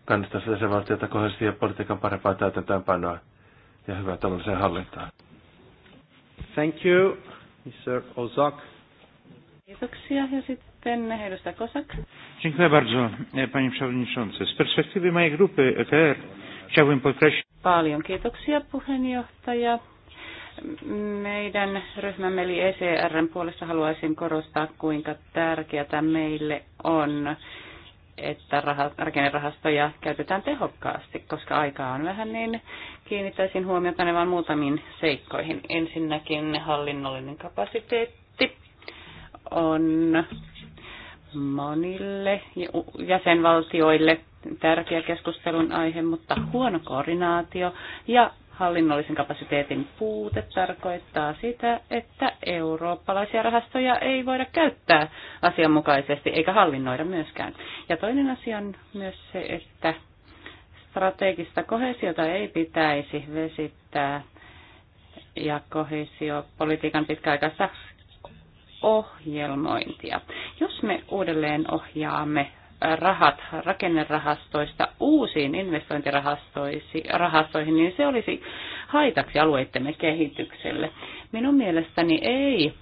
C: kannattaisi jäsenvaltiota kohdistaa ja politiikan parempaa täytäntöönpanoa ja hyvää taloudelliseen hallintaan. Thank you, Mr. Ozak.
B: Kiitoksia. Ja sitten edustaja Kosak.
C: Dziękuję bardzo, e, panie przewodniczący. Z perspektywy mojej grupy ETR chciałbym podkreślić...
B: Paljon kiitoksia, puheenjohtaja. Meidän ryhmämme eli ECRn puolesta haluaisin korostaa, kuinka tärkeätä meille on että rakennerahastoja käytetään tehokkaasti, koska aikaa on vähän, niin kiinnittäisin huomiota ne vain muutamiin seikkoihin. Ensinnäkin hallinnollinen kapasiteetti on monille jäsenvaltioille tärkeä keskustelun aihe, mutta huono koordinaatio ja hallinnollisen kapasiteetin puute tarkoittaa sitä, että eurooppalaisia rahastoja ei voida käyttää asianmukaisesti eikä hallinnoida myöskään. Ja toinen asia on myös se, että strategista kohesiota ei pitäisi vesittää ja kohesiopolitiikan pitkäaikaista ohjelmointia. Jos me uudelleen ohjaamme rahat rakennerahastoista uusiin investointirahastoihin, niin se olisi haitaksi alueittemme kehitykselle. Minun mielestäni ei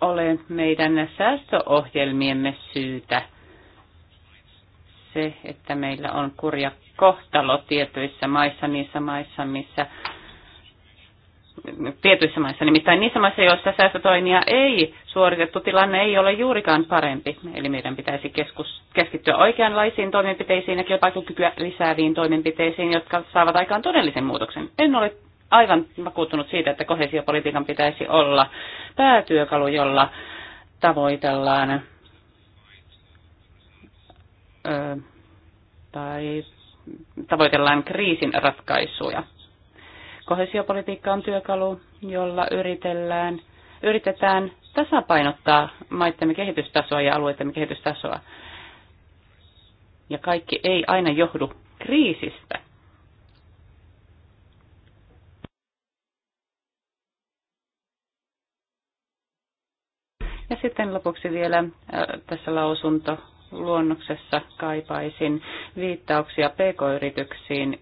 B: ole meidän säästöohjelmiemme syytä se, että meillä on kurja kohtalo tietyissä maissa, niissä maissa, missä tietyissä maissa. Nimittäin niissä maissa, joissa säästötoimia ei suoritettu, tilanne ei ole juurikaan parempi. Eli meidän pitäisi keskus, keskittyä oikeanlaisiin toimenpiteisiin ja kilpailukykyä lisääviin toimenpiteisiin, jotka saavat aikaan todellisen muutoksen. En ole aivan vakuuttunut siitä, että kohesiopolitiikan pitäisi olla päätyökalu, jolla tavoitellaan ö, tai tavoitellaan kriisin ratkaisuja Kohesiopolitiikka on työkalu, jolla yritellään, yritetään tasapainottaa maittemme kehitystasoa ja alueittemme kehitystasoa. Ja kaikki ei aina johdu kriisistä. Ja sitten lopuksi vielä äh, tässä lausunto luonnoksessa kaipaisin viittauksia pk-yrityksiin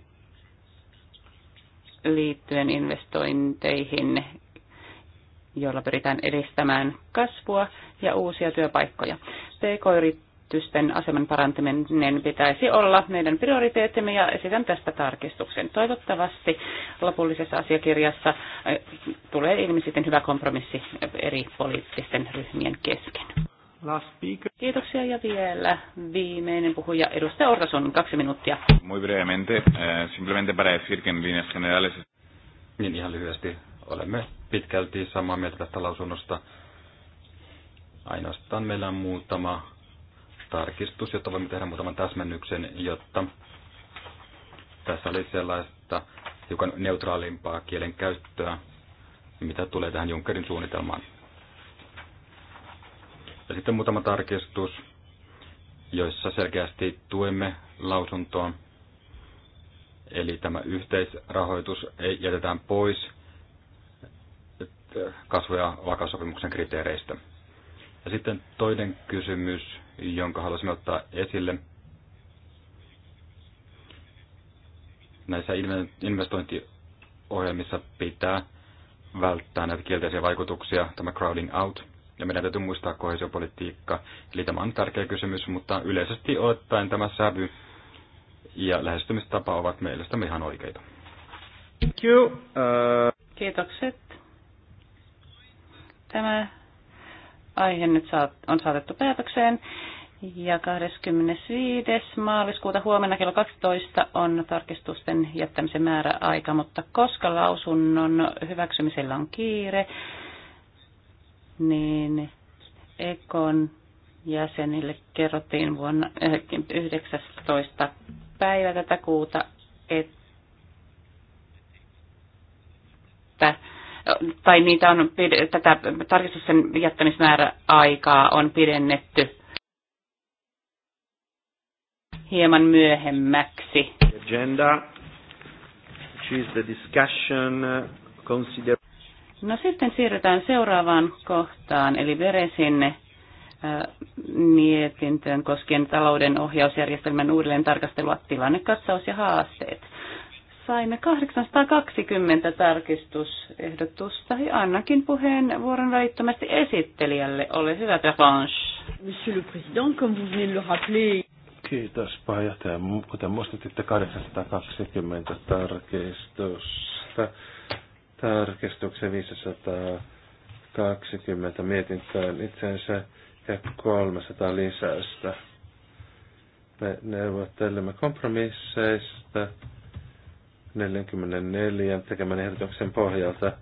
B: liittyen investointeihin, joilla pyritään edistämään kasvua ja uusia työpaikkoja. PK-yritysten aseman parantaminen pitäisi olla meidän prioriteettimme ja esitän tästä tarkistuksen. Toivottavasti lopullisessa asiakirjassa eh, tulee ilmi sitten hyvä kompromissi eri poliittisten ryhmien kesken last speaker. Kiitoksia ja vielä viimeinen puhuja, edustaja Ortason, kaksi minuuttia. Muy brevemente, eh, simplemente para decir que en líneas generales...
D: Niin ihan lyhyesti, olemme pitkälti samaa mieltä tästä lausunnosta. Ainoastaan meillä on muutama tarkistus, jotta voimme tehdä muutaman täsmennyksen, jotta tässä oli sellaista hiukan neutraalimpaa kielen käyttöä, mitä tulee tähän Junckerin suunnitelmaan. Ja sitten muutama tarkistus, joissa selkeästi tuemme lausuntoa. Eli tämä yhteisrahoitus ei jätetään pois kasvu- ja vakaussopimuksen kriteereistä. Ja sitten toinen kysymys, jonka haluaisin ottaa esille. Näissä investointiohjelmissa pitää välttää näitä kielteisiä vaikutuksia, tämä crowding out – ja meidän täytyy muistaa kohesiopolitiikka. Eli tämä on tärkeä kysymys, mutta yleisesti ottaen tämä sävy ja lähestymistapa ovat mielestämme ihan oikeita.
A: Thank
B: you. Uh... Kiitokset. Tämä aihe nyt on saatettu päätökseen. Ja 25. maaliskuuta huomenna kello 12 on tarkistusten jättämisen määräaika, mutta koska lausunnon hyväksymisellä on kiire, niin Ekon jäsenille kerrottiin vuonna 19. päivä tätä kuuta, että tai niitä on, tätä tarkistuksen jättämismäärä aikaa on pidennetty hieman myöhemmäksi. Agenda, which is the discussion, uh, consider... No sitten siirrytään seuraavaan kohtaan, eli veresinne äh, mietintöön koskien talouden ohjausjärjestelmän uudelleen tarkastelua, tilannekatsaus ja haasteet. Saimme 820 tarkistusehdotusta ja annakin vuoron välittömästi esittelijälle. Ole hyvä, Tavanche. Monsieur le Président, comme vous venez le rappeler.
A: Kiitos
C: puheenjohtaja. Kuten muistutitte, 820 tarkistusta tarkistuksen 520 mietintöön itseensä, ja 300 lisäystä. Me neuvottelemme kompromisseista 44 tekemän ehdotuksen pohjalta,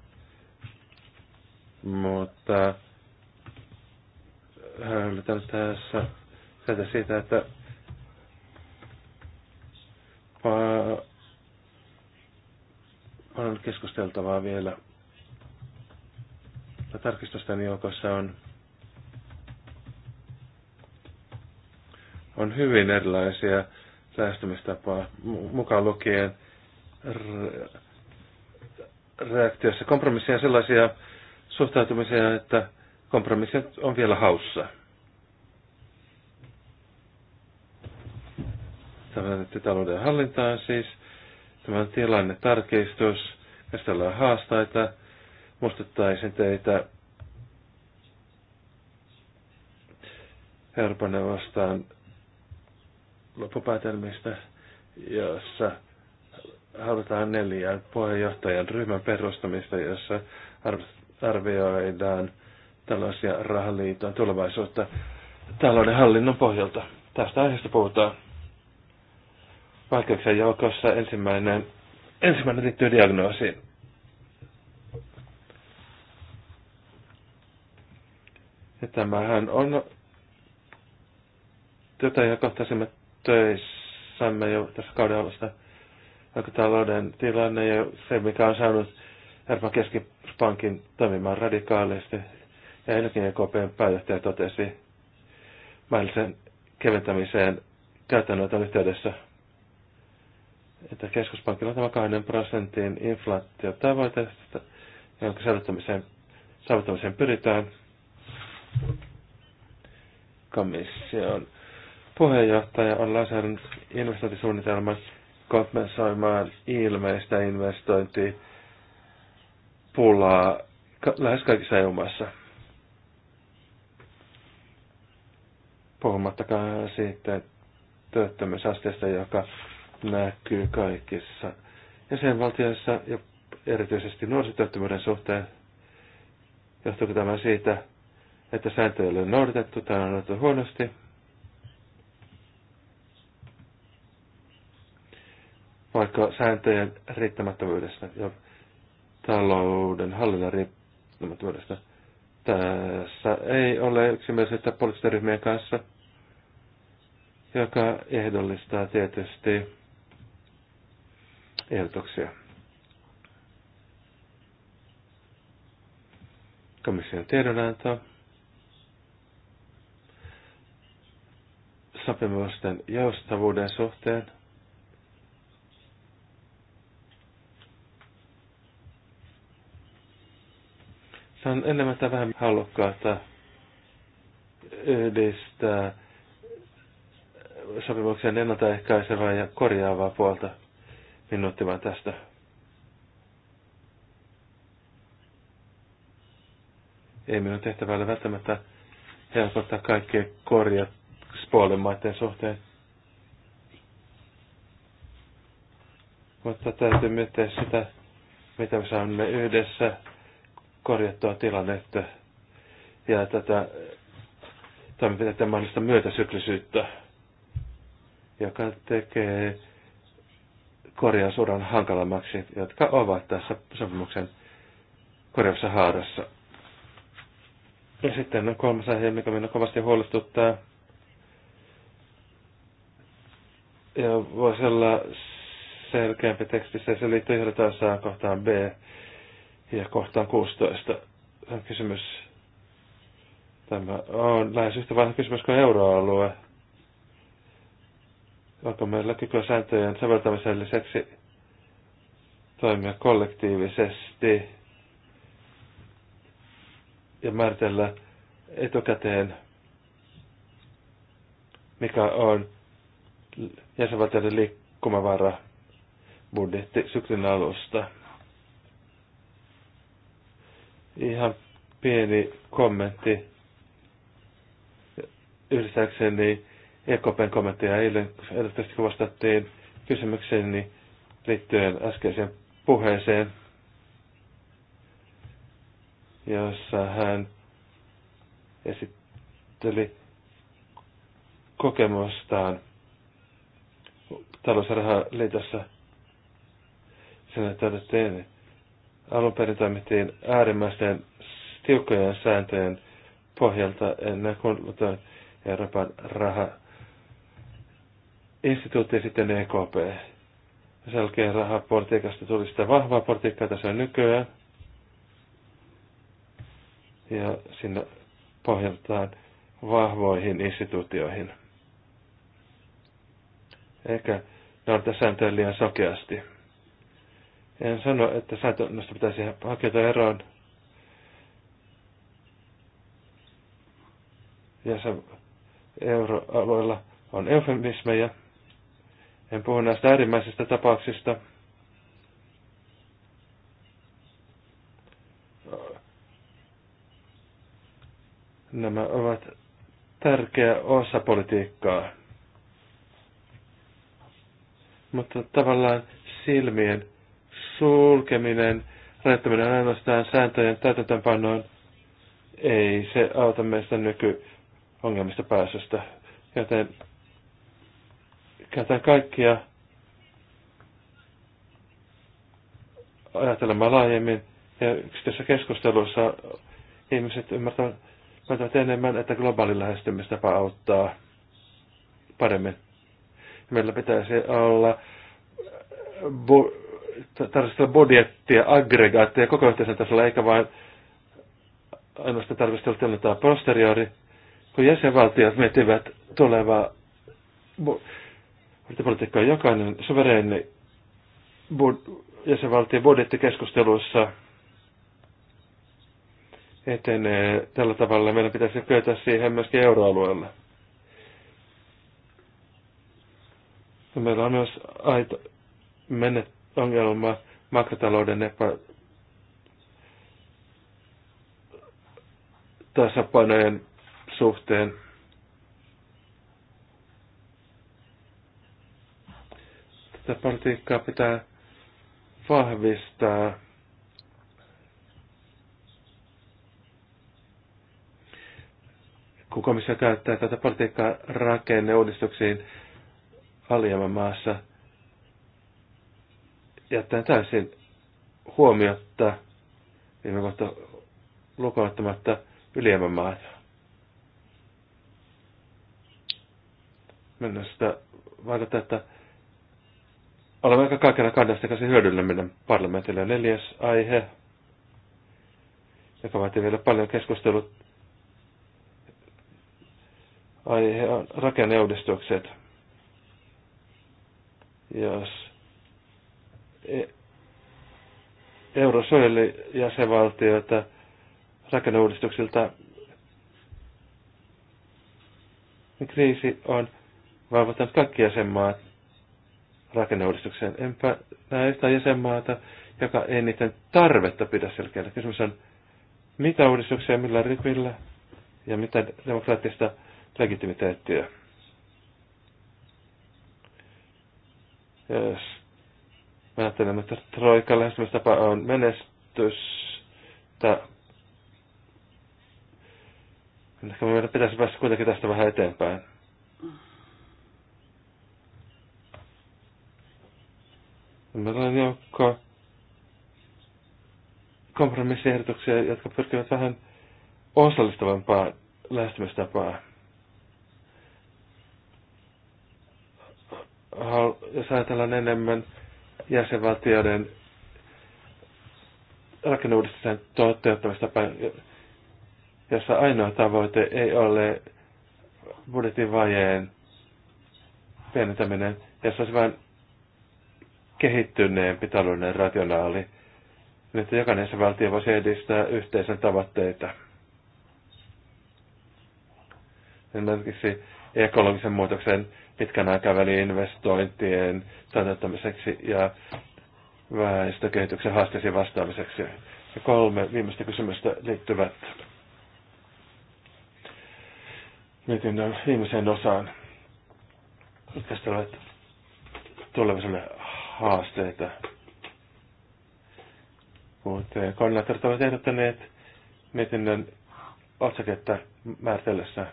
C: mutta yritän tässä sitä, siitä, että on keskusteltavaa vielä. Tarkistusten se on, on hyvin erilaisia lähestymistapaa, mukaan lukien reaktiossa kompromissia sellaisia suhtautumisia, että kompromissit on vielä haussa. Tämä talouden hallintaan siis Tämä tilanne tarkistus. ollaan haastaita. Muistuttaisin teitä Euroopan vastaan loppupäätelmistä, jossa halutaan neljän puheenjohtajan ryhmän perustamista, jossa arvioidaan tällaisia rahaliiton tulevaisuutta talouden hallinnon pohjalta. Tästä aiheesta puhutaan vaikeuksien joukossa ensimmäinen, ensimmäinen liittyy diagnoosiin. Ja tämähän on tätä, ja kohtaisimme töissämme jo tässä kauden alusta talouden tilanne ja se, mikä on saanut Euroopan keskipankin toimimaan radikaalisti. Ja ennenkin EKPn pääjohtaja totesi maillisen keventämiseen käytännön yhteydessä että keskuspankilla on tämä kahden prosentin inflaatiotavoite, jonka saavuttamiseen, saavuttamiseen pyritään. Komission puheenjohtaja on lainsäädännön investointisuunnitelman kompensoimaan ilmeistä investointipulaa lähes kaikissa EU-maissa. Puhumattakaan sitten työttömyysasteesta, joka näkyy kaikissa jäsenvaltioissa ja erityisesti nuorisotyöttömyyden suhteen. Johtuuko tämä siitä, että sääntöjä ei ole noudatettu tai on otettu huonosti? Vaikka sääntöjen riittämättömyydestä ja talouden hallinnan riittämättömyydestä tässä ei ole yksimielisyyttä poliittisten ryhmien kanssa, joka ehdollistaa tietysti ehdotuksia. Komission tiedonanto. Sopimusten joustavuuden suhteen. Se on enemmän tai vähän halukkaata yhdistää sopimuksen ennaltaehkäisevää ja korjaavaa puolta minuutti vaan tästä. Ei minun tehtävä ole välttämättä helpottaa kaikkia korjat spoilemaiden suhteen. Mutta täytyy miettiä sitä, mitä me saamme yhdessä korjattua tilannetta ja tätä toimenpiteiden mahdollista myötäsyklisyyttä, joka tekee korjausuran hankalammaksi, jotka ovat tässä sopimuksen korjauksessa haarassa. Ja sitten on kolmas aihe, mikä minua kovasti huolestuttaa. Ja voisi olla selkeämpi tekstissä, se liittyy ihan kohtaan B ja kohtaan 16. Tämä on kysymys. Tämä on lähes yhtä vanha kysymys kuin euroalue alkamme sääntöjen säveltämisen lisäksi toimia kollektiivisesti ja määritellä etukäteen, mikä on jäsenvaltioiden liikkumavara budjetti syksyn alusta. Ihan pieni kommentti yhdistääkseni EKPn kommentteja eilen, erityisesti kun vastattiin kysymykseeni liittyen äskeiseen puheeseen, jossa hän esitteli kokemustaan talous- ja sen, että alun perin toimittiin äärimmäisten tiukkojen sääntöjen pohjalta ennen kuin Euroopan raha instituutti ja sitten EKP. Jos jälkeen rahapolitiikasta tuli sitä vahvaa politiikkaa tässä nykyään. Ja sinne pohjataan vahvoihin instituutioihin. Eikä noudata sääntöjä liian sokeasti. En sano, että sääntöistä pitäisi hakea eroon. Ja se euroalueella on eufemismeja, en puhu näistä äärimmäisistä tapauksista. Nämä ovat tärkeä osa politiikkaa. Mutta tavallaan silmien sulkeminen, rajoittaminen ainoastaan sääntöjen täytäntöönpanoon, ei se auta meistä nykyongelmista pääsystä. Joten kerta kaikkia ajatelemaan laajemmin. Ja tässä keskustelussa ihmiset ymmärtävät, enemmän, että globaali lähestymistapa auttaa paremmin. Meillä pitäisi olla bo, tarkastella budjettia, aggregaatteja koko yhteisön tasolla, eikä vain ainoastaan tarkastella tilannetta posteriori, kun jäsenvaltiot miettivät tulevaa politiikka on jokainen suvereeni bud- budjettikeskusteluissa etenee tällä tavalla. Meidän pitäisi kyetä siihen myöskin euroalueella. Ja meillä on myös aito menet ongelma makrotalouden epä tasapainojen suhteen. Tätä politiikkaa pitää vahvistaa. Kun komissio käyttää tätä politiikkaa rakenneuudistuksiin maassa, jättää täysin huomiotta viime kohta maata. Mennään sitä vaikuttaa, että Olemme aika kaikena kannasta kanssa hyödyllinen parlamentille. Neljäs aihe, joka vaatii vielä paljon keskustelut. Aihe on rakenneuudistukset. Jos e- euro suojeli jäsenvaltioita rakenneuudistuksilta, niin kriisi on vaivottanut kaikki jäsenmaat rakenneuudistukseen. Enpä näe yhtään jäsenmaata, joka ei niiden tarvetta pidä selkeänä. Kysymys on, mitä uudistuksia millä ripillä ja mitä demokraattista legitimiteettiä. Jos mä ajattelen, että Troikan lähestymistapa on menestys, niin Ehkä meidän pitäisi päästä kuitenkin tästä vähän eteenpäin. Me on joukko kompromissiehdotuksia, jotka pyrkivät vähän osallistavampaa lähestymistapaa. Jos ajatellaan enemmän jäsenvaltioiden rakenneuudistuksen toteuttamista, jossa ainoa tavoite ei ole budjetin vajeen pienentäminen, jossa olisi vain kehittyneempi taloudellinen rationaali, että jokainen valtio voisi edistää yhteisen tavoitteita. Esimerkiksi ekologisen muutoksen pitkän aikavälin investointien toteuttamiseksi ja väestökehityksen haasteisiin vastaamiseksi. Ja kolme viimeistä kysymystä liittyvät mietinnön viimeiseen osaan. Mitkä tulevaisuuden haasteita. Mutta koordinaattorit ovat ehdottaneet mietinnön otsaketta määritellessä.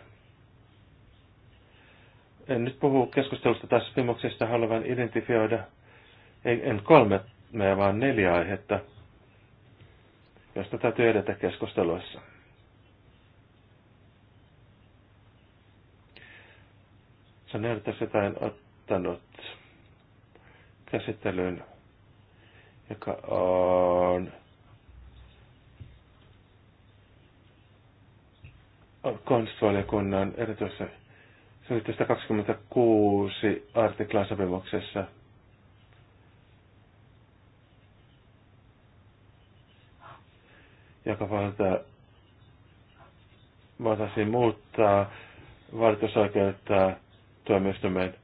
C: En nyt puhu keskustelusta tai sopimuksesta, haluan identifioida en kolme, vaan neljä aihetta, josta täytyy edetä keskusteluissa. Se on ehdotus jotain ottanut käsittelyyn, joka on konstvaliokunnan erityisessä selitystä 26 artiklaa sopimuksessa. joka valtaa, voitaisiin muuttaa valitusoikeutta tuomioistuimeen.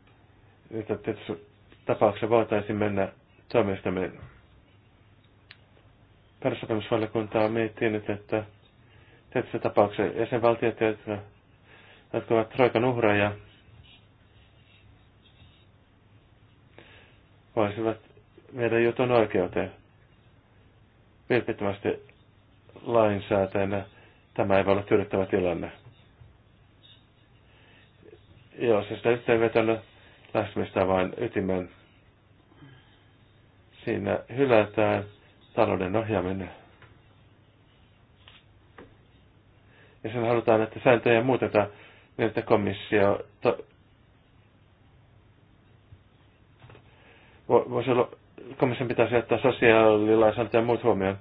C: tietysti tapauksessa voitaisiin mennä tuomioistuimeen. Perussopimusvaliokunta on miettinyt, että tietyissä tapauksessa jäsenvaltiot, jotka ovat Troikan uhreja, voisivat viedä jutun oikeuteen. Vilpittömästi lainsäätäjänä tämä ei voi olla tyydyttävä tilanne. Joo, se siis sitä yhteenvetona vain ytimen. Siinä hylätään talouden ohjaaminen. Ja sen halutaan, että sääntöjä muutetaan niin, että komissio to- voisi olla, komission pitäisi ottaa sosiaalilainsäädäntö ja muut huomioon.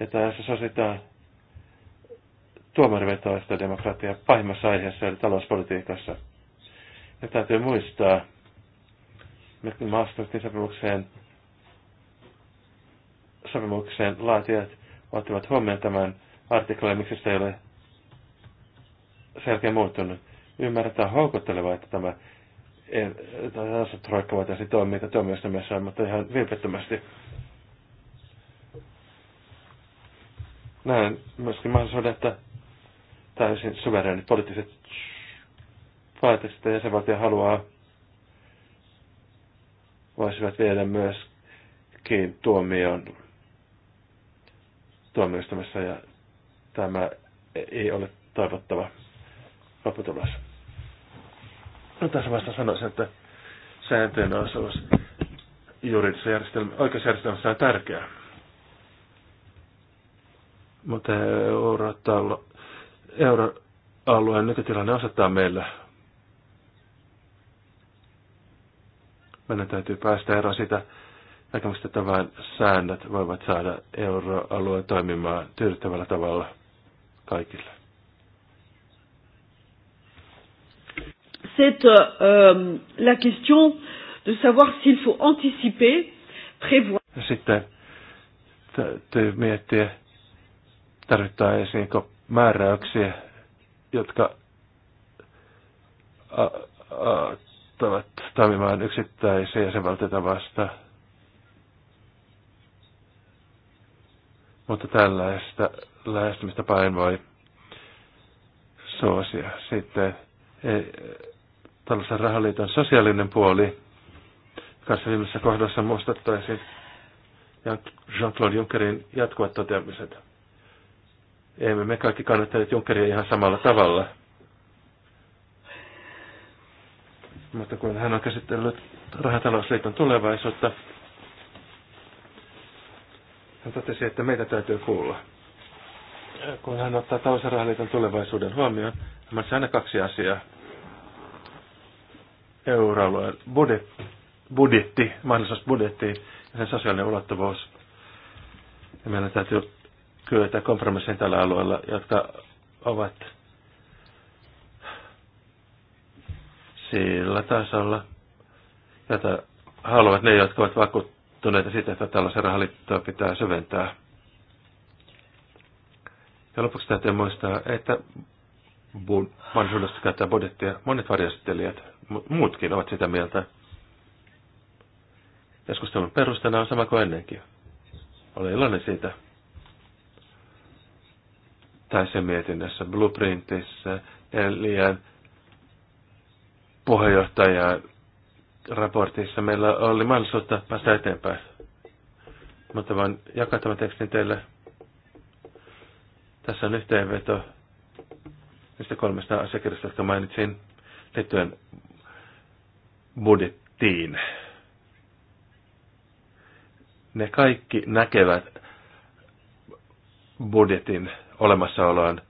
C: Ja tässä sositaan tuomarivetoista demokratiaa pahimmassa aiheessa eli talouspolitiikassa. Ja täytyy muistaa, että Maastrichtin sopimukseen, sopimukseen laatijat ottivat huomioon tämän artikkelin, miksi se ei ole selkeä muuttunut. Ymmärretään houkuttelevaa, että tämä tässä troikka voitaisiin toimia tuomioistuimessa, mutta ihan vilpettömästi. Näen myöskin mahdollisuuden, että täysin suvereenit poliittiset päätä että jäsenvaltio haluaa, voisivat viedä myöskin tuomion tuomioistumassa ja tämä ei ole toivottava lopputulos. No tässä vasta sanoisin, että sääntöjen osuus juridisessa järjestelmä, oikeusjärjestelmässä on tärkeää. Mutta euroalueen nykytilanne osoittaa meillä Meidän täytyy päästä eroon sitä näkemystä, että vain säännöt voivat saada euroalueen toimimaan tyydyttävällä tavalla kaikille.
A: C'est euh, euh la question de savoir s'il faut anticiper, prévoir.
C: Sitten täytyy miettiä, tarvittaisiinko määräyksiä, jotka a, a, auttavat toimimaan yksittäisiä jäsenvaltioita vasta. Mutta tällaista lähestymistä en voi suosia. Sitten ei, eh, tällaisen rahaliiton sosiaalinen puoli, kanssa viimeisessä kohdassa muistettaisiin Jean-Claude Junckerin jatkuvat toteamiset. Emme me kaikki kannattaneet Junckeria ihan samalla tavalla. Mutta kun hän on käsitellyt Rahatalousliiton tulevaisuutta, hän totesi, että meitä täytyy kuulla. Kun hän ottaa rahaliiton tulevaisuuden huomioon, hän on aina kaksi asiaa. Euroalueen budjetti, budjetti mahdollisuus budjettiin ja sen sosiaalinen ulottuvuus. Ja meidän täytyy kyetä kompromisseja tällä alueella, jotka ovat sillä tasolla, jota haluavat ne, jotka ovat vakuuttuneita siitä, että tällaisen rahaliittoa pitää syventää. Ja lopuksi täytyy muistaa, että vanhuudesta käyttää budjettia. Monet varjostelijat, muutkin ovat sitä mieltä. Keskustelun perustana on sama kuin ennenkin. Olen iloinen siitä. Tässä mietinnässä, blueprintissä, neljän puheenjohtaja raportissa. Meillä oli mahdollisuutta päästä eteenpäin. Mutta voin jakaa tämän tekstin teille. Tässä on yhteenveto niistä kolmesta asiakirjasta, jotka mainitsin liittyen budjettiin. Ne kaikki näkevät budjetin olemassaoloon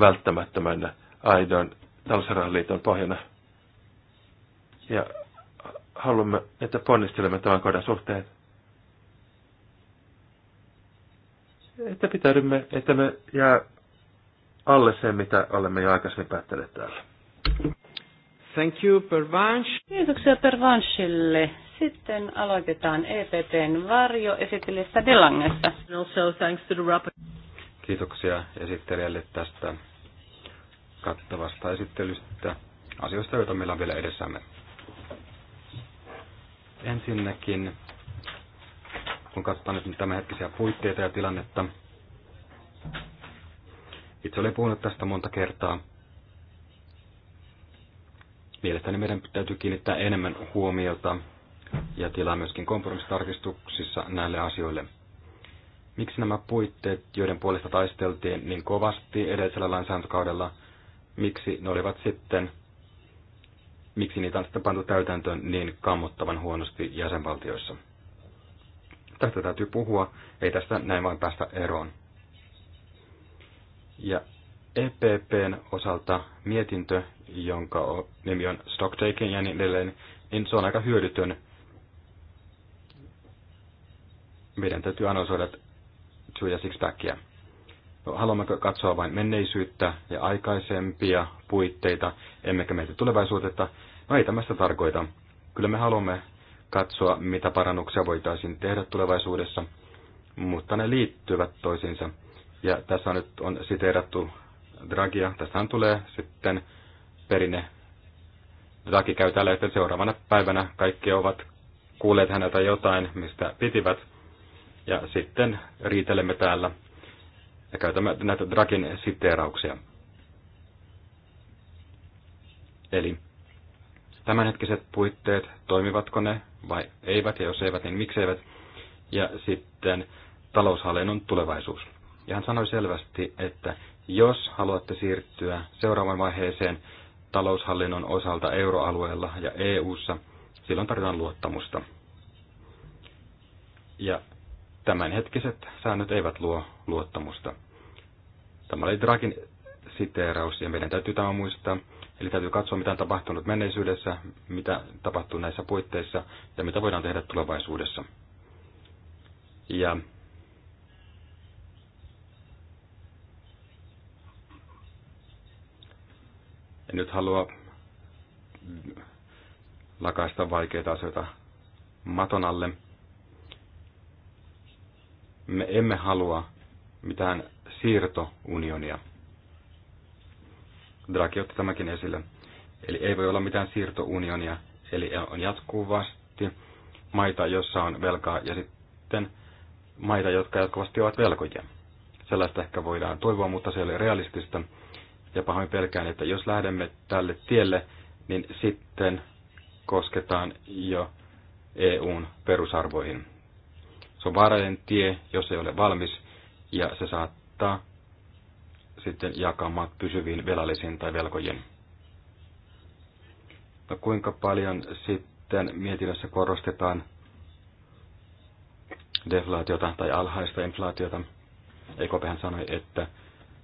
C: välttämättömänä aidon talousrahaliiton pohjana – ja haluamme, että ponnistelemme tämän kohdan suhteen. Että pitäydymme, että me jää alle sen, mitä olemme jo aikaisemmin päättäneet täällä.
D: Thank you,
B: Pervanche. Kiitoksia Pervanchille. Sitten aloitetaan EPT:n varjo esittelijästä
A: Delangesta. Also thanks to the
D: Kiitoksia esittelijälle tästä kattavasta esittelystä asioista, joita meillä on vielä edessämme. Ensinnäkin, kun katsotaan nyt tämänhetkisiä puitteita ja tilannetta, itse olen puhunut tästä monta kertaa. Mielestäni meidän täytyy kiinnittää enemmän huomiota ja tilaa myöskin kompromissitarkistuksissa näille asioille. Miksi nämä puitteet, joiden puolesta taisteltiin niin kovasti edellisellä lainsäädäntökaudella, miksi ne olivat sitten miksi niitä on sitten pantu täytäntöön niin kammottavan huonosti jäsenvaltioissa. Tästä täytyy puhua, ei tästä näin vain päästä eroon. Ja EPPn osalta mietintö, jonka nimi on Stocktaking ja niin edelleen, niin se on aika hyödytön. Meidän täytyy analysoida two- ja six-packia haluammeko katsoa vain menneisyyttä ja aikaisempia puitteita, emmekä mieti tulevaisuutta? No ei tämästä tarkoita. Kyllä me haluamme katsoa, mitä parannuksia voitaisiin tehdä tulevaisuudessa, mutta ne liittyvät toisiinsa. Ja tässä on nyt on siteerattu Dragia. Tästähän tulee sitten perinne. Dragi käy tällä, että seuraavana päivänä kaikki ovat kuulleet häneltä jotain, mistä pitivät. Ja sitten riitelemme täällä ja käytämme näitä Drakin siteerauksia. Eli tämänhetkiset puitteet, toimivatko ne vai eivät, ja jos eivät, niin mikseivät. Ja sitten taloushallinnon tulevaisuus. Ja hän sanoi selvästi, että jos haluatte siirtyä seuraavaan vaiheeseen taloushallinnon osalta euroalueella ja EU:ssa, silloin tarvitaan luottamusta. Ja tämänhetkiset säännöt eivät luo luottamusta. Tämä oli Dragin siteeraus ja meidän täytyy tämä muistaa. Eli täytyy katsoa, mitä on tapahtunut menneisyydessä, mitä tapahtuu näissä puitteissa ja mitä voidaan tehdä tulevaisuudessa. Ja en nyt halua lakaista vaikeita asioita maton alle. Me emme halua mitään siirtounionia. Draghi otti tämäkin esille. Eli ei voi olla mitään siirtounionia, eli on jatkuvasti maita, joissa on velkaa, ja sitten maita, jotka jatkuvasti ovat velkoja. Sellaista ehkä voidaan toivoa, mutta se ei ole realistista. Ja pahoin pelkään, että jos lähdemme tälle tielle, niin sitten kosketaan jo EUn perusarvoihin. Se on vaarallinen tie, jos ei ole valmis, ja se saattaa sitten jakaa maat pysyviin velallisiin tai velkojen. No kuinka paljon sitten mietinnössä korostetaan deflaatiota tai alhaista inflaatiota? EKPhän sanoi, että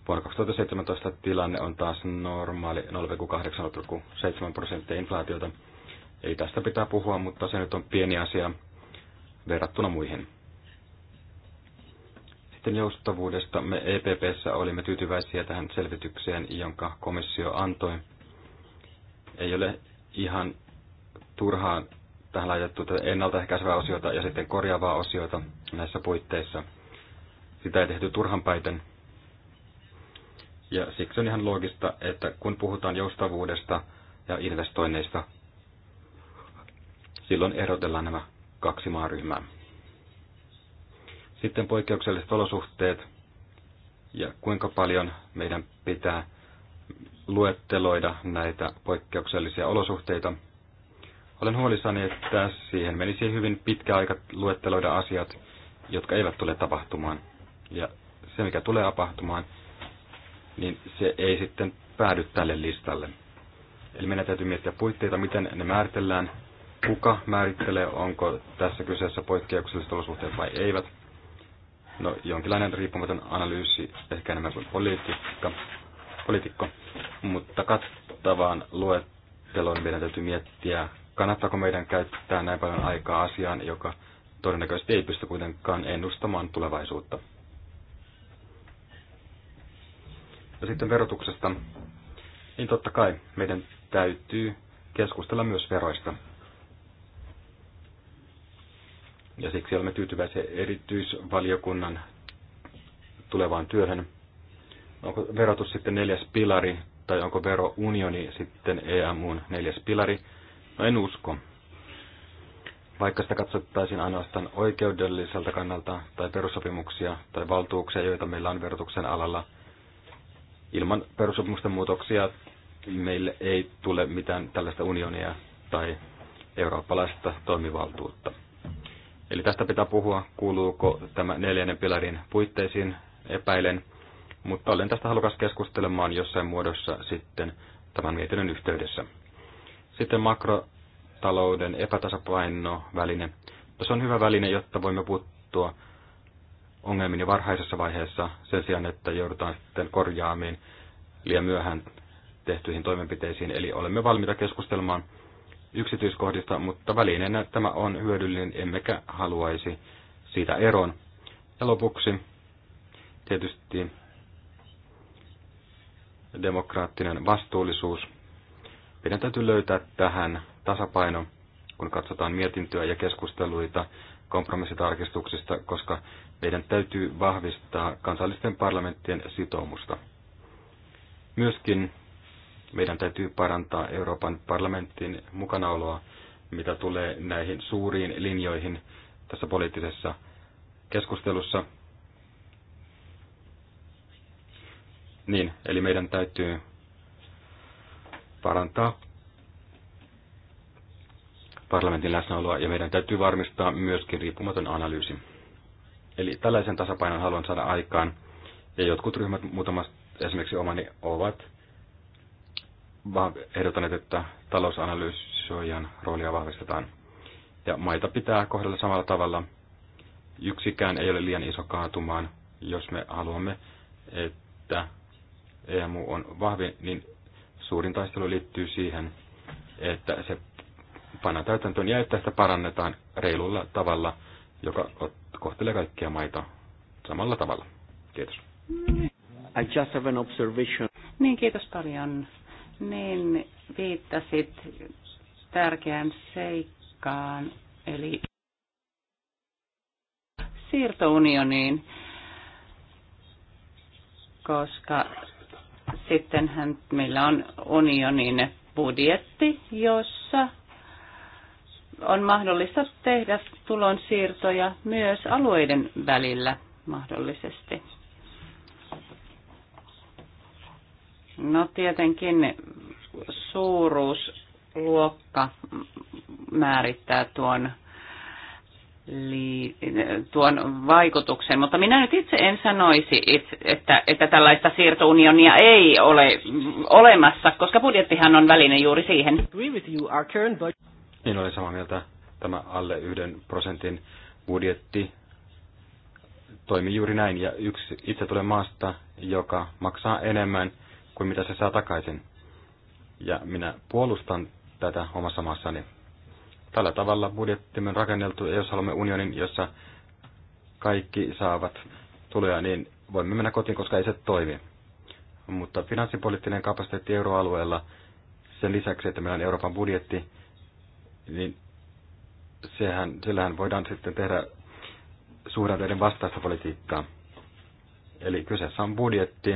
D: vuonna 2017 tilanne on taas normaali 0,8-0,7 prosenttia inflaatiota. ei tästä pitää puhua, mutta se nyt on pieni asia verrattuna muihin. Sitten joustavuudesta me EPPssä olimme tyytyväisiä tähän selvitykseen, jonka komissio antoi. Ei ole ihan turhaan tähän laitettu ennaltaehkäisevää osiota ja sitten korjaavaa osiota näissä puitteissa. Sitä ei tehty turhan päiten. Ja siksi on ihan loogista, että kun puhutaan joustavuudesta ja investoinneista, silloin erotellaan nämä kaksi maaryhmää. Sitten poikkeukselliset olosuhteet ja kuinka paljon meidän pitää luetteloida näitä poikkeuksellisia olosuhteita. Olen huolissani, että siihen menisi hyvin pitkä aika luetteloida asiat, jotka eivät tule tapahtumaan. Ja se, mikä tulee tapahtumaan, niin se ei sitten päädy tälle listalle. Eli meidän täytyy miettiä puitteita, miten ne määritellään, kuka määrittelee, onko tässä kyseessä poikkeukselliset olosuhteet vai eivät no, jonkinlainen riippumaton analyysi, ehkä enemmän kuin politiikka, poliitikko, mutta kattavaan luetteloon meidän täytyy miettiä, kannattaako meidän käyttää näin paljon aikaa asiaan, joka todennäköisesti ei pysty kuitenkaan ennustamaan tulevaisuutta. Ja sitten verotuksesta. Niin totta kai meidän täytyy keskustella myös veroista. Ja siksi olemme tyytyväisiä erityisvaliokunnan tulevaan työhön. Onko verotus sitten neljäs pilari tai onko verounioni sitten EMUn neljäs pilari? No en usko. Vaikka sitä katsottaisiin ainoastaan oikeudelliselta kannalta tai perussopimuksia tai valtuuksia, joita meillä on verotuksen alalla, ilman perussopimusten muutoksia meille ei tule mitään tällaista unionia tai eurooppalaista toimivaltuutta. Eli tästä pitää puhua, kuuluuko tämä neljännen pilarin puitteisiin, epäilen, mutta olen tästä halukas keskustelemaan jossain muodossa sitten tämän mietinnön yhteydessä. Sitten makrotalouden epätasapaino väline. No, se on hyvä väline, jotta voimme puuttua ongelmiin jo varhaisessa vaiheessa sen sijaan, että joudutaan sitten korjaamiin liian myöhään tehtyihin toimenpiteisiin. Eli olemme valmiita keskustelemaan yksityiskohdista, mutta välineenä tämä on hyödyllinen, emmekä haluaisi siitä eroon. Ja lopuksi tietysti demokraattinen vastuullisuus. Meidän täytyy löytää tähän tasapaino, kun katsotaan mietintöä ja keskusteluita kompromissitarkistuksista, koska meidän täytyy vahvistaa kansallisten parlamenttien sitoumusta. Myöskin meidän täytyy parantaa Euroopan parlamentin mukanaoloa, mitä tulee näihin suuriin linjoihin tässä poliittisessa keskustelussa. Niin, eli meidän täytyy parantaa parlamentin läsnäoloa ja meidän täytyy varmistaa myöskin riippumaton analyysi. Eli tällaisen tasapainon haluan saada aikaan ja jotkut ryhmät, muutamasta esimerkiksi omani, ovat ehdotaneet, että talousanalyysoijan roolia vahvistetaan. Ja maita pitää kohdella samalla tavalla. Yksikään ei ole liian iso kaatumaan, jos me haluamme, että EMU on vahvi, niin suurin taistelu liittyy siihen, että se panna täytäntöön ja että sitä parannetaan reilulla tavalla, joka kohtelee kaikkia maita samalla tavalla. Kiitos.
B: I just have an observation. Niin, kiitos paljon niin viittasit tärkeään seikkaan, eli siirtounioniin, koska sittenhän meillä on unionin budjetti, jossa on mahdollista tehdä tulonsiirtoja myös alueiden välillä mahdollisesti. No tietenkin suuruusluokka määrittää tuon, li, tuon vaikutuksen, mutta minä nyt itse en sanoisi, että, että tällaista siirtounionia ei ole olemassa, koska budjettihan on väline juuri siihen.
D: Niin olen samaa mieltä. Tämä alle yhden prosentin budjetti toimii juuri näin. Ja yksi, itse tulee maasta, joka maksaa enemmän – kuin mitä se saa takaisin. Ja minä puolustan tätä omassa maassani. Tällä tavalla budjettimme on rakenneltu, ja jos haluamme unionin, jossa kaikki saavat tuloja, niin voimme mennä kotiin, koska ei se toimi. Mutta finanssipoliittinen kapasiteetti euroalueella, sen lisäksi, että meillä on Euroopan budjetti, niin sehän, sillähän voidaan sitten tehdä suhdanteiden vastaista politiikkaa. Eli kyseessä on budjetti,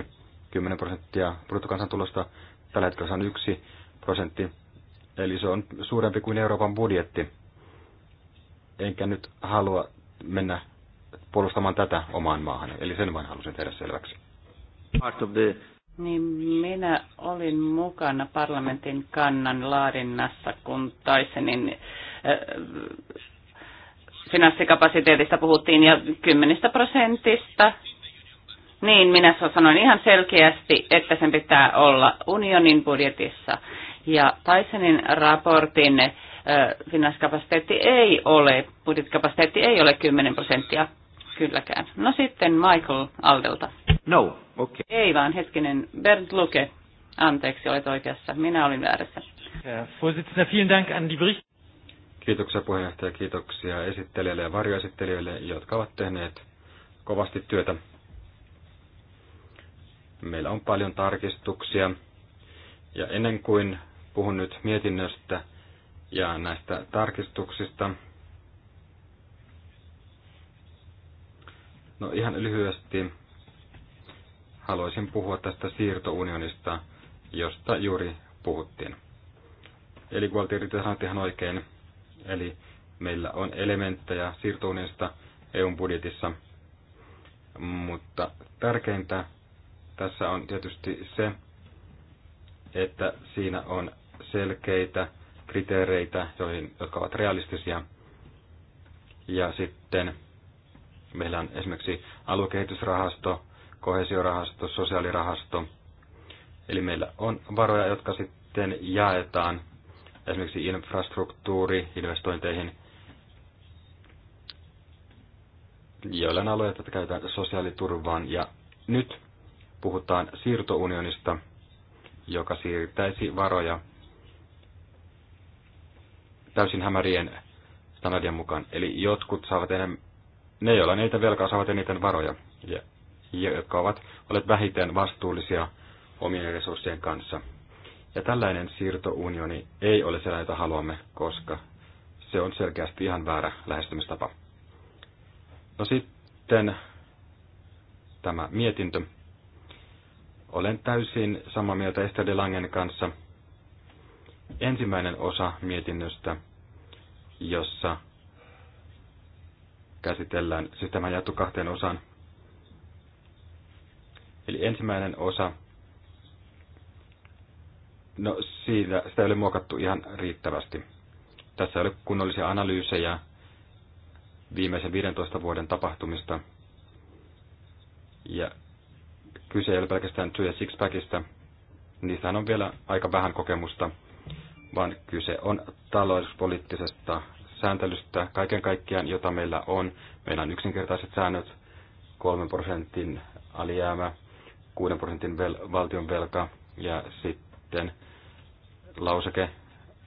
D: 10 prosenttia bruttokansantulosta. Tällä hetkellä se on 1 prosentti, eli se on suurempi kuin Euroopan budjetti. Enkä nyt halua mennä puolustamaan tätä omaan maahan, eli sen vain halusin tehdä selväksi. Part of the...
B: Niin minä olin mukana parlamentin kannan laadinnassa, kun Taisenin äh, finanssikapasiteetista puhuttiin ja kymmenistä prosentista niin, minä sanoin ihan selkeästi, että sen pitää olla unionin budjetissa. Ja Tysonin raportin äh, finanskapasiteetti ei ole, budjettikapasiteetti ei ole 10 prosenttia kylläkään. No sitten Michael Aldelta. No, okei. Okay. Ei vaan, hetkinen, Bernd Luke. Anteeksi, olet oikeassa. Minä olin väärässä.
D: Kiitoksia puheenjohtaja, kiitoksia esittelijöille ja varjoesittelijöille, jotka ovat tehneet kovasti työtä. Meillä on paljon tarkistuksia. Ja ennen kuin puhun nyt mietinnöstä ja näistä tarkistuksista, no ihan lyhyesti haluaisin puhua tästä siirtounionista, josta juuri puhuttiin. Eli Gualtieri sanoi ihan oikein. Eli meillä on elementtejä siirtounionista EUn budjetissa, mutta tärkeintä tässä on tietysti se, että siinä on selkeitä kriteereitä, joihin, jotka ovat realistisia. Ja sitten meillä on esimerkiksi aluekehitysrahasto, kohesiorahasto, sosiaalirahasto. Eli meillä on varoja, jotka sitten jaetaan esimerkiksi infrastruktuuri, investointeihin, on alueita, jotka käytetään sosiaaliturvaan. Ja nyt puhutaan siirtounionista, joka siirtäisi varoja täysin hämärien standardien mukaan. Eli jotkut saavat enemmän, ne joilla niitä velkaa saavat eniten varoja, ja, jotka ovat olleet vähiten vastuullisia omien resurssien kanssa. Ja tällainen siirtounioni ei ole sellainen, jota haluamme, koska se on selkeästi ihan väärä lähestymistapa. No sitten tämä mietintö. Olen täysin samaa mieltä Esther de Langen kanssa. Ensimmäinen osa mietinnöstä, jossa käsitellään, siis tämä jaettu kahteen osaan. Eli ensimmäinen osa, no siitä, sitä ei ole muokattu ihan riittävästi. Tässä ei ole kunnollisia analyysejä viimeisen 15 vuoden tapahtumista. Ja Kyse ei ole pelkästään työ sixpackista, niistähän on vielä aika vähän kokemusta, vaan kyse on talouspoliittisesta sääntelystä kaiken kaikkiaan, jota meillä on. Meillä on yksinkertaiset säännöt, 3 prosentin alijäämä, 6 prosentin vel- valtion velka ja sitten lauseke,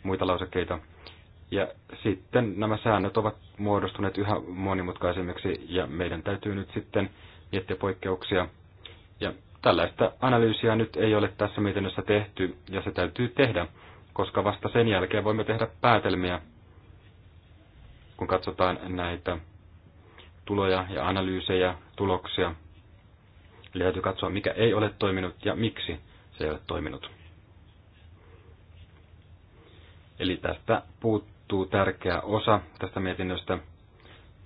D: muita lausekkeita. Ja sitten nämä säännöt ovat muodostuneet yhä monimutkaisemmiksi ja meidän täytyy nyt sitten miettiä poikkeuksia ja tällaista analyysiä nyt ei ole tässä mietinnössä tehty, ja se täytyy tehdä, koska vasta sen jälkeen voimme tehdä päätelmiä, kun katsotaan näitä tuloja ja analyysejä, tuloksia. Eli täytyy katsoa, mikä ei ole toiminut ja miksi se ei ole toiminut. Eli tästä puuttuu tärkeä osa tästä mietinnöstä,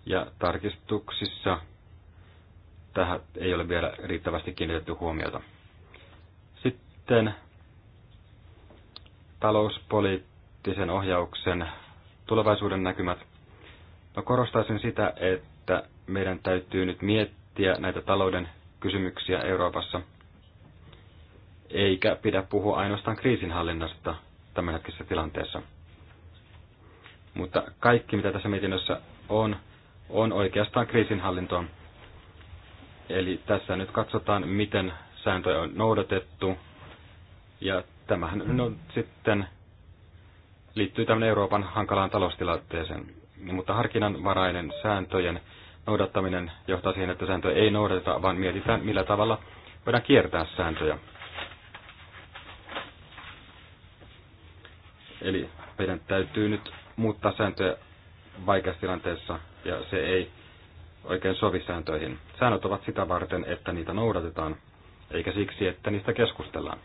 D: ja tarkistuksissa tähän ei ole vielä riittävästi kiinnitetty huomiota. Sitten talouspoliittisen ohjauksen tulevaisuuden näkymät. No korostaisin sitä, että meidän täytyy nyt miettiä näitä talouden kysymyksiä Euroopassa, eikä pidä puhua ainoastaan kriisinhallinnasta tämänhetkisessä tilanteessa. Mutta kaikki, mitä tässä mietinnössä on, on oikeastaan kriisinhallintoon Eli tässä nyt katsotaan, miten sääntöjä on noudatettu. Ja tämähän no, sitten liittyy tämän Euroopan hankalaan taloustilanteeseen. Mutta harkinnanvarainen sääntöjen noudattaminen johtaa siihen, että sääntöjä ei noudateta, vaan mietitään, millä tavalla voidaan kiertää sääntöjä. Eli meidän täytyy nyt muuttaa sääntöjä vaikeassa tilanteessa, ja se ei oikein sovi sääntöihin. Säännöt ovat sitä varten, että niitä noudatetaan, eikä siksi, että niistä keskustellaan.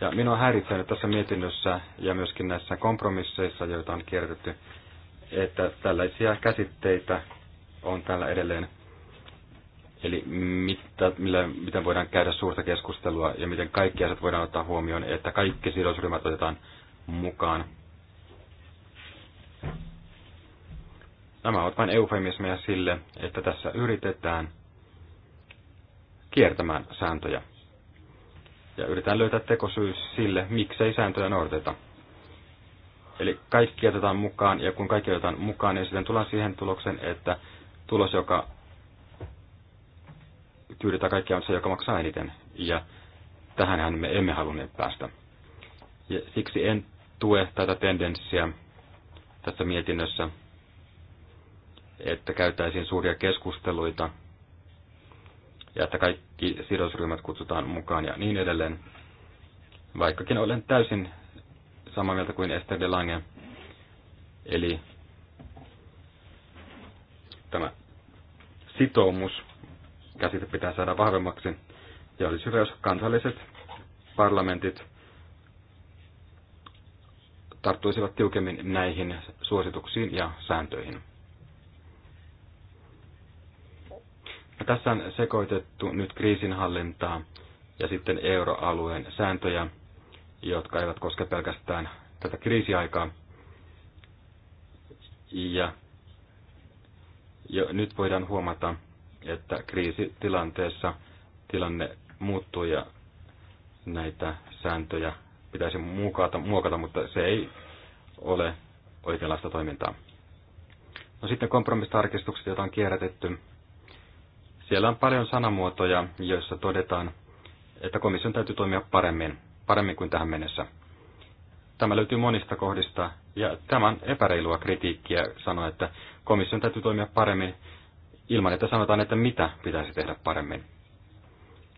D: Ja minua häiritsee nyt tässä mietinnössä ja myöskin näissä kompromisseissa, joita on kierrätetty, että tällaisia käsitteitä on täällä edelleen. Eli mitä, millä, miten voidaan käydä suurta keskustelua ja miten kaikki asiat voidaan ottaa huomioon, että kaikki sidosryhmät otetaan mukaan Nämä ovat vain eufemismeja sille, että tässä yritetään kiertämään sääntöjä. Ja yritetään löytää tekosyys sille, miksei sääntöjä noudateta. Eli kaikki otetaan mukaan, ja kun kaikki otetaan mukaan, niin sitten tullaan siihen tulokseen, että tulos, joka tyydyttää kaikkia, on se, joka maksaa eniten. Ja tähänhän me emme halunneet päästä. Ja siksi en tue tätä tendenssiä tässä mietinnössä, että käytäisiin suuria keskusteluita ja että kaikki sidosryhmät kutsutaan mukaan ja niin edelleen. Vaikkakin olen täysin samaa mieltä kuin Esther de Lange. Eli tämä sitoumus käsite pitää saada vahvemmaksi. Ja olisi hyvä, jos kansalliset parlamentit tarttuisivat tiukemmin näihin suosituksiin ja sääntöihin. Tässä on sekoitettu nyt kriisinhallintaa ja sitten euroalueen sääntöjä, jotka eivät koske pelkästään tätä kriisiaikaa. Ja jo nyt voidaan huomata, että kriisitilanteessa tilanne muuttuu ja näitä sääntöjä pitäisi muokata, muokata mutta se ei ole oikeanlaista toimintaa. No sitten kompromistarkistukset, joita on kierrätetty, siellä on paljon sanamuotoja, joissa todetaan, että komission täytyy toimia paremmin, paremmin kuin tähän mennessä. Tämä löytyy monista kohdista, ja tämä on epäreilua kritiikkiä sanoa, että komission täytyy toimia paremmin ilman, että sanotaan, että mitä pitäisi tehdä paremmin.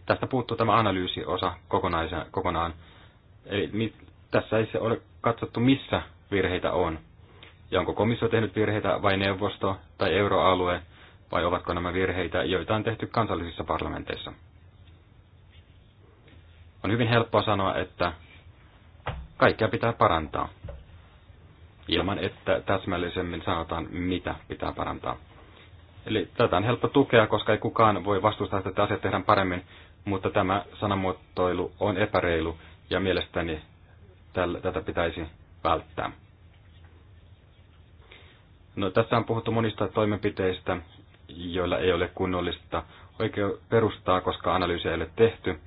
D: Tästä puuttuu tämä analyysiosa kokonaan. Eli mit, tässä ei se ole katsottu, missä virheitä on. Ja onko komissio tehnyt virheitä vai neuvosto tai euroalue vai ovatko nämä virheitä, joita on tehty kansallisissa parlamenteissa? On hyvin helppoa sanoa, että kaikkea pitää parantaa, ilman että täsmällisemmin sanotaan, mitä pitää parantaa. Eli tätä on helppo tukea, koska ei kukaan voi vastustaa, että asiat tehdään paremmin, mutta tämä sanamuotoilu on epäreilu ja mielestäni tätä pitäisi välttää. No, tässä on puhuttu monista toimenpiteistä, joilla ei ole kunnollista oikea perustaa, koska analyysiä ei ole tehty.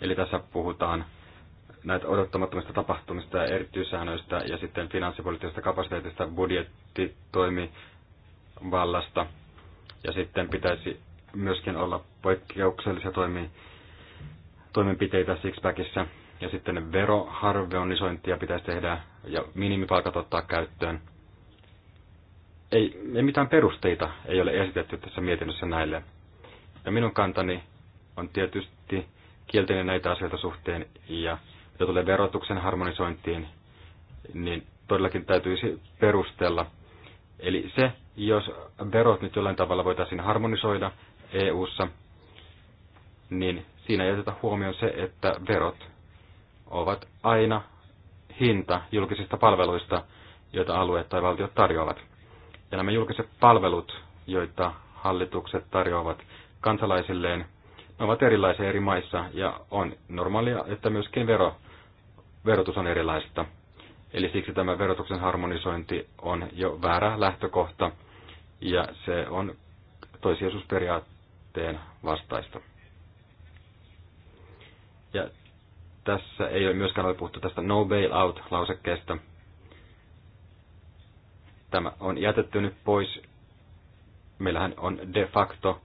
D: Eli tässä puhutaan näitä odottamattomista tapahtumista ja erityissäännöistä ja sitten finanssipoliittisesta kapasiteetista, budjettitoimivallasta. Ja sitten pitäisi myöskin olla poikkeuksellisia toimi, toimenpiteitä Sixpackissa. Ja sitten veroharvonisointia pitäisi tehdä ja minimipalkat ottaa käyttöön ei, ei mitään perusteita ei ole esitetty tässä mietinnössä näille. Ja minun kantani on tietysti kielteinen näitä asioita suhteen ja mitä tulee verotuksen harmonisointiin, niin todellakin täytyisi perustella. Eli se, jos verot nyt jollain tavalla voitaisiin harmonisoida EU-ssa, niin siinä ei oteta huomioon se, että verot ovat aina hinta julkisista palveluista, joita alueet tai valtiot tarjoavat. Ja nämä julkiset palvelut, joita hallitukset tarjoavat kansalaisilleen, ne ovat erilaisia eri maissa ja on normaalia, että myöskin vero, verotus on erilaista. Eli siksi tämä verotuksen harmonisointi on jo väärä lähtökohta ja se on toisiosuusperiaatteen vastaista. Ja tässä ei ole myöskään ole puhuttu tästä no bailout-lausekkeesta – Tämä on jätetty nyt pois. Meillähän on de facto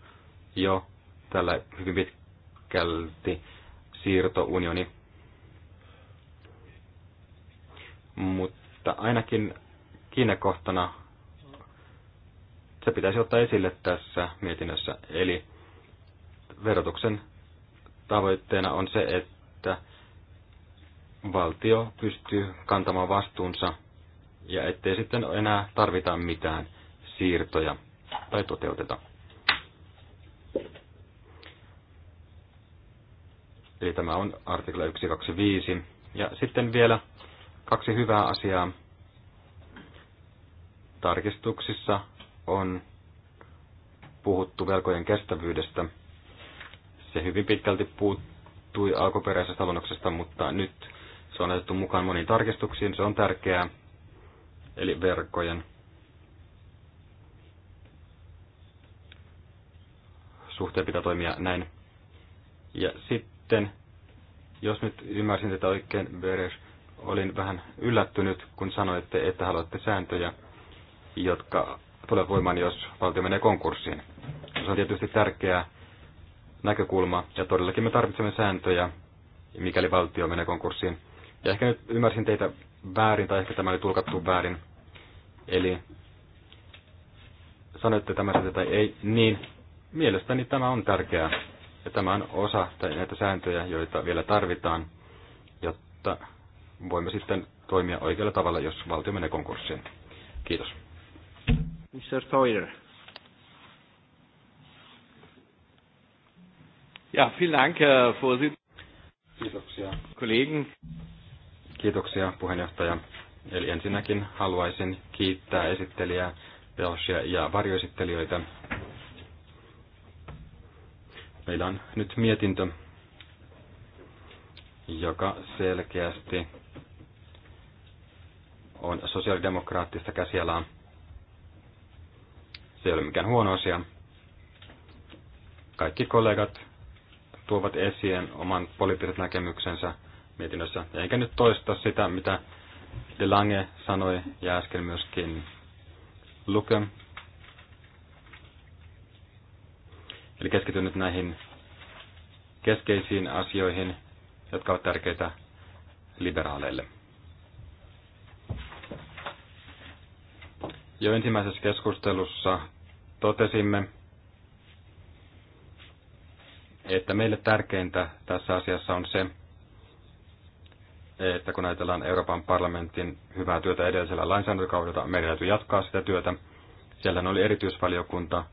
D: jo tällä hyvin pitkälti siirtounioni. Mutta ainakin kiinnekohtana se pitäisi ottaa esille tässä mietinnössä. Eli verotuksen tavoitteena on se, että valtio pystyy kantamaan vastuunsa ja ettei sitten enää tarvita mitään siirtoja tai toteuteta. Eli tämä on artikla 125. Ja sitten vielä kaksi hyvää asiaa. Tarkistuksissa on puhuttu velkojen kestävyydestä. Se hyvin pitkälti puuttui alkuperäisestä luonnoksesta, mutta nyt se on otettu mukaan moniin tarkistuksiin. Se on tärkeää, eli verkkojen suhteen pitää toimia näin. Ja sitten, jos nyt ymmärsin tätä oikein, Beres, olin vähän yllättynyt, kun sanoitte, että haluatte sääntöjä, jotka tulevat voimaan, jos valtio menee konkurssiin. Se on tietysti tärkeä näkökulma, ja todellakin me tarvitsemme sääntöjä, mikäli valtio menee konkurssiin. Ja ehkä nyt ymmärsin teitä väärin, tai ehkä tämä oli tulkattu väärin. Eli sanoitte tämä sitä tai ei, niin mielestäni tämä on tärkeää. Ja tämä on osa näitä sääntöjä, joita vielä tarvitaan, jotta voimme sitten toimia oikealla tavalla, jos valtio menee konkurssiin. Kiitos. Mr. Toyer. Ja, vielen Dank, Herr äh, Kiitoksia. Kollegen. Kiitoksia, puheenjohtaja. Eli ensinnäkin haluaisin kiittää esittelijää Belshia ja varjoesittelijöitä. Meillä on nyt mietintö, joka selkeästi on sosiaalidemokraattista käsialaa. Se ei ole mikään huono asia. Kaikki kollegat tuovat esiin oman poliittiset näkemyksensä mietinnössä. Enkä nyt toista sitä, mitä De Lange sanoi ja äsken myöskin Luke. Eli keskityn nyt näihin keskeisiin asioihin, jotka ovat tärkeitä liberaaleille. Jo ensimmäisessä keskustelussa totesimme, että meille tärkeintä tässä asiassa on se, että kun ajatellaan Euroopan parlamentin hyvää työtä edellisellä lainsäädäntökaudella, meidän täytyy jatkaa sitä työtä. Siellä oli erityisvaliokunta,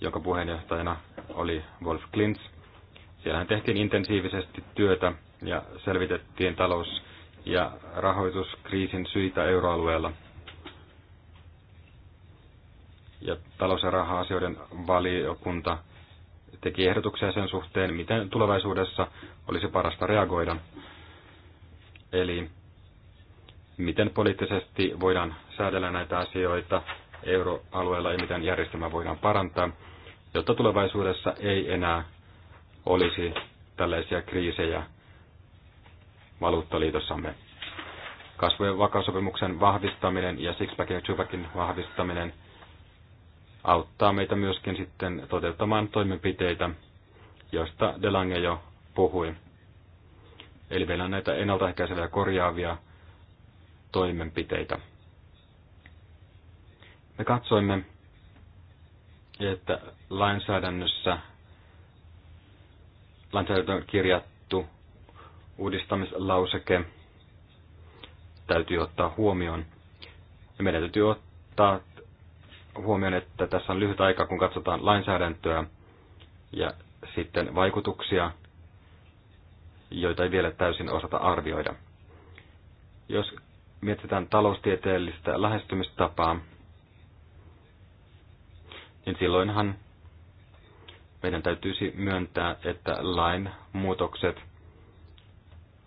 D: jonka puheenjohtajana oli Wolf Klintz. Siellähän tehtiin intensiivisesti työtä ja selvitettiin talous- ja rahoituskriisin syitä euroalueella. Ja talous- ja raha-asioiden valiokunta teki ehdotuksia sen suhteen, miten tulevaisuudessa olisi parasta reagoida Eli miten poliittisesti voidaan säädellä näitä asioita euroalueella ja miten järjestelmä voidaan parantaa, jotta tulevaisuudessa ei enää olisi tällaisia kriisejä valuuttaliitossamme. Kasvojen vakaussopimuksen vahvistaminen ja Sixpackin ja Tupacin vahvistaminen auttaa meitä myöskin sitten toteuttamaan toimenpiteitä, joista Delange jo puhui Eli meillä on näitä ennaltaehkäiseviä korjaavia toimenpiteitä. Me katsoimme, että lainsäädännössä lainsäädäntöön kirjattu uudistamislauseke täytyy ottaa huomioon. Ja meidän täytyy ottaa huomioon, että tässä on lyhyt aika, kun katsotaan lainsäädäntöä ja sitten vaikutuksia – joita ei vielä täysin osata arvioida. Jos mietitään taloustieteellistä lähestymistapaa, niin silloinhan meidän täytyisi myöntää, että lain muutokset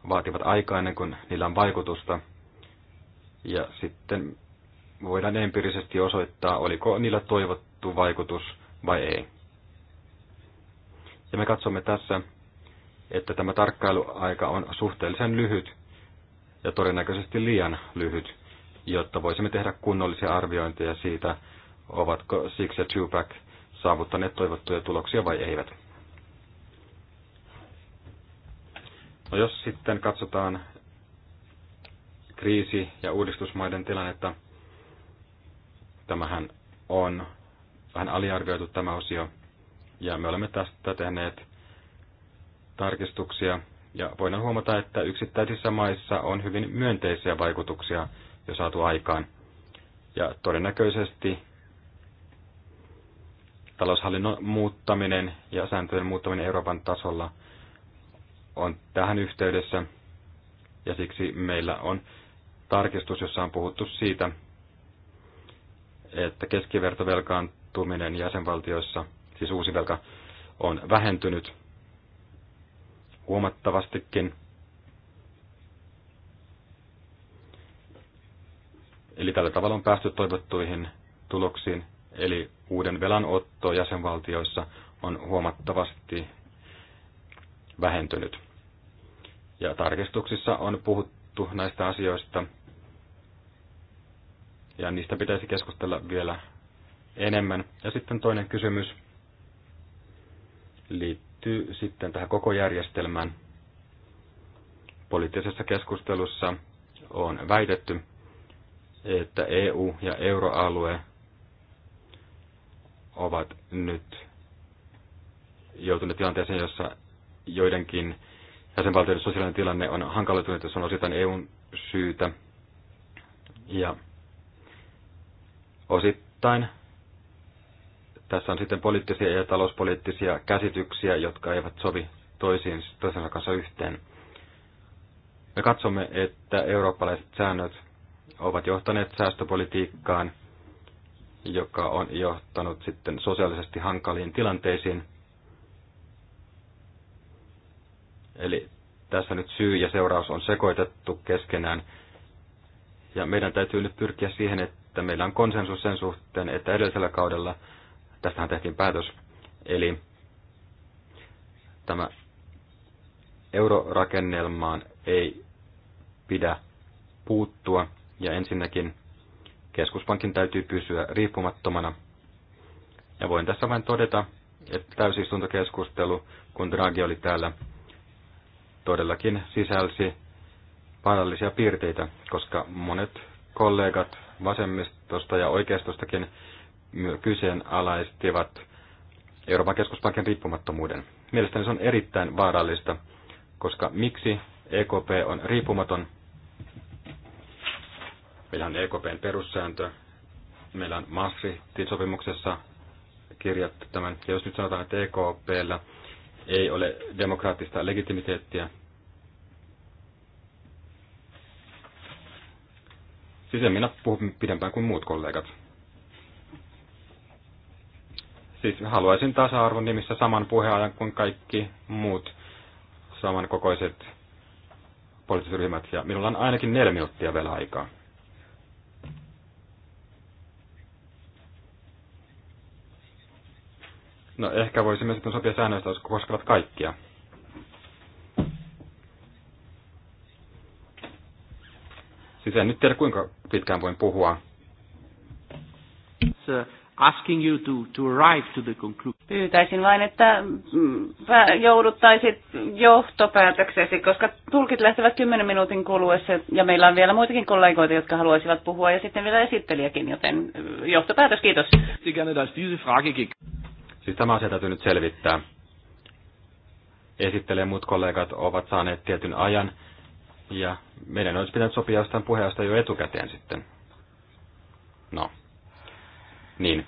D: vaativat aikaa ennen kuin niillä on vaikutusta. Ja sitten voidaan empiirisesti osoittaa, oliko niillä toivottu vaikutus vai ei. Ja me katsomme tässä, että tämä tarkkailuaika on suhteellisen lyhyt ja todennäköisesti liian lyhyt, jotta voisimme tehdä kunnollisia arviointeja siitä, ovatko Six ja Tupac saavuttaneet toivottuja tuloksia vai eivät. No jos sitten katsotaan kriisi- ja uudistusmaiden tilannetta, tämähän on vähän aliarvioitu tämä osio, ja me olemme tästä tehneet tarkistuksia ja voidaan huomata, että yksittäisissä maissa on hyvin myönteisiä vaikutuksia jo saatu aikaan. Ja todennäköisesti taloushallinnon muuttaminen ja sääntöjen muuttaminen Euroopan tasolla on tähän yhteydessä. Ja siksi meillä on tarkistus, jossa on puhuttu siitä, että keskivertovelkaantuminen jäsenvaltioissa, siis uusi velka, on vähentynyt – huomattavastikin. Eli tällä tavalla on päästy toivottuihin tuloksiin, eli uuden velanotto jäsenvaltioissa on huomattavasti vähentynyt. Ja tarkistuksissa on puhuttu näistä asioista, ja niistä pitäisi keskustella vielä enemmän. Ja sitten toinen kysymys liittyy liittyy sitten tähän koko järjestelmään. Poliittisessa keskustelussa on väitetty, että EU ja euroalue ovat nyt joutuneet tilanteeseen, jossa joidenkin jäsenvaltioiden sosiaalinen tilanne on hankaloitunut, jos on osittain EUn syytä. Ja osittain tässä on sitten poliittisia ja talouspoliittisia käsityksiä, jotka eivät sovi toisiin, toisensa kanssa yhteen. Me katsomme, että eurooppalaiset säännöt ovat johtaneet säästöpolitiikkaan, joka on johtanut sitten sosiaalisesti hankaliin tilanteisiin. Eli tässä nyt syy ja seuraus on sekoitettu keskenään. Ja meidän täytyy nyt pyrkiä siihen, että meillä on konsensus sen suhteen, että edellisellä kaudella – Tästähän tehtiin päätös. Eli tämä eurorakennelmaan ei pidä puuttua. Ja ensinnäkin keskuspankin täytyy pysyä riippumattomana. Ja voin tässä vain todeta, että täysistuntokeskustelu, kun Draghi oli täällä, todellakin sisälsi vaarallisia piirteitä, koska monet kollegat vasemmistosta ja oikeistostakin kyseenalaistivat Euroopan keskuspankin riippumattomuuden. Mielestäni se on erittäin vaarallista, koska miksi EKP on riippumaton? Meillä on EKPn perussääntö, meillä on Maastrichtin sopimuksessa kirjattu tämän. Ja jos nyt sanotaan, että EKPllä ei ole demokraattista legitimiteettiä, siis puhun pidempään kuin muut kollegat. Siis haluaisin tasa-arvon nimissä saman puheajan kuin kaikki muut samankokoiset poliittiset ryhmät, ja minulla on ainakin neljä minuuttia vielä aikaa. No ehkä voisimme sitten sopia säännöistä, jos koskevat kaikkia. Siis en nyt tiedä kuinka pitkään voin puhua
B: asking you to, to arrive to the conclusion. Pyytäisin vain, että mm, jouduttaisit johtopäätöksesi, koska tulkit lähtevät 10 minuutin kuluessa ja meillä on vielä muitakin kollegoita, jotka haluaisivat puhua ja sitten vielä esittelijäkin, joten mm, johtopäätös, kiitos.
D: Siis tämä asia täytyy nyt selvittää. Esittelijä muut kollegat ovat saaneet tietyn ajan ja meidän olisi pitänyt sopia jostain puheesta jo etukäteen sitten. No, niin.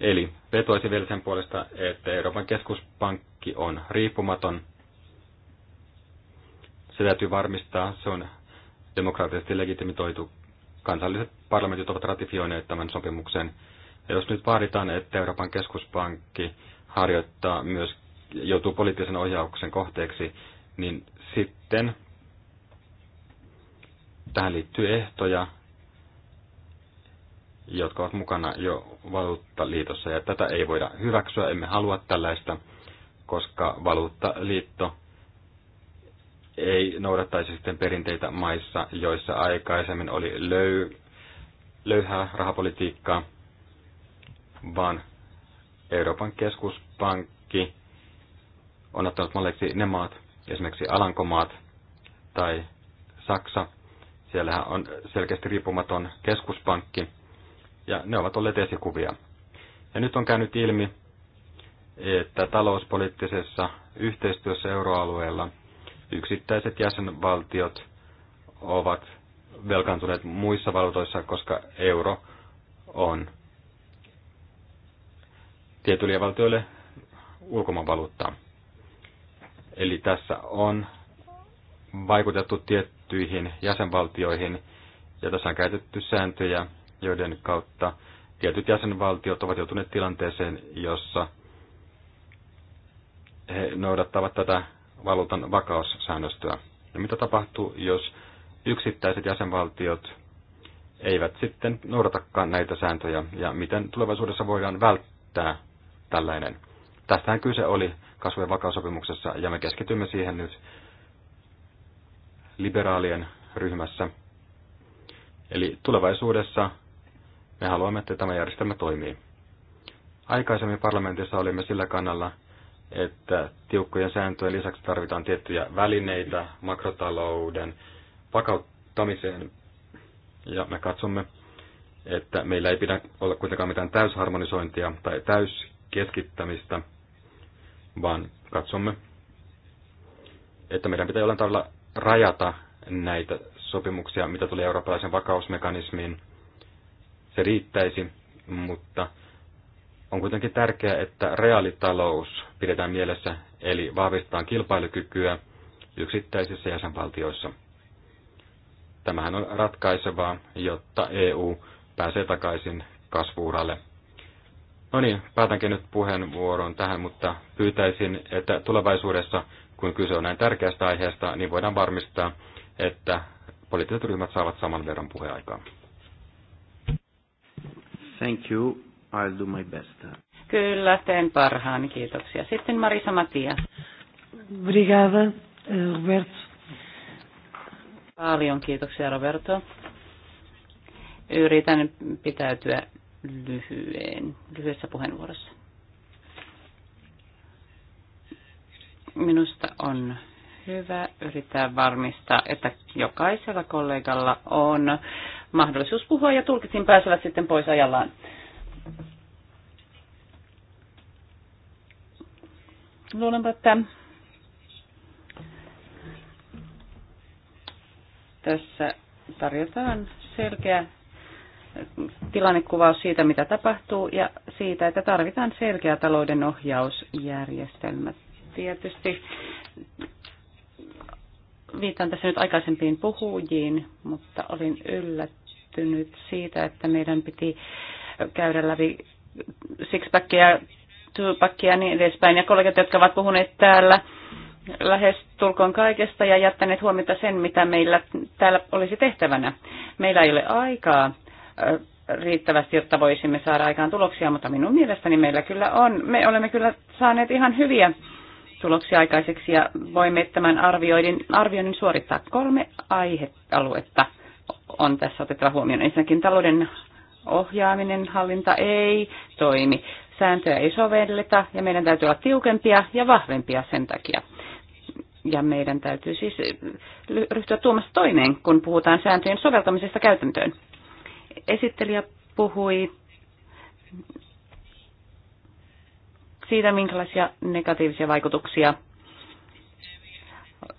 D: Eli vetoisi vielä sen puolesta, että Euroopan keskuspankki on riippumaton. Se täytyy varmistaa, se on demokraattisesti legitimitoitu. Kansalliset parlamentit ovat ratifioineet tämän sopimuksen. Ja jos nyt vaaditaan, että Euroopan keskuspankki harjoittaa myös, joutuu poliittisen ohjauksen kohteeksi, niin sitten tähän liittyy ehtoja, jotka ovat mukana jo valuuttaliitossa. Ja tätä ei voida hyväksyä, emme halua tällaista, koska valuuttaliitto ei noudattaisi sitten perinteitä maissa, joissa aikaisemmin oli löy, löyhää rahapolitiikkaa, vaan Euroopan keskuspankki on ottanut malleiksi ne maat, esimerkiksi Alankomaat tai Saksa. Siellähän on selkeästi riippumaton keskuspankki, ja ne ovat olleet esikuvia. Ja nyt on käynyt ilmi, että talouspoliittisessa yhteistyössä euroalueella yksittäiset jäsenvaltiot ovat velkaantuneet muissa valtoissa, koska euro on tietyille valtioille ulkomaanvaluuttaa. Eli tässä on vaikutettu tiettyihin jäsenvaltioihin ja tässä on käytetty sääntöjä, joiden kautta tietyt jäsenvaltiot ovat joutuneet tilanteeseen, jossa he noudattavat tätä valuutan vakaussäännöstöä. Ja mitä tapahtuu, jos yksittäiset jäsenvaltiot eivät sitten noudatakaan näitä sääntöjä, ja miten tulevaisuudessa voidaan välttää tällainen. Tästähän kyse oli kasvu- ja vakaussopimuksessa, ja me keskitymme siihen nyt liberaalien ryhmässä. Eli tulevaisuudessa me haluamme, että tämä järjestelmä toimii. Aikaisemmin parlamentissa olimme sillä kannalla, että tiukkojen sääntöjen lisäksi tarvitaan tiettyjä välineitä makrotalouden vakauttamiseen. Ja me katsomme, että meillä ei pidä olla kuitenkaan mitään täysharmonisointia tai täyskeskittämistä, vaan katsomme, että meidän pitää jollain tavalla rajata näitä sopimuksia, mitä tulee eurooppalaisen vakausmekanismiin se riittäisi, mutta on kuitenkin tärkeää, että reaalitalous pidetään mielessä, eli vahvistetaan kilpailukykyä yksittäisissä jäsenvaltioissa. Tämähän on ratkaisevaa, jotta EU pääsee takaisin kasvuuralle. No niin, päätänkin nyt puheenvuoron tähän, mutta pyytäisin, että tulevaisuudessa, kun kyse on näin tärkeästä aiheesta, niin voidaan varmistaa, että poliittiset ryhmät saavat saman verran puheaikaa. Thank you. I'll do my best.
B: Kyllä, teen parhaani. Kiitoksia. Sitten Marisa Matia.
A: Brigada, eh, Roberto.
B: Paljon kiitoksia, Roberto. Yritän pitäytyä lyhyen, lyhyessä puheenvuorossa. Minusta on hyvä yrittää varmistaa, että jokaisella kollegalla on mahdollisuus puhua ja tulkitsin pääsevät sitten pois ajallaan. Luulenpa, että tässä tarjotaan selkeä tilannekuvaus siitä, mitä tapahtuu ja siitä, että tarvitaan selkeä talouden ohjausjärjestelmä. Tietysti viitan tässä nyt aikaisempiin puhujiin, mutta olin yllättynyt yllättynyt siitä, että meidän piti käydä läpi sixpackia, twopackia ja niin edespäin. Ja kollegat, jotka ovat puhuneet täällä lähes tulkoon kaikesta ja jättäneet huomiota sen, mitä meillä täällä olisi tehtävänä. Meillä ei ole aikaa riittävästi, jotta voisimme saada aikaan tuloksia, mutta minun mielestäni meillä kyllä on. Me olemme kyllä saaneet ihan hyviä tuloksia aikaiseksi ja voimme tämän arvioinnin, arvioinnin suorittaa kolme aihealuetta on tässä otettava huomioon. Ensinnäkin talouden ohjaaminen, hallinta ei toimi. Sääntöjä ei sovelleta ja meidän täytyy olla tiukempia ja vahvempia sen takia. Ja meidän täytyy siis ryhtyä tuomassa toimeen, kun puhutaan sääntöjen soveltamisesta käytäntöön. Esittelijä puhui siitä, minkälaisia negatiivisia vaikutuksia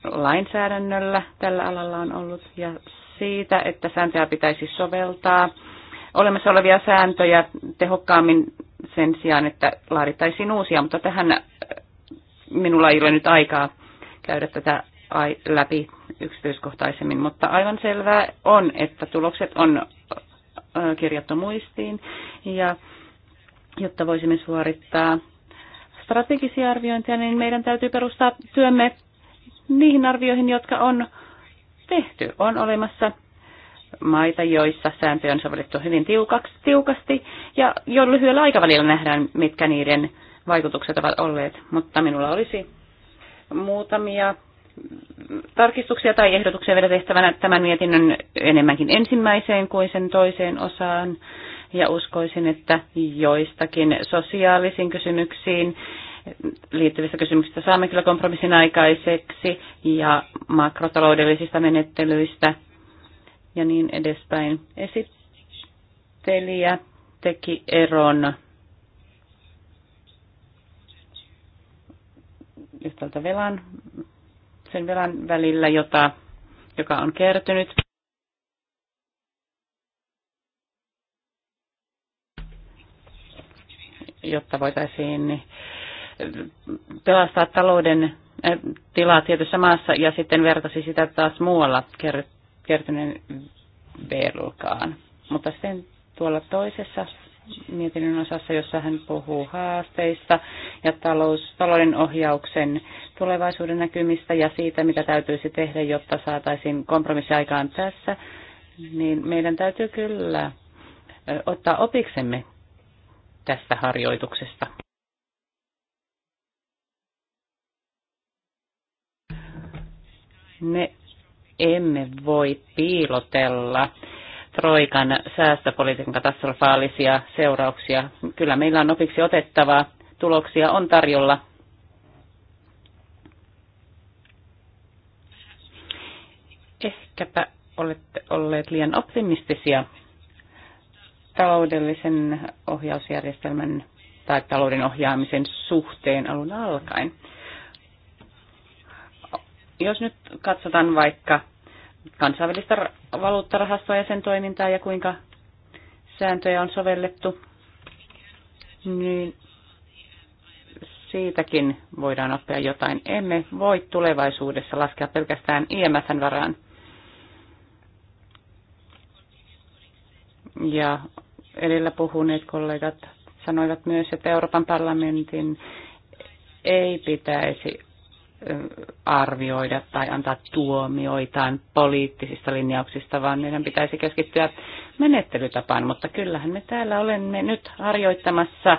B: lainsäädännöllä tällä alalla on ollut ja siitä, että sääntöjä pitäisi soveltaa olemassa olevia sääntöjä tehokkaammin sen sijaan, että laadittaisiin uusia, mutta tähän äh, minulla ei ole nyt aikaa käydä tätä läpi yksityiskohtaisemmin, mutta aivan selvää on, että tulokset on äh, kirjattu muistiin ja jotta voisimme suorittaa strategisia arviointeja, niin meidän täytyy perustaa työmme niihin arvioihin, jotka on tehty. On olemassa maita, joissa sääntö on sovellettu hyvin tiukaksi, tiukasti ja jo lyhyellä aikavälillä nähdään, mitkä niiden vaikutukset ovat olleet. Mutta minulla olisi muutamia tarkistuksia tai ehdotuksia vielä tehtävänä tämän mietinnön enemmänkin ensimmäiseen kuin sen toiseen osaan. Ja uskoisin, että joistakin sosiaalisiin kysymyksiin liittyvissä kysymyksissä saamme kyllä kompromissin aikaiseksi ja makrotaloudellisista menettelyistä ja niin edespäin. Esittelijä teki eron yhtäältä velan, sen velan välillä, jota, joka on kertynyt. jotta voitaisiin pelastaa talouden eh, tilaa tietyssä maassa ja sitten vertasi sitä taas muualla kertyneen velkaan. Mutta sitten tuolla toisessa mietinnön osassa, jossa hän puhuu haasteista ja talous, talouden ohjauksen tulevaisuuden näkymistä ja siitä, mitä täytyisi tehdä, jotta saataisiin kompromissi aikaan tässä, niin meidän täytyy kyllä eh, ottaa opiksemme tästä harjoituksesta. Me emme voi piilotella Troikan säästöpolitiikan katastrofaalisia seurauksia. Kyllä meillä on opiksi otettavaa. Tuloksia on tarjolla. Ehkäpä olette olleet liian optimistisia taloudellisen ohjausjärjestelmän tai talouden ohjaamisen suhteen alun alkaen. Jos nyt katsotaan vaikka kansainvälistä valuuttarahastoa ja sen toimintaa ja kuinka sääntöjä on sovellettu, niin siitäkin voidaan oppia jotain. Emme voi tulevaisuudessa laskea pelkästään IMFn varaan. Ja edellä puhuneet kollegat sanoivat myös, että Euroopan parlamentin ei pitäisi arvioida tai antaa tuomioitaan poliittisista linjauksista, vaan meidän pitäisi keskittyä menettelytapaan. Mutta kyllähän me täällä olemme nyt harjoittamassa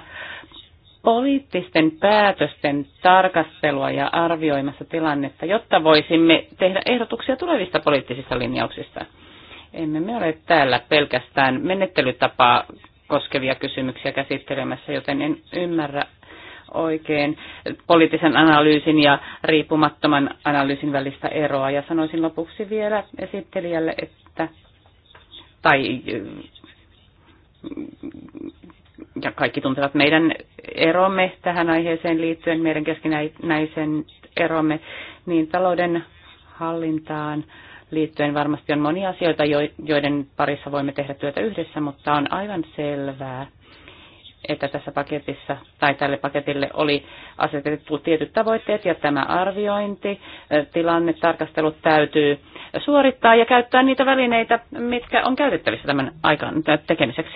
B: poliittisten päätösten tarkastelua ja arvioimassa tilannetta, jotta voisimme tehdä ehdotuksia tulevista poliittisista linjauksista. Emme me ole täällä pelkästään menettelytapaa koskevia kysymyksiä käsittelemässä, joten en ymmärrä oikein poliittisen analyysin ja riippumattoman analyysin välistä eroa. Ja sanoisin lopuksi vielä esittelijälle, että tai ja kaikki tuntevat meidän eromme tähän aiheeseen liittyen, meidän keskinäisen eromme, niin talouden hallintaan liittyen varmasti on monia asioita, joiden parissa voimme tehdä työtä yhdessä, mutta on aivan selvää, että tässä paketissa tai tälle paketille oli asetettu tietyt tavoitteet ja tämä arviointi, tilannetarkastelut täytyy suorittaa ja käyttää niitä välineitä, mitkä on käytettävissä tämän aikaan tekemiseksi.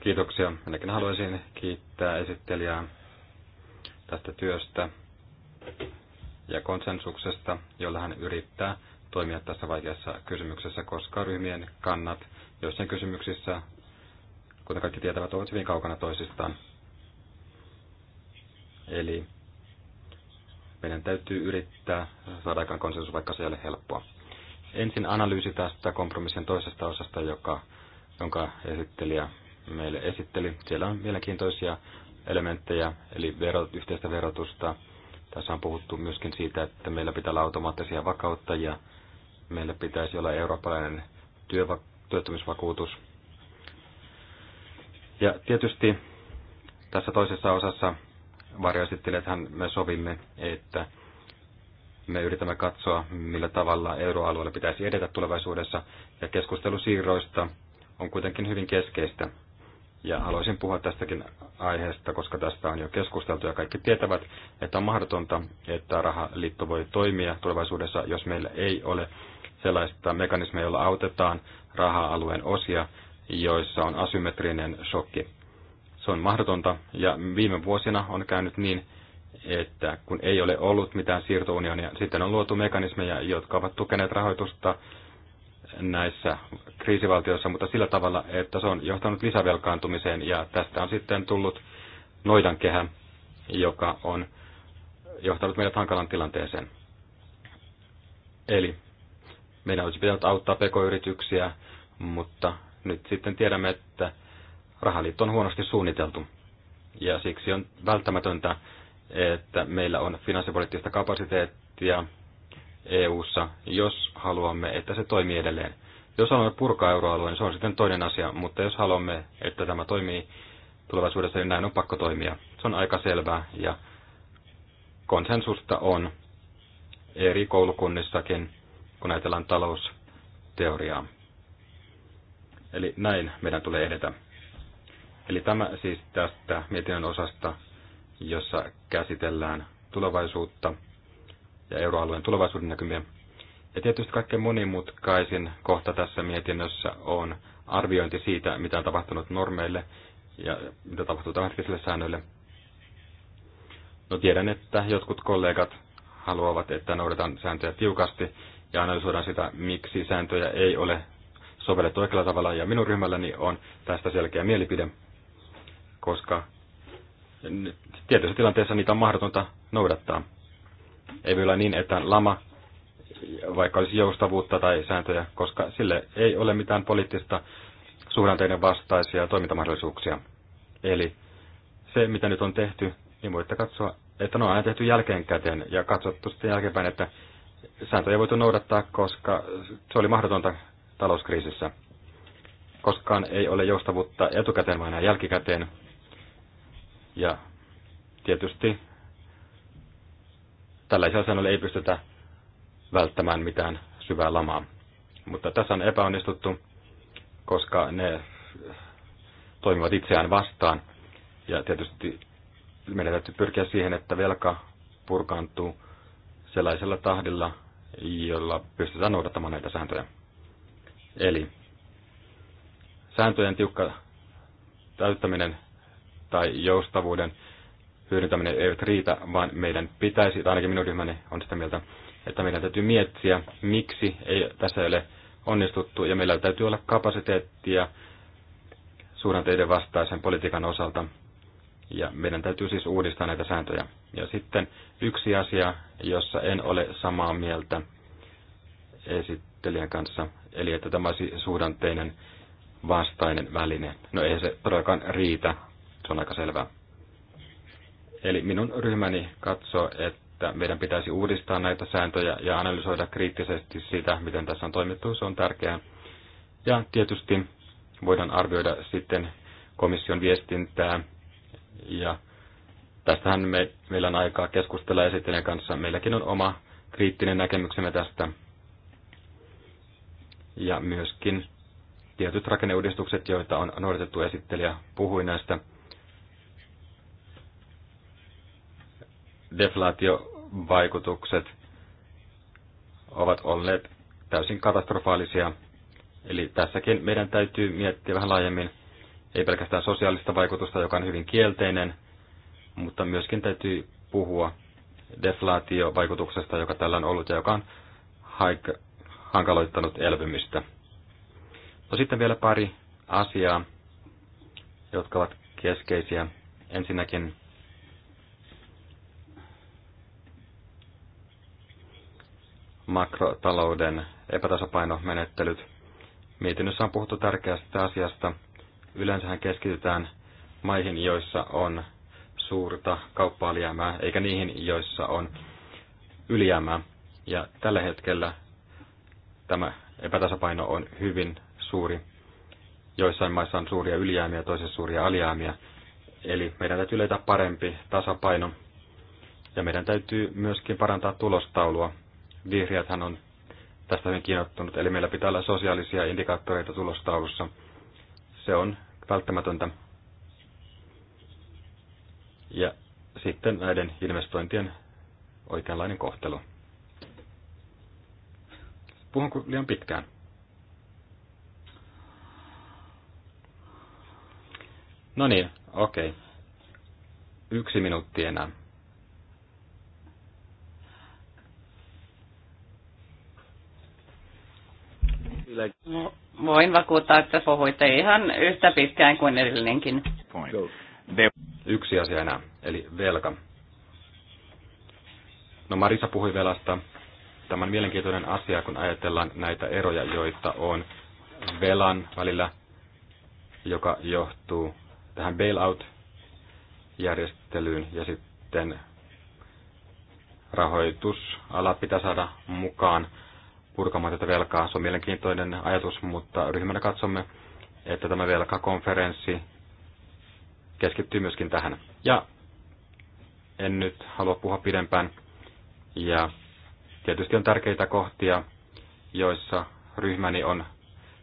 D: Kiitoksia. Minäkin haluaisin kiittää esittelijää tästä työstä ja konsensuksesta, jolla hän yrittää toimia tässä vaikeassa kysymyksessä, koska ryhmien kannat joissain kysymyksissä kuten kaikki tietävät, ovat hyvin kaukana toisistaan. Eli meidän täytyy yrittää saada aikaan konsensus, vaikka se ei ole helppoa. Ensin analyysi tästä kompromissin toisesta osasta, joka, jonka esittelijä meille esitteli. Siellä on mielenkiintoisia elementtejä, eli vero, yhteistä verotusta. Tässä on puhuttu myöskin siitä, että meillä pitää olla automaattisia vakauttajia. Meillä pitäisi olla eurooppalainen työva, työttömyysvakuutus – ja tietysti tässä toisessa osassa varjoesittelijäthän me sovimme, että me yritämme katsoa, millä tavalla euroalueella pitäisi edetä tulevaisuudessa, ja keskustelu siirroista on kuitenkin hyvin keskeistä. Ja haluaisin puhua tästäkin aiheesta, koska tästä on jo keskusteltu ja kaikki tietävät, että on mahdotonta, että rahaliitto voi toimia tulevaisuudessa, jos meillä ei ole sellaista mekanismia, jolla autetaan raha-alueen osia joissa on asymmetrinen shokki. Se on mahdotonta ja viime vuosina on käynyt niin, että kun ei ole ollut mitään siirtounionia, sitten on luotu mekanismeja, jotka ovat tukeneet rahoitusta näissä kriisivaltioissa, mutta sillä tavalla, että se on johtanut lisävelkaantumiseen ja tästä on sitten tullut noidankehä, joka on johtanut meidät hankalan tilanteeseen. Eli meidän olisi pitänyt auttaa pekoyrityksiä, mutta nyt sitten tiedämme, että rahaliitto on huonosti suunniteltu. Ja siksi on välttämätöntä, että meillä on finanssipoliittista kapasiteettia EU:ssa, jos haluamme, että se toimii edelleen. Jos haluamme purkaa euroalueen, niin se on sitten toinen asia, mutta jos haluamme, että tämä toimii tulevaisuudessa, niin näin on pakko toimia. Se on aika selvää ja konsensusta on eri koulukunnissakin, kun ajatellaan talousteoriaa. Eli näin meidän tulee edetä. Eli tämä siis tästä mietinnön osasta, jossa käsitellään tulevaisuutta ja euroalueen tulevaisuuden näkymiä. Ja tietysti kaikkein monimutkaisin kohta tässä mietinnössä on arviointi siitä, mitä on tapahtunut normeille ja mitä tapahtuu tämänhetkisille säännöille. No tiedän, että jotkut kollegat haluavat, että noudataan sääntöjä tiukasti ja analysoidaan sitä, miksi sääntöjä ei ole sovellettu oikealla tavalla, ja minun ryhmälläni on tästä selkeä mielipide, koska tietyissä tilanteissa niitä on mahdotonta noudattaa. Ei voi olla niin, että lama, vaikka olisi joustavuutta tai sääntöjä, koska sille ei ole mitään poliittista suhdanteiden vastaisia toimintamahdollisuuksia. Eli se, mitä nyt on tehty, niin voitte katsoa, että ne on aina tehty jälkeenkäteen ja katsottu sitten jälkeenpäin, että sääntöjä ei voitu noudattaa, koska se oli mahdotonta talouskriisissä. Koskaan ei ole joustavuutta etukäteen, vaan jälkikäteen. Ja tietysti tällaisella sanoilla ei pystytä välttämään mitään syvää lamaa. Mutta tässä on epäonnistuttu, koska ne toimivat itseään vastaan. Ja tietysti meidän täytyy pyrkiä siihen, että velka purkaantuu sellaisella tahdilla, jolla pystytään noudattamaan näitä sääntöjä. Eli sääntöjen tiukka täyttäminen tai joustavuuden hyödyntäminen eivät riitä, vaan meidän pitäisi, tai ainakin minun ryhmäni on sitä mieltä, että meidän täytyy miettiä, miksi ei tässä ole onnistuttu, ja meillä täytyy olla kapasiteettia suhdanteiden vastaisen politiikan osalta, ja meidän täytyy siis uudistaa näitä sääntöjä. Ja sitten yksi asia, jossa en ole samaa mieltä esit- esittelijän kanssa, eli että tämä olisi suhdanteinen vastainen väline. No ei se todellakaan riitä, se on aika selvää. Eli minun ryhmäni katsoo, että meidän pitäisi uudistaa näitä sääntöjä ja analysoida kriittisesti sitä, miten tässä on toimittu, se on tärkeää. Ja tietysti voidaan arvioida sitten komission viestintää ja tästähän me, meillä on aikaa keskustella esittelijän kanssa. Meilläkin on oma kriittinen näkemyksemme tästä ja myöskin tietyt rakenneuudistukset, joita on noudatettu esittelijä, puhui näistä deflaatiovaikutukset ovat olleet täysin katastrofaalisia. Eli tässäkin meidän täytyy miettiä vähän laajemmin, ei pelkästään sosiaalista vaikutusta, joka on hyvin kielteinen, mutta myöskin täytyy puhua deflaatiovaikutuksesta, joka tällä on ollut ja joka on hankaloittanut elpymistä. No sitten vielä pari asiaa, jotka ovat keskeisiä. Ensinnäkin makrotalouden epätasapainomenettelyt. Mietinnössä on puhuttu tärkeästä asiasta. Yleensähän keskitytään maihin, joissa on suurta kauppa eikä niihin, joissa on ylijäämää. Ja tällä hetkellä tämä epätasapaino on hyvin suuri. Joissain maissa on suuria ylijäämiä, toisissa suuria alijäämiä. Eli meidän täytyy löytää parempi tasapaino. Ja meidän täytyy myöskin parantaa tulostaulua. Vihreäthän on tästä hyvin kiinnostunut, eli meillä pitää olla sosiaalisia indikaattoreita tulostaulussa. Se on välttämätöntä. Ja sitten näiden investointien oikeanlainen kohtelu. Puhunko liian pitkään? No niin, okei. Okay. Yksi minuutti enää.
A: No,
B: voin vakuuttaa, että puhuitte ihan yhtä pitkään kuin edellinenkin.
D: Yksi asia enää, eli velka. No Marisa puhui velasta, Tämä on mielenkiintoinen asia, kun ajatellaan näitä eroja, joita on velan välillä, joka johtuu tähän bailout-järjestelyyn ja sitten rahoitusala pitää saada mukaan purkamaan tätä velkaa. Se on mielenkiintoinen ajatus, mutta ryhmänä katsomme, että tämä velkakonferenssi keskittyy myöskin tähän. Ja en nyt halua puhua pidempään. Ja Tietysti on tärkeitä kohtia, joissa ryhmäni on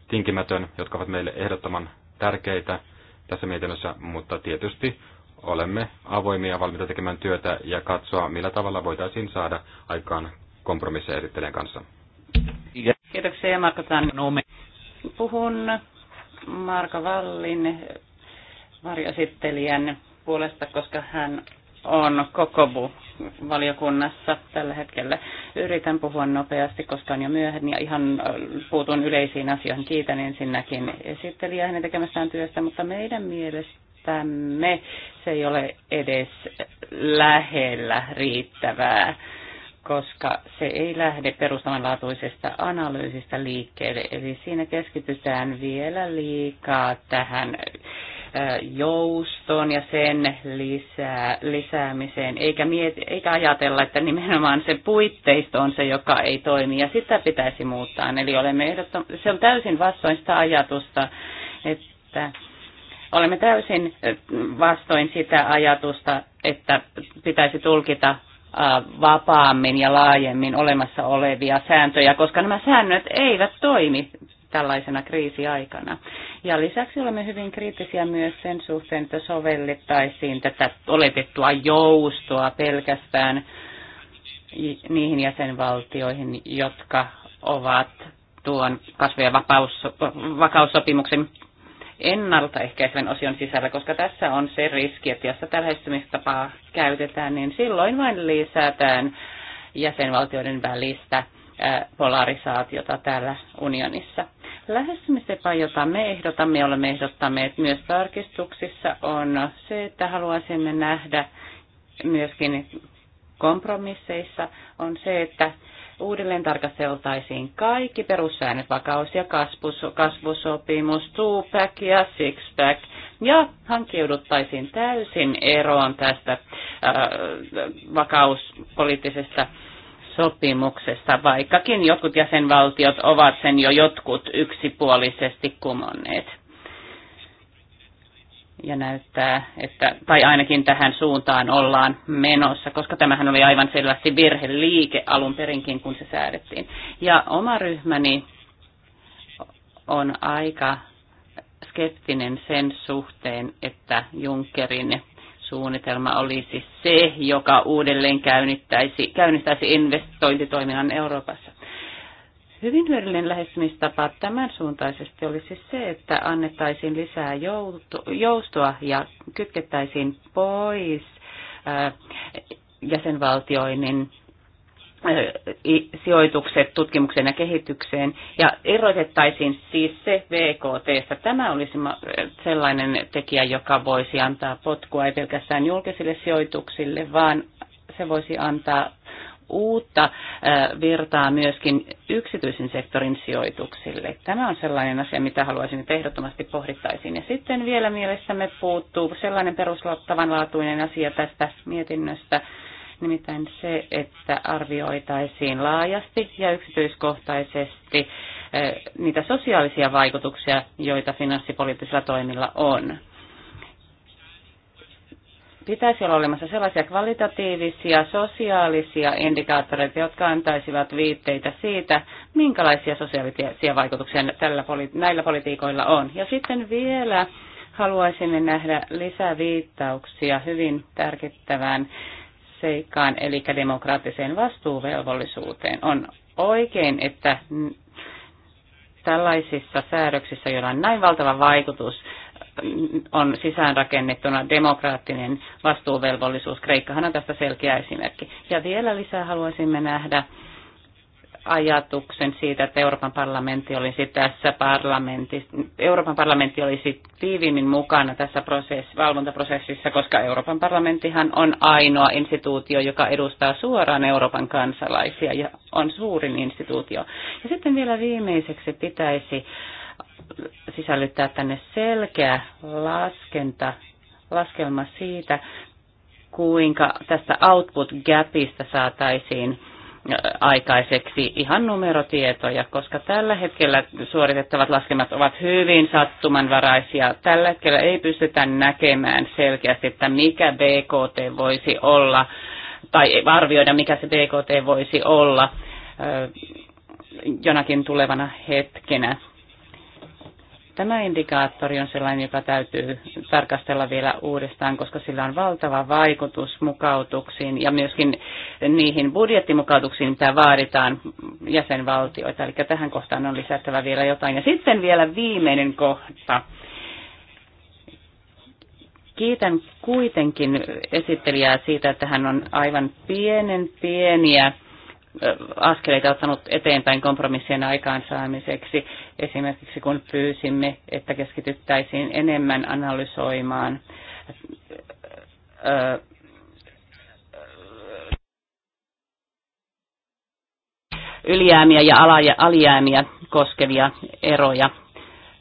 D: tinkimätön, jotka ovat meille ehdottoman tärkeitä tässä mietinnössä, mutta tietysti olemme avoimia ja valmiita tekemään työtä ja katsoa, millä tavalla voitaisiin saada aikaan kompromisseja esittelijän kanssa.
B: Kiitoksia Marko Tannuumi. Puhun Marko Vallin varjoesittelijän puolesta, koska hän on kokobu valiokunnassa tällä hetkellä. Yritän puhua nopeasti, koska on jo myöhemmin ja ihan puutun yleisiin asioihin. Kiitän ensinnäkin esittelijää hänen tekemästään työstä, mutta meidän mielestämme se ei ole edes lähellä riittävää koska se ei lähde perustavanlaatuisesta analyysistä liikkeelle. Eli siinä keskitytään vielä liikaa tähän joustoon ja sen lisää, lisäämiseen, eikä, mieti, eikä ajatella, että nimenomaan se puitteisto on se, joka ei toimi, ja sitä pitäisi muuttaa. Eli olemme ehdottom- se on täysin vastoin sitä ajatusta, että olemme täysin vastoin sitä ajatusta, että pitäisi tulkita vapaammin ja laajemmin olemassa olevia sääntöjä, koska nämä säännöt eivät toimi tällaisena kriisiaikana. Ja lisäksi olemme hyvin kriittisiä myös sen suhteen, että sovellettaisiin tätä oletettua joustoa pelkästään niihin jäsenvaltioihin, jotka ovat tuon kasvu- ja vakaussopimuksen ennaltaehkäisen osion sisällä, koska tässä on se riski, että jos tällä lähestymistapaa käytetään, niin silloin vain lisätään jäsenvaltioiden välistä polarisaatiota täällä unionissa. Lähestymistapa, jota me ehdotamme, olemme ehdottaneet myös tarkistuksissa, on se, että haluaisimme nähdä myöskin kompromisseissa, on se, että uudelleen tarkasteltaisiin kaikki perussäännöt, vakaus- ja kasvus, kasvusopimus, two-pack ja six-pack, ja hankkiuduttaisiin täysin eroon tästä äh, vakauspoliittisesta sopimuksesta, vaikkakin jotkut jäsenvaltiot ovat sen jo jotkut yksipuolisesti kumonneet. Ja näyttää, että, tai ainakin tähän suuntaan ollaan menossa, koska tämähän oli aivan selvästi virheliike alun perinkin, kun se säädettiin. Ja oma ryhmäni on aika skeptinen sen suhteen, että Junckerin Suunnitelma olisi se, joka uudelleen käynnistäisi, käynnistäisi investointitoiminnan Euroopassa. Hyvin hyödyllinen lähestymistapa tämän suuntaisesti olisi siis se, että annettaisiin lisää joustoa ja kytkettäisiin pois jäsenvaltioiden sijoitukset tutkimukseen ja kehitykseen ja erotettaisiin siis se VKT. Tämä olisi sellainen tekijä, joka voisi antaa potkua ei pelkästään julkisille sijoituksille, vaan se voisi antaa uutta virtaa myöskin yksityisen sektorin sijoituksille. Tämä on sellainen asia, mitä haluaisin nyt ehdottomasti pohdittaisiin. Ja sitten vielä mielessämme puuttuu sellainen perustavanlaatuinen asia tästä mietinnöstä, nimittäin se, että arvioitaisiin laajasti ja yksityiskohtaisesti eh, niitä sosiaalisia vaikutuksia, joita finanssipoliittisilla toimilla on. Pitäisi olla olemassa sellaisia kvalitatiivisia, sosiaalisia indikaattoreita, jotka antaisivat viitteitä siitä, minkälaisia sosiaalisia vaikutuksia tällä, näillä politiikoilla on. Ja sitten vielä haluaisimme nähdä lisää hyvin tärkittävään seikkaan, eli demokraattiseen vastuuvelvollisuuteen. On oikein, että tällaisissa säädöksissä, joilla on näin valtava vaikutus, on sisäänrakennettuna demokraattinen vastuuvelvollisuus. Kreikkahan on tästä selkeä esimerkki. Ja vielä lisää haluaisimme nähdä ajatuksen siitä, että Euroopan parlamentti olisi tässä parlamentti, Euroopan parlamentti olisi tiiviimmin mukana tässä prosess, valvontaprosessissa, koska Euroopan parlamenttihan on ainoa instituutio, joka edustaa suoraan Euroopan kansalaisia ja on suurin instituutio. Ja sitten vielä viimeiseksi pitäisi sisällyttää tänne selkeä laskenta, laskelma siitä, kuinka tästä output gapista saataisiin aikaiseksi ihan numerotietoja, koska tällä hetkellä suoritettavat laskemat ovat hyvin sattumanvaraisia. Tällä hetkellä ei pystytä näkemään selkeästi, että mikä BKT voisi olla tai arvioida, mikä se BKT voisi olla jonakin tulevana hetkenä. Tämä indikaattori on sellainen, joka täytyy tarkastella vielä uudestaan, koska sillä on valtava vaikutus mukautuksiin ja myöskin niihin budjettimukautuksiin, mitä vaaditaan jäsenvaltioita. Eli tähän kohtaan on lisättävä vielä jotain. Ja sitten vielä viimeinen kohta. Kiitän kuitenkin esittelijää siitä, että hän on aivan pienen pieniä Äh, askeleita ottanut eteenpäin kompromissien aikaansaamiseksi. Esimerkiksi kun pyysimme, että keskityttäisiin enemmän analysoimaan äh, äh, ylijäämiä ja alijäämiä koskevia eroja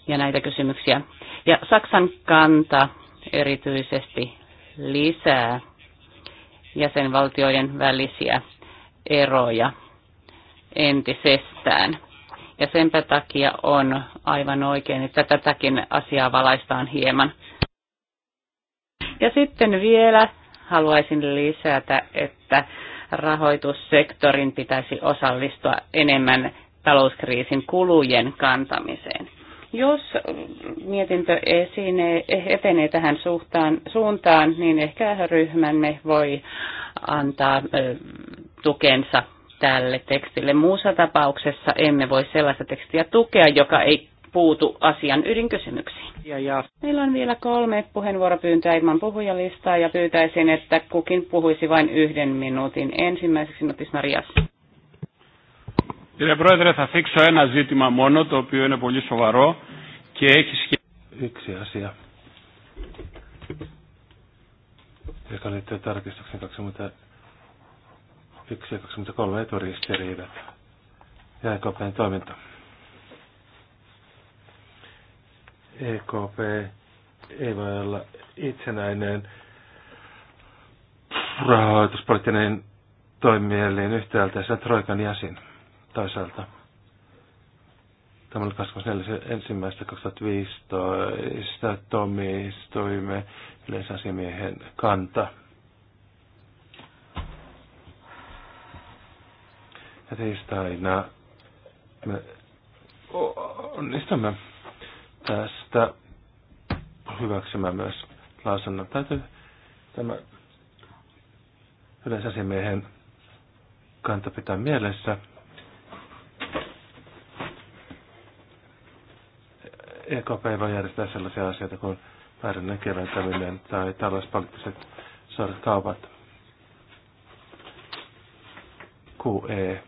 B: ja näitä kysymyksiä. Ja Saksan kanta erityisesti lisää jäsenvaltioiden välisiä eroja entisestään. Ja senpä takia on aivan oikein, että tätäkin asiaa valaistaan hieman. Ja sitten vielä haluaisin lisätä, että rahoitussektorin pitäisi osallistua enemmän talouskriisin kulujen kantamiseen. Jos mietintö esine, etenee tähän suhtaan, suuntaan, niin ehkä ryhmämme voi antaa tukensa tälle tekstille. Muussa tapauksessa emme voi sellaista tekstiä tukea, joka ei puutu asian ydinkysymyksiin. Ja, ja. Meillä on vielä kolme puheenvuoropyyntöä ilman puhujalistaa ja pyytäisin, että kukin puhuisi vain yhden minuutin. Ensimmäiseksi Notis Marias.
D: Κύριε Πρόεδρε, θα θίξω ένα ζήτημα μόνο, το οποίο είναι πολύ σοβαρό
C: και έχει σχέση. Yksi asia joka liittyy tarkistuksen 21 ja 23 eturistiriidat ja EKPn toiminta. EKP ei voi olla itsenäinen rahoituspoliittinen toimielin yhtäältä ja sen Troikan jäsen toisaalta. Tämä oli 24.1.2015 tuomioistuimme yleisasiamiehen kanta. Ja tiistaina me
A: onnistumme
C: tästä hyväksymään myös lausunnon. Täytyy tämä yleisasiamiehen kanta pitää mielessä. EKP ei voi järjestää sellaisia asioita kuin väärinnän keventäminen tai talouspoliittiset suorat kaupat. QE.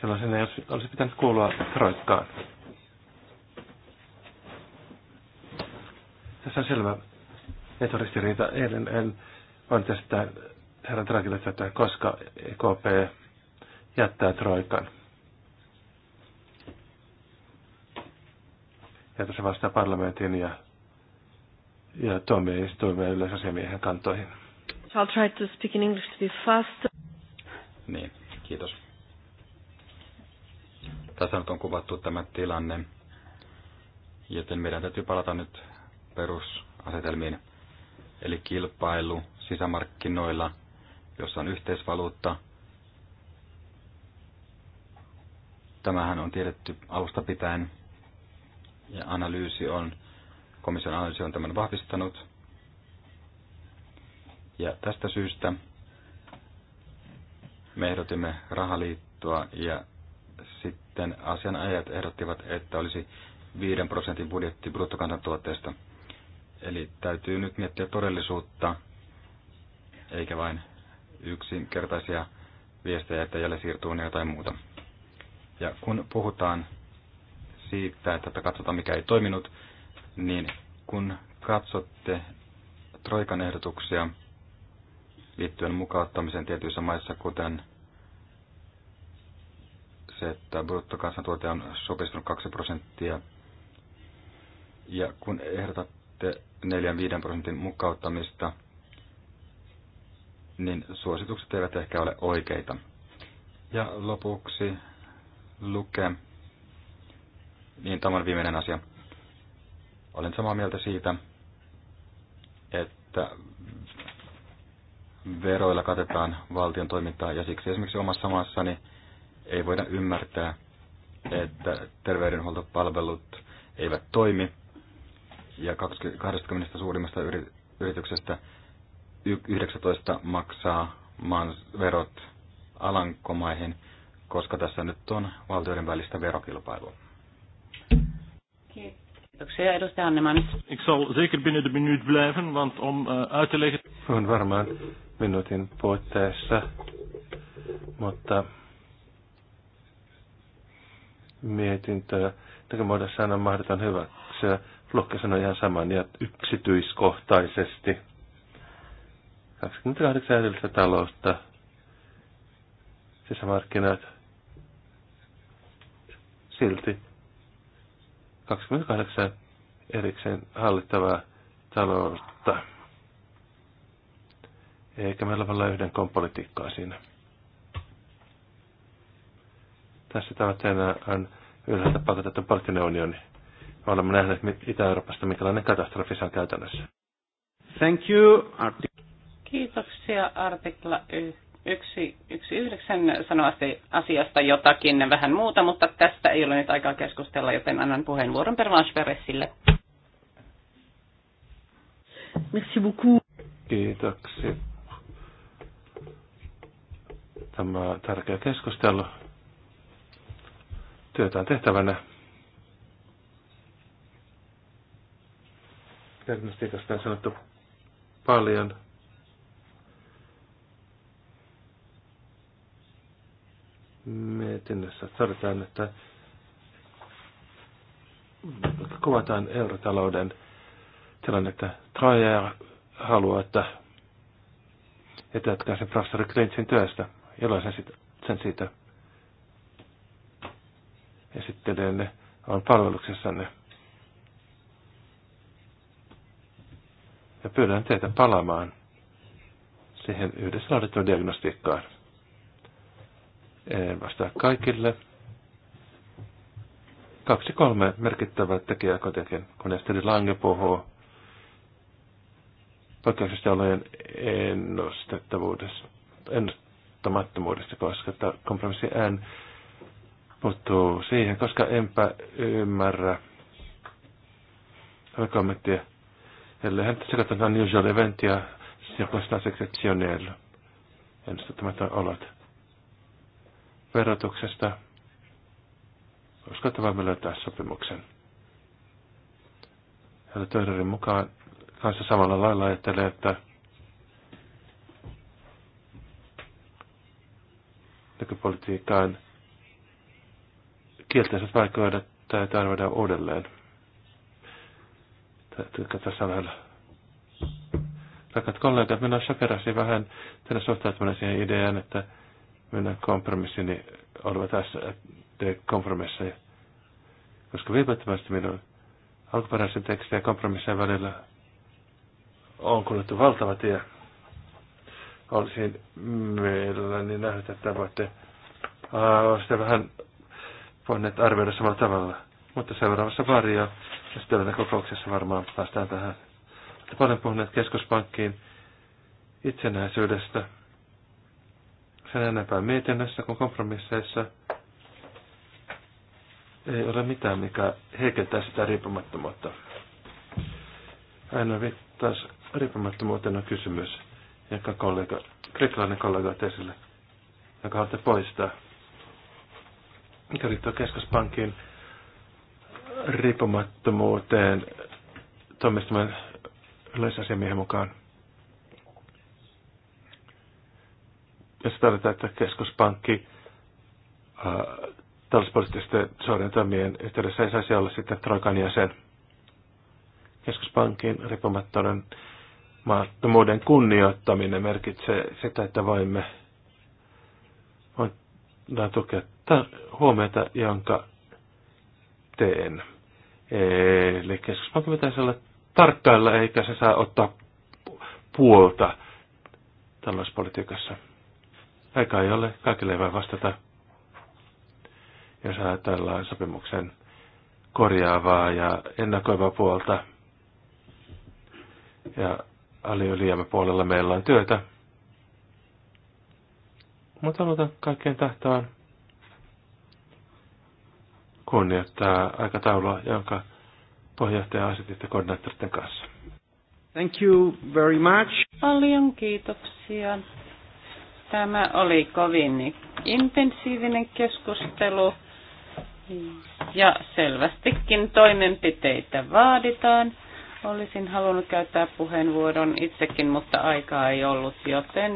C: Sellaisen ei olisi, olisi pitänyt kuulua troikkaan. Tässä on selvä eturistiriita. Eilen en voinut esittää herran Trakille tätä, koska EKP jättää Troikan. Ja se vastaa parlamentin ja, ja tuomioistuimen yleisasiamiehen kantoihin.
A: I'll try to speak in English to be fast.
C: Niin, kiitos.
D: Tässä nyt on kuvattu tämä tilanne, joten meidän täytyy palata nyt perusasetelmiin, eli kilpailu sisämarkkinoilla, jossa on yhteisvaluutta, Tämähän on tiedetty alusta pitäen ja analyysi on, komission analyysi on tämän vahvistanut. Ja tästä syystä me ehdotimme rahaliittoa ja sitten asianajajat ehdottivat, että olisi 5 prosentin budjetti bruttokansantuotteesta. Eli täytyy nyt miettiä todellisuutta, eikä vain yksinkertaisia viestejä, että jälle siirtuu jotain muuta. Ja kun puhutaan siitä, että katsotaan mikä ei toiminut, niin kun katsotte Troikan ehdotuksia liittyen mukauttamiseen tietyissä maissa, kuten se, että bruttokansantuote on sopistunut 2 prosenttia, ja kun ehdotatte 4-5 prosentin mukauttamista, niin suositukset eivät ehkä ole oikeita. Ja lopuksi lukee. Niin, tämä on viimeinen asia. Olen samaa mieltä siitä, että veroilla katetaan valtion toimintaa ja siksi esimerkiksi omassa maassani ei voida ymmärtää, että terveydenhuoltopalvelut eivät toimi ja 20 suurimmasta yrityksestä 19 maksaa maan verot Alankomaihin – koska tässä nyt on valtioiden välistä verokilpailua.
B: Kiitoksia, edustaja Anneman. Ik zal zeker binnen de minuut blijven, want om eh, uit te leggen...
C: On varmaan minuutin puitteissa, mutta mietintö tekemuodossaan on mahdoton Se Lukke sanoi ihan saman ja yksityiskohtaisesti. 28 edellistä taloutta, sisämarkkinat, silti 28 erikseen hallittavaa taloutta. Eikä meillä ole yhden kompolitiikkaa siinä. Tässä tavoitteena on ylhäältä pakotettu poliittinen unioni. Me olemme nähneet Itä-Euroopasta, minkälainen katastrofi on käytännössä. Thank you,
B: Kiitoksia, artikla 1 yksi, yksi yhdeksän sanoa asiasta jotakin vähän muuta, mutta tästä ei ole nyt aikaa keskustella, joten annan puheenvuoron Pervansveresille.
A: Merci beaucoup.
C: Kiitoksia. Tämä on tärkeä keskustelu. Työtä on tehtävänä. Diagnostiikasta on sanottu paljon mietinnössä todetaan, että kuvataan eurotalouden tilannetta. Traja haluaa, että että sen professori Klintsin työstä. Iloisen sen siitä. Esittelijänne on palveluksessanne. Ja pyydän teitä palaamaan siihen yhdessä laadittuun diagnostiikkaan vastaa kaikille. Kaksi kolme merkittävää tekijää kuitenkin, koneesteri Lange puhuu poikkeuksista olojen ennustamattomuudesta, koska kompromissi N puuttuu siihen, koska enpä ymmärrä kommenttia. Ellei hän tässä katsotaan unusual eventia, circumstances exceptionnelles, ennustamattomat olot verotuksesta. Uskon, että voimme löytää sopimuksen. Ja Törerin mukaan kanssa samalla lailla ajattelee, että nykypolitiikkaan kielteiset vaikeudet täytyy tarvita uudelleen. Tätä tässä lähellä? Rakat kollegat, minä shakerasin vähän teidän suhtautuminen siihen ideaan, että Mennä kompromissiin, niin olemme tässä te kompromisseja koska vilpittömästi minun alkuperäisen tekstin ja kompromissien välillä on kuljettu valtava tie. Olisin mielelläni nähnyt, että voitte olla äh, vähän voineet arvioida samalla tavalla. Mutta seuraavassa varjo ja sitten kokouksessa varmaan päästään tähän. Olette paljon puhuneet keskuspankkiin itsenäisyydestä – sen enempää mietinnössä kuin kompromisseissa ei ole mitään, mikä heikentää sitä riippumattomuutta. Aina viittaus riippumattomuuteen on kysymys, jonka kollega, kreikkalainen kollega on esille, joka haluatte poistaa. Mikä liittyy keskuspankin riippumattomuuteen toimistaman yleisasiamiehen mukaan. Ja se tarvitaan, että keskuspankki talouspoliittisten suorien toimien yhteydessä ei saisi olla sitten Troikan jäsen. Keskuspankin riippumattomuuden maattomuuden kunnioittaminen merkitsee sitä, että voimme voidaan tukea huomiota, jonka teen. Eli keskuspankin pitäisi olla tarkkailla, eikä se saa ottaa puolta talouspolitiikassa. Aika ei ole, kaikille ei voi vastata. Jos ajatellaan sopimuksen korjaavaa ja ennakoivaa puolta. Ja puolella meillä on työtä. Mutta aloitan kaikkeen tahtoon kunnioittaa aikataulua, jonka puheenjohtaja
B: asetitte koordinaattoritten
C: kanssa.
D: Thank you very much.
B: Paljon kiitoksia. Tämä oli kovin intensiivinen keskustelu ja selvästikin toimenpiteitä vaaditaan. Olisin halunnut käyttää puheenvuoron itsekin, mutta aikaa ei ollut, joten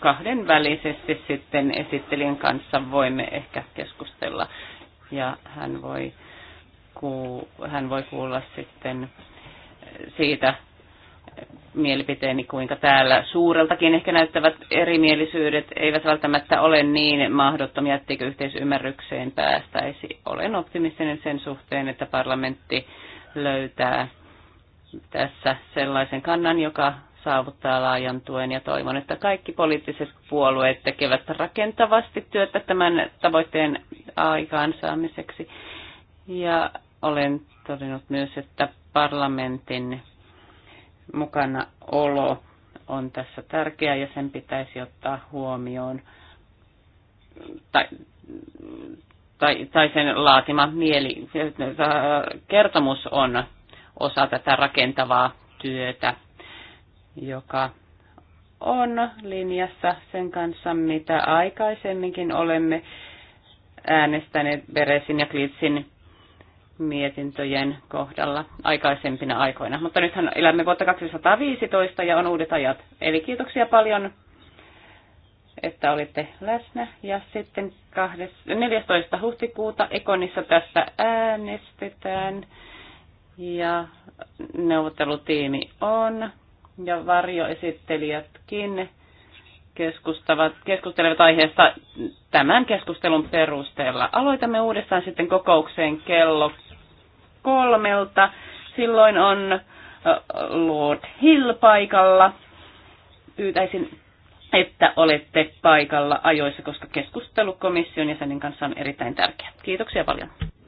B: kahden välisesti sitten esittelijän kanssa voimme ehkä keskustella ja hän voi, hän voi kuulla sitten siitä, mielipiteeni, kuinka täällä suureltakin ehkä näyttävät erimielisyydet eivät välttämättä ole niin mahdottomia, etteikö yhteisymmärrykseen päästäisi. Olen optimistinen sen suhteen, että parlamentti löytää tässä sellaisen kannan, joka saavuttaa laajan tuen ja toivon, että kaikki poliittiset puolueet tekevät rakentavasti työtä tämän tavoitteen aikaansaamiseksi. Ja olen todennut myös, että parlamentin mukanaolo on tässä tärkeä ja sen pitäisi ottaa huomioon tai, tai, tai sen laatima mieli, äh, kertomus on osa tätä rakentavaa työtä, joka on linjassa sen kanssa, mitä aikaisemminkin olemme äänestäneet Beresin ja Klitsin mietintöjen kohdalla aikaisempina aikoina. Mutta nythän elämme vuotta 215 ja on uudet ajat. Eli kiitoksia paljon, että olitte läsnä. Ja sitten 14. huhtikuuta Ekonissa tästä äänestetään. Ja neuvottelutiimi on ja varjoesittelijätkin keskustavat, keskustelevat aiheesta tämän keskustelun perusteella. Aloitamme uudestaan sitten kokoukseen kello kolmelta. Silloin on Lord Hill paikalla. Pyytäisin, että olette paikalla ajoissa, koska keskustelukomission komission jäsenen kanssa on erittäin tärkeä. Kiitoksia paljon.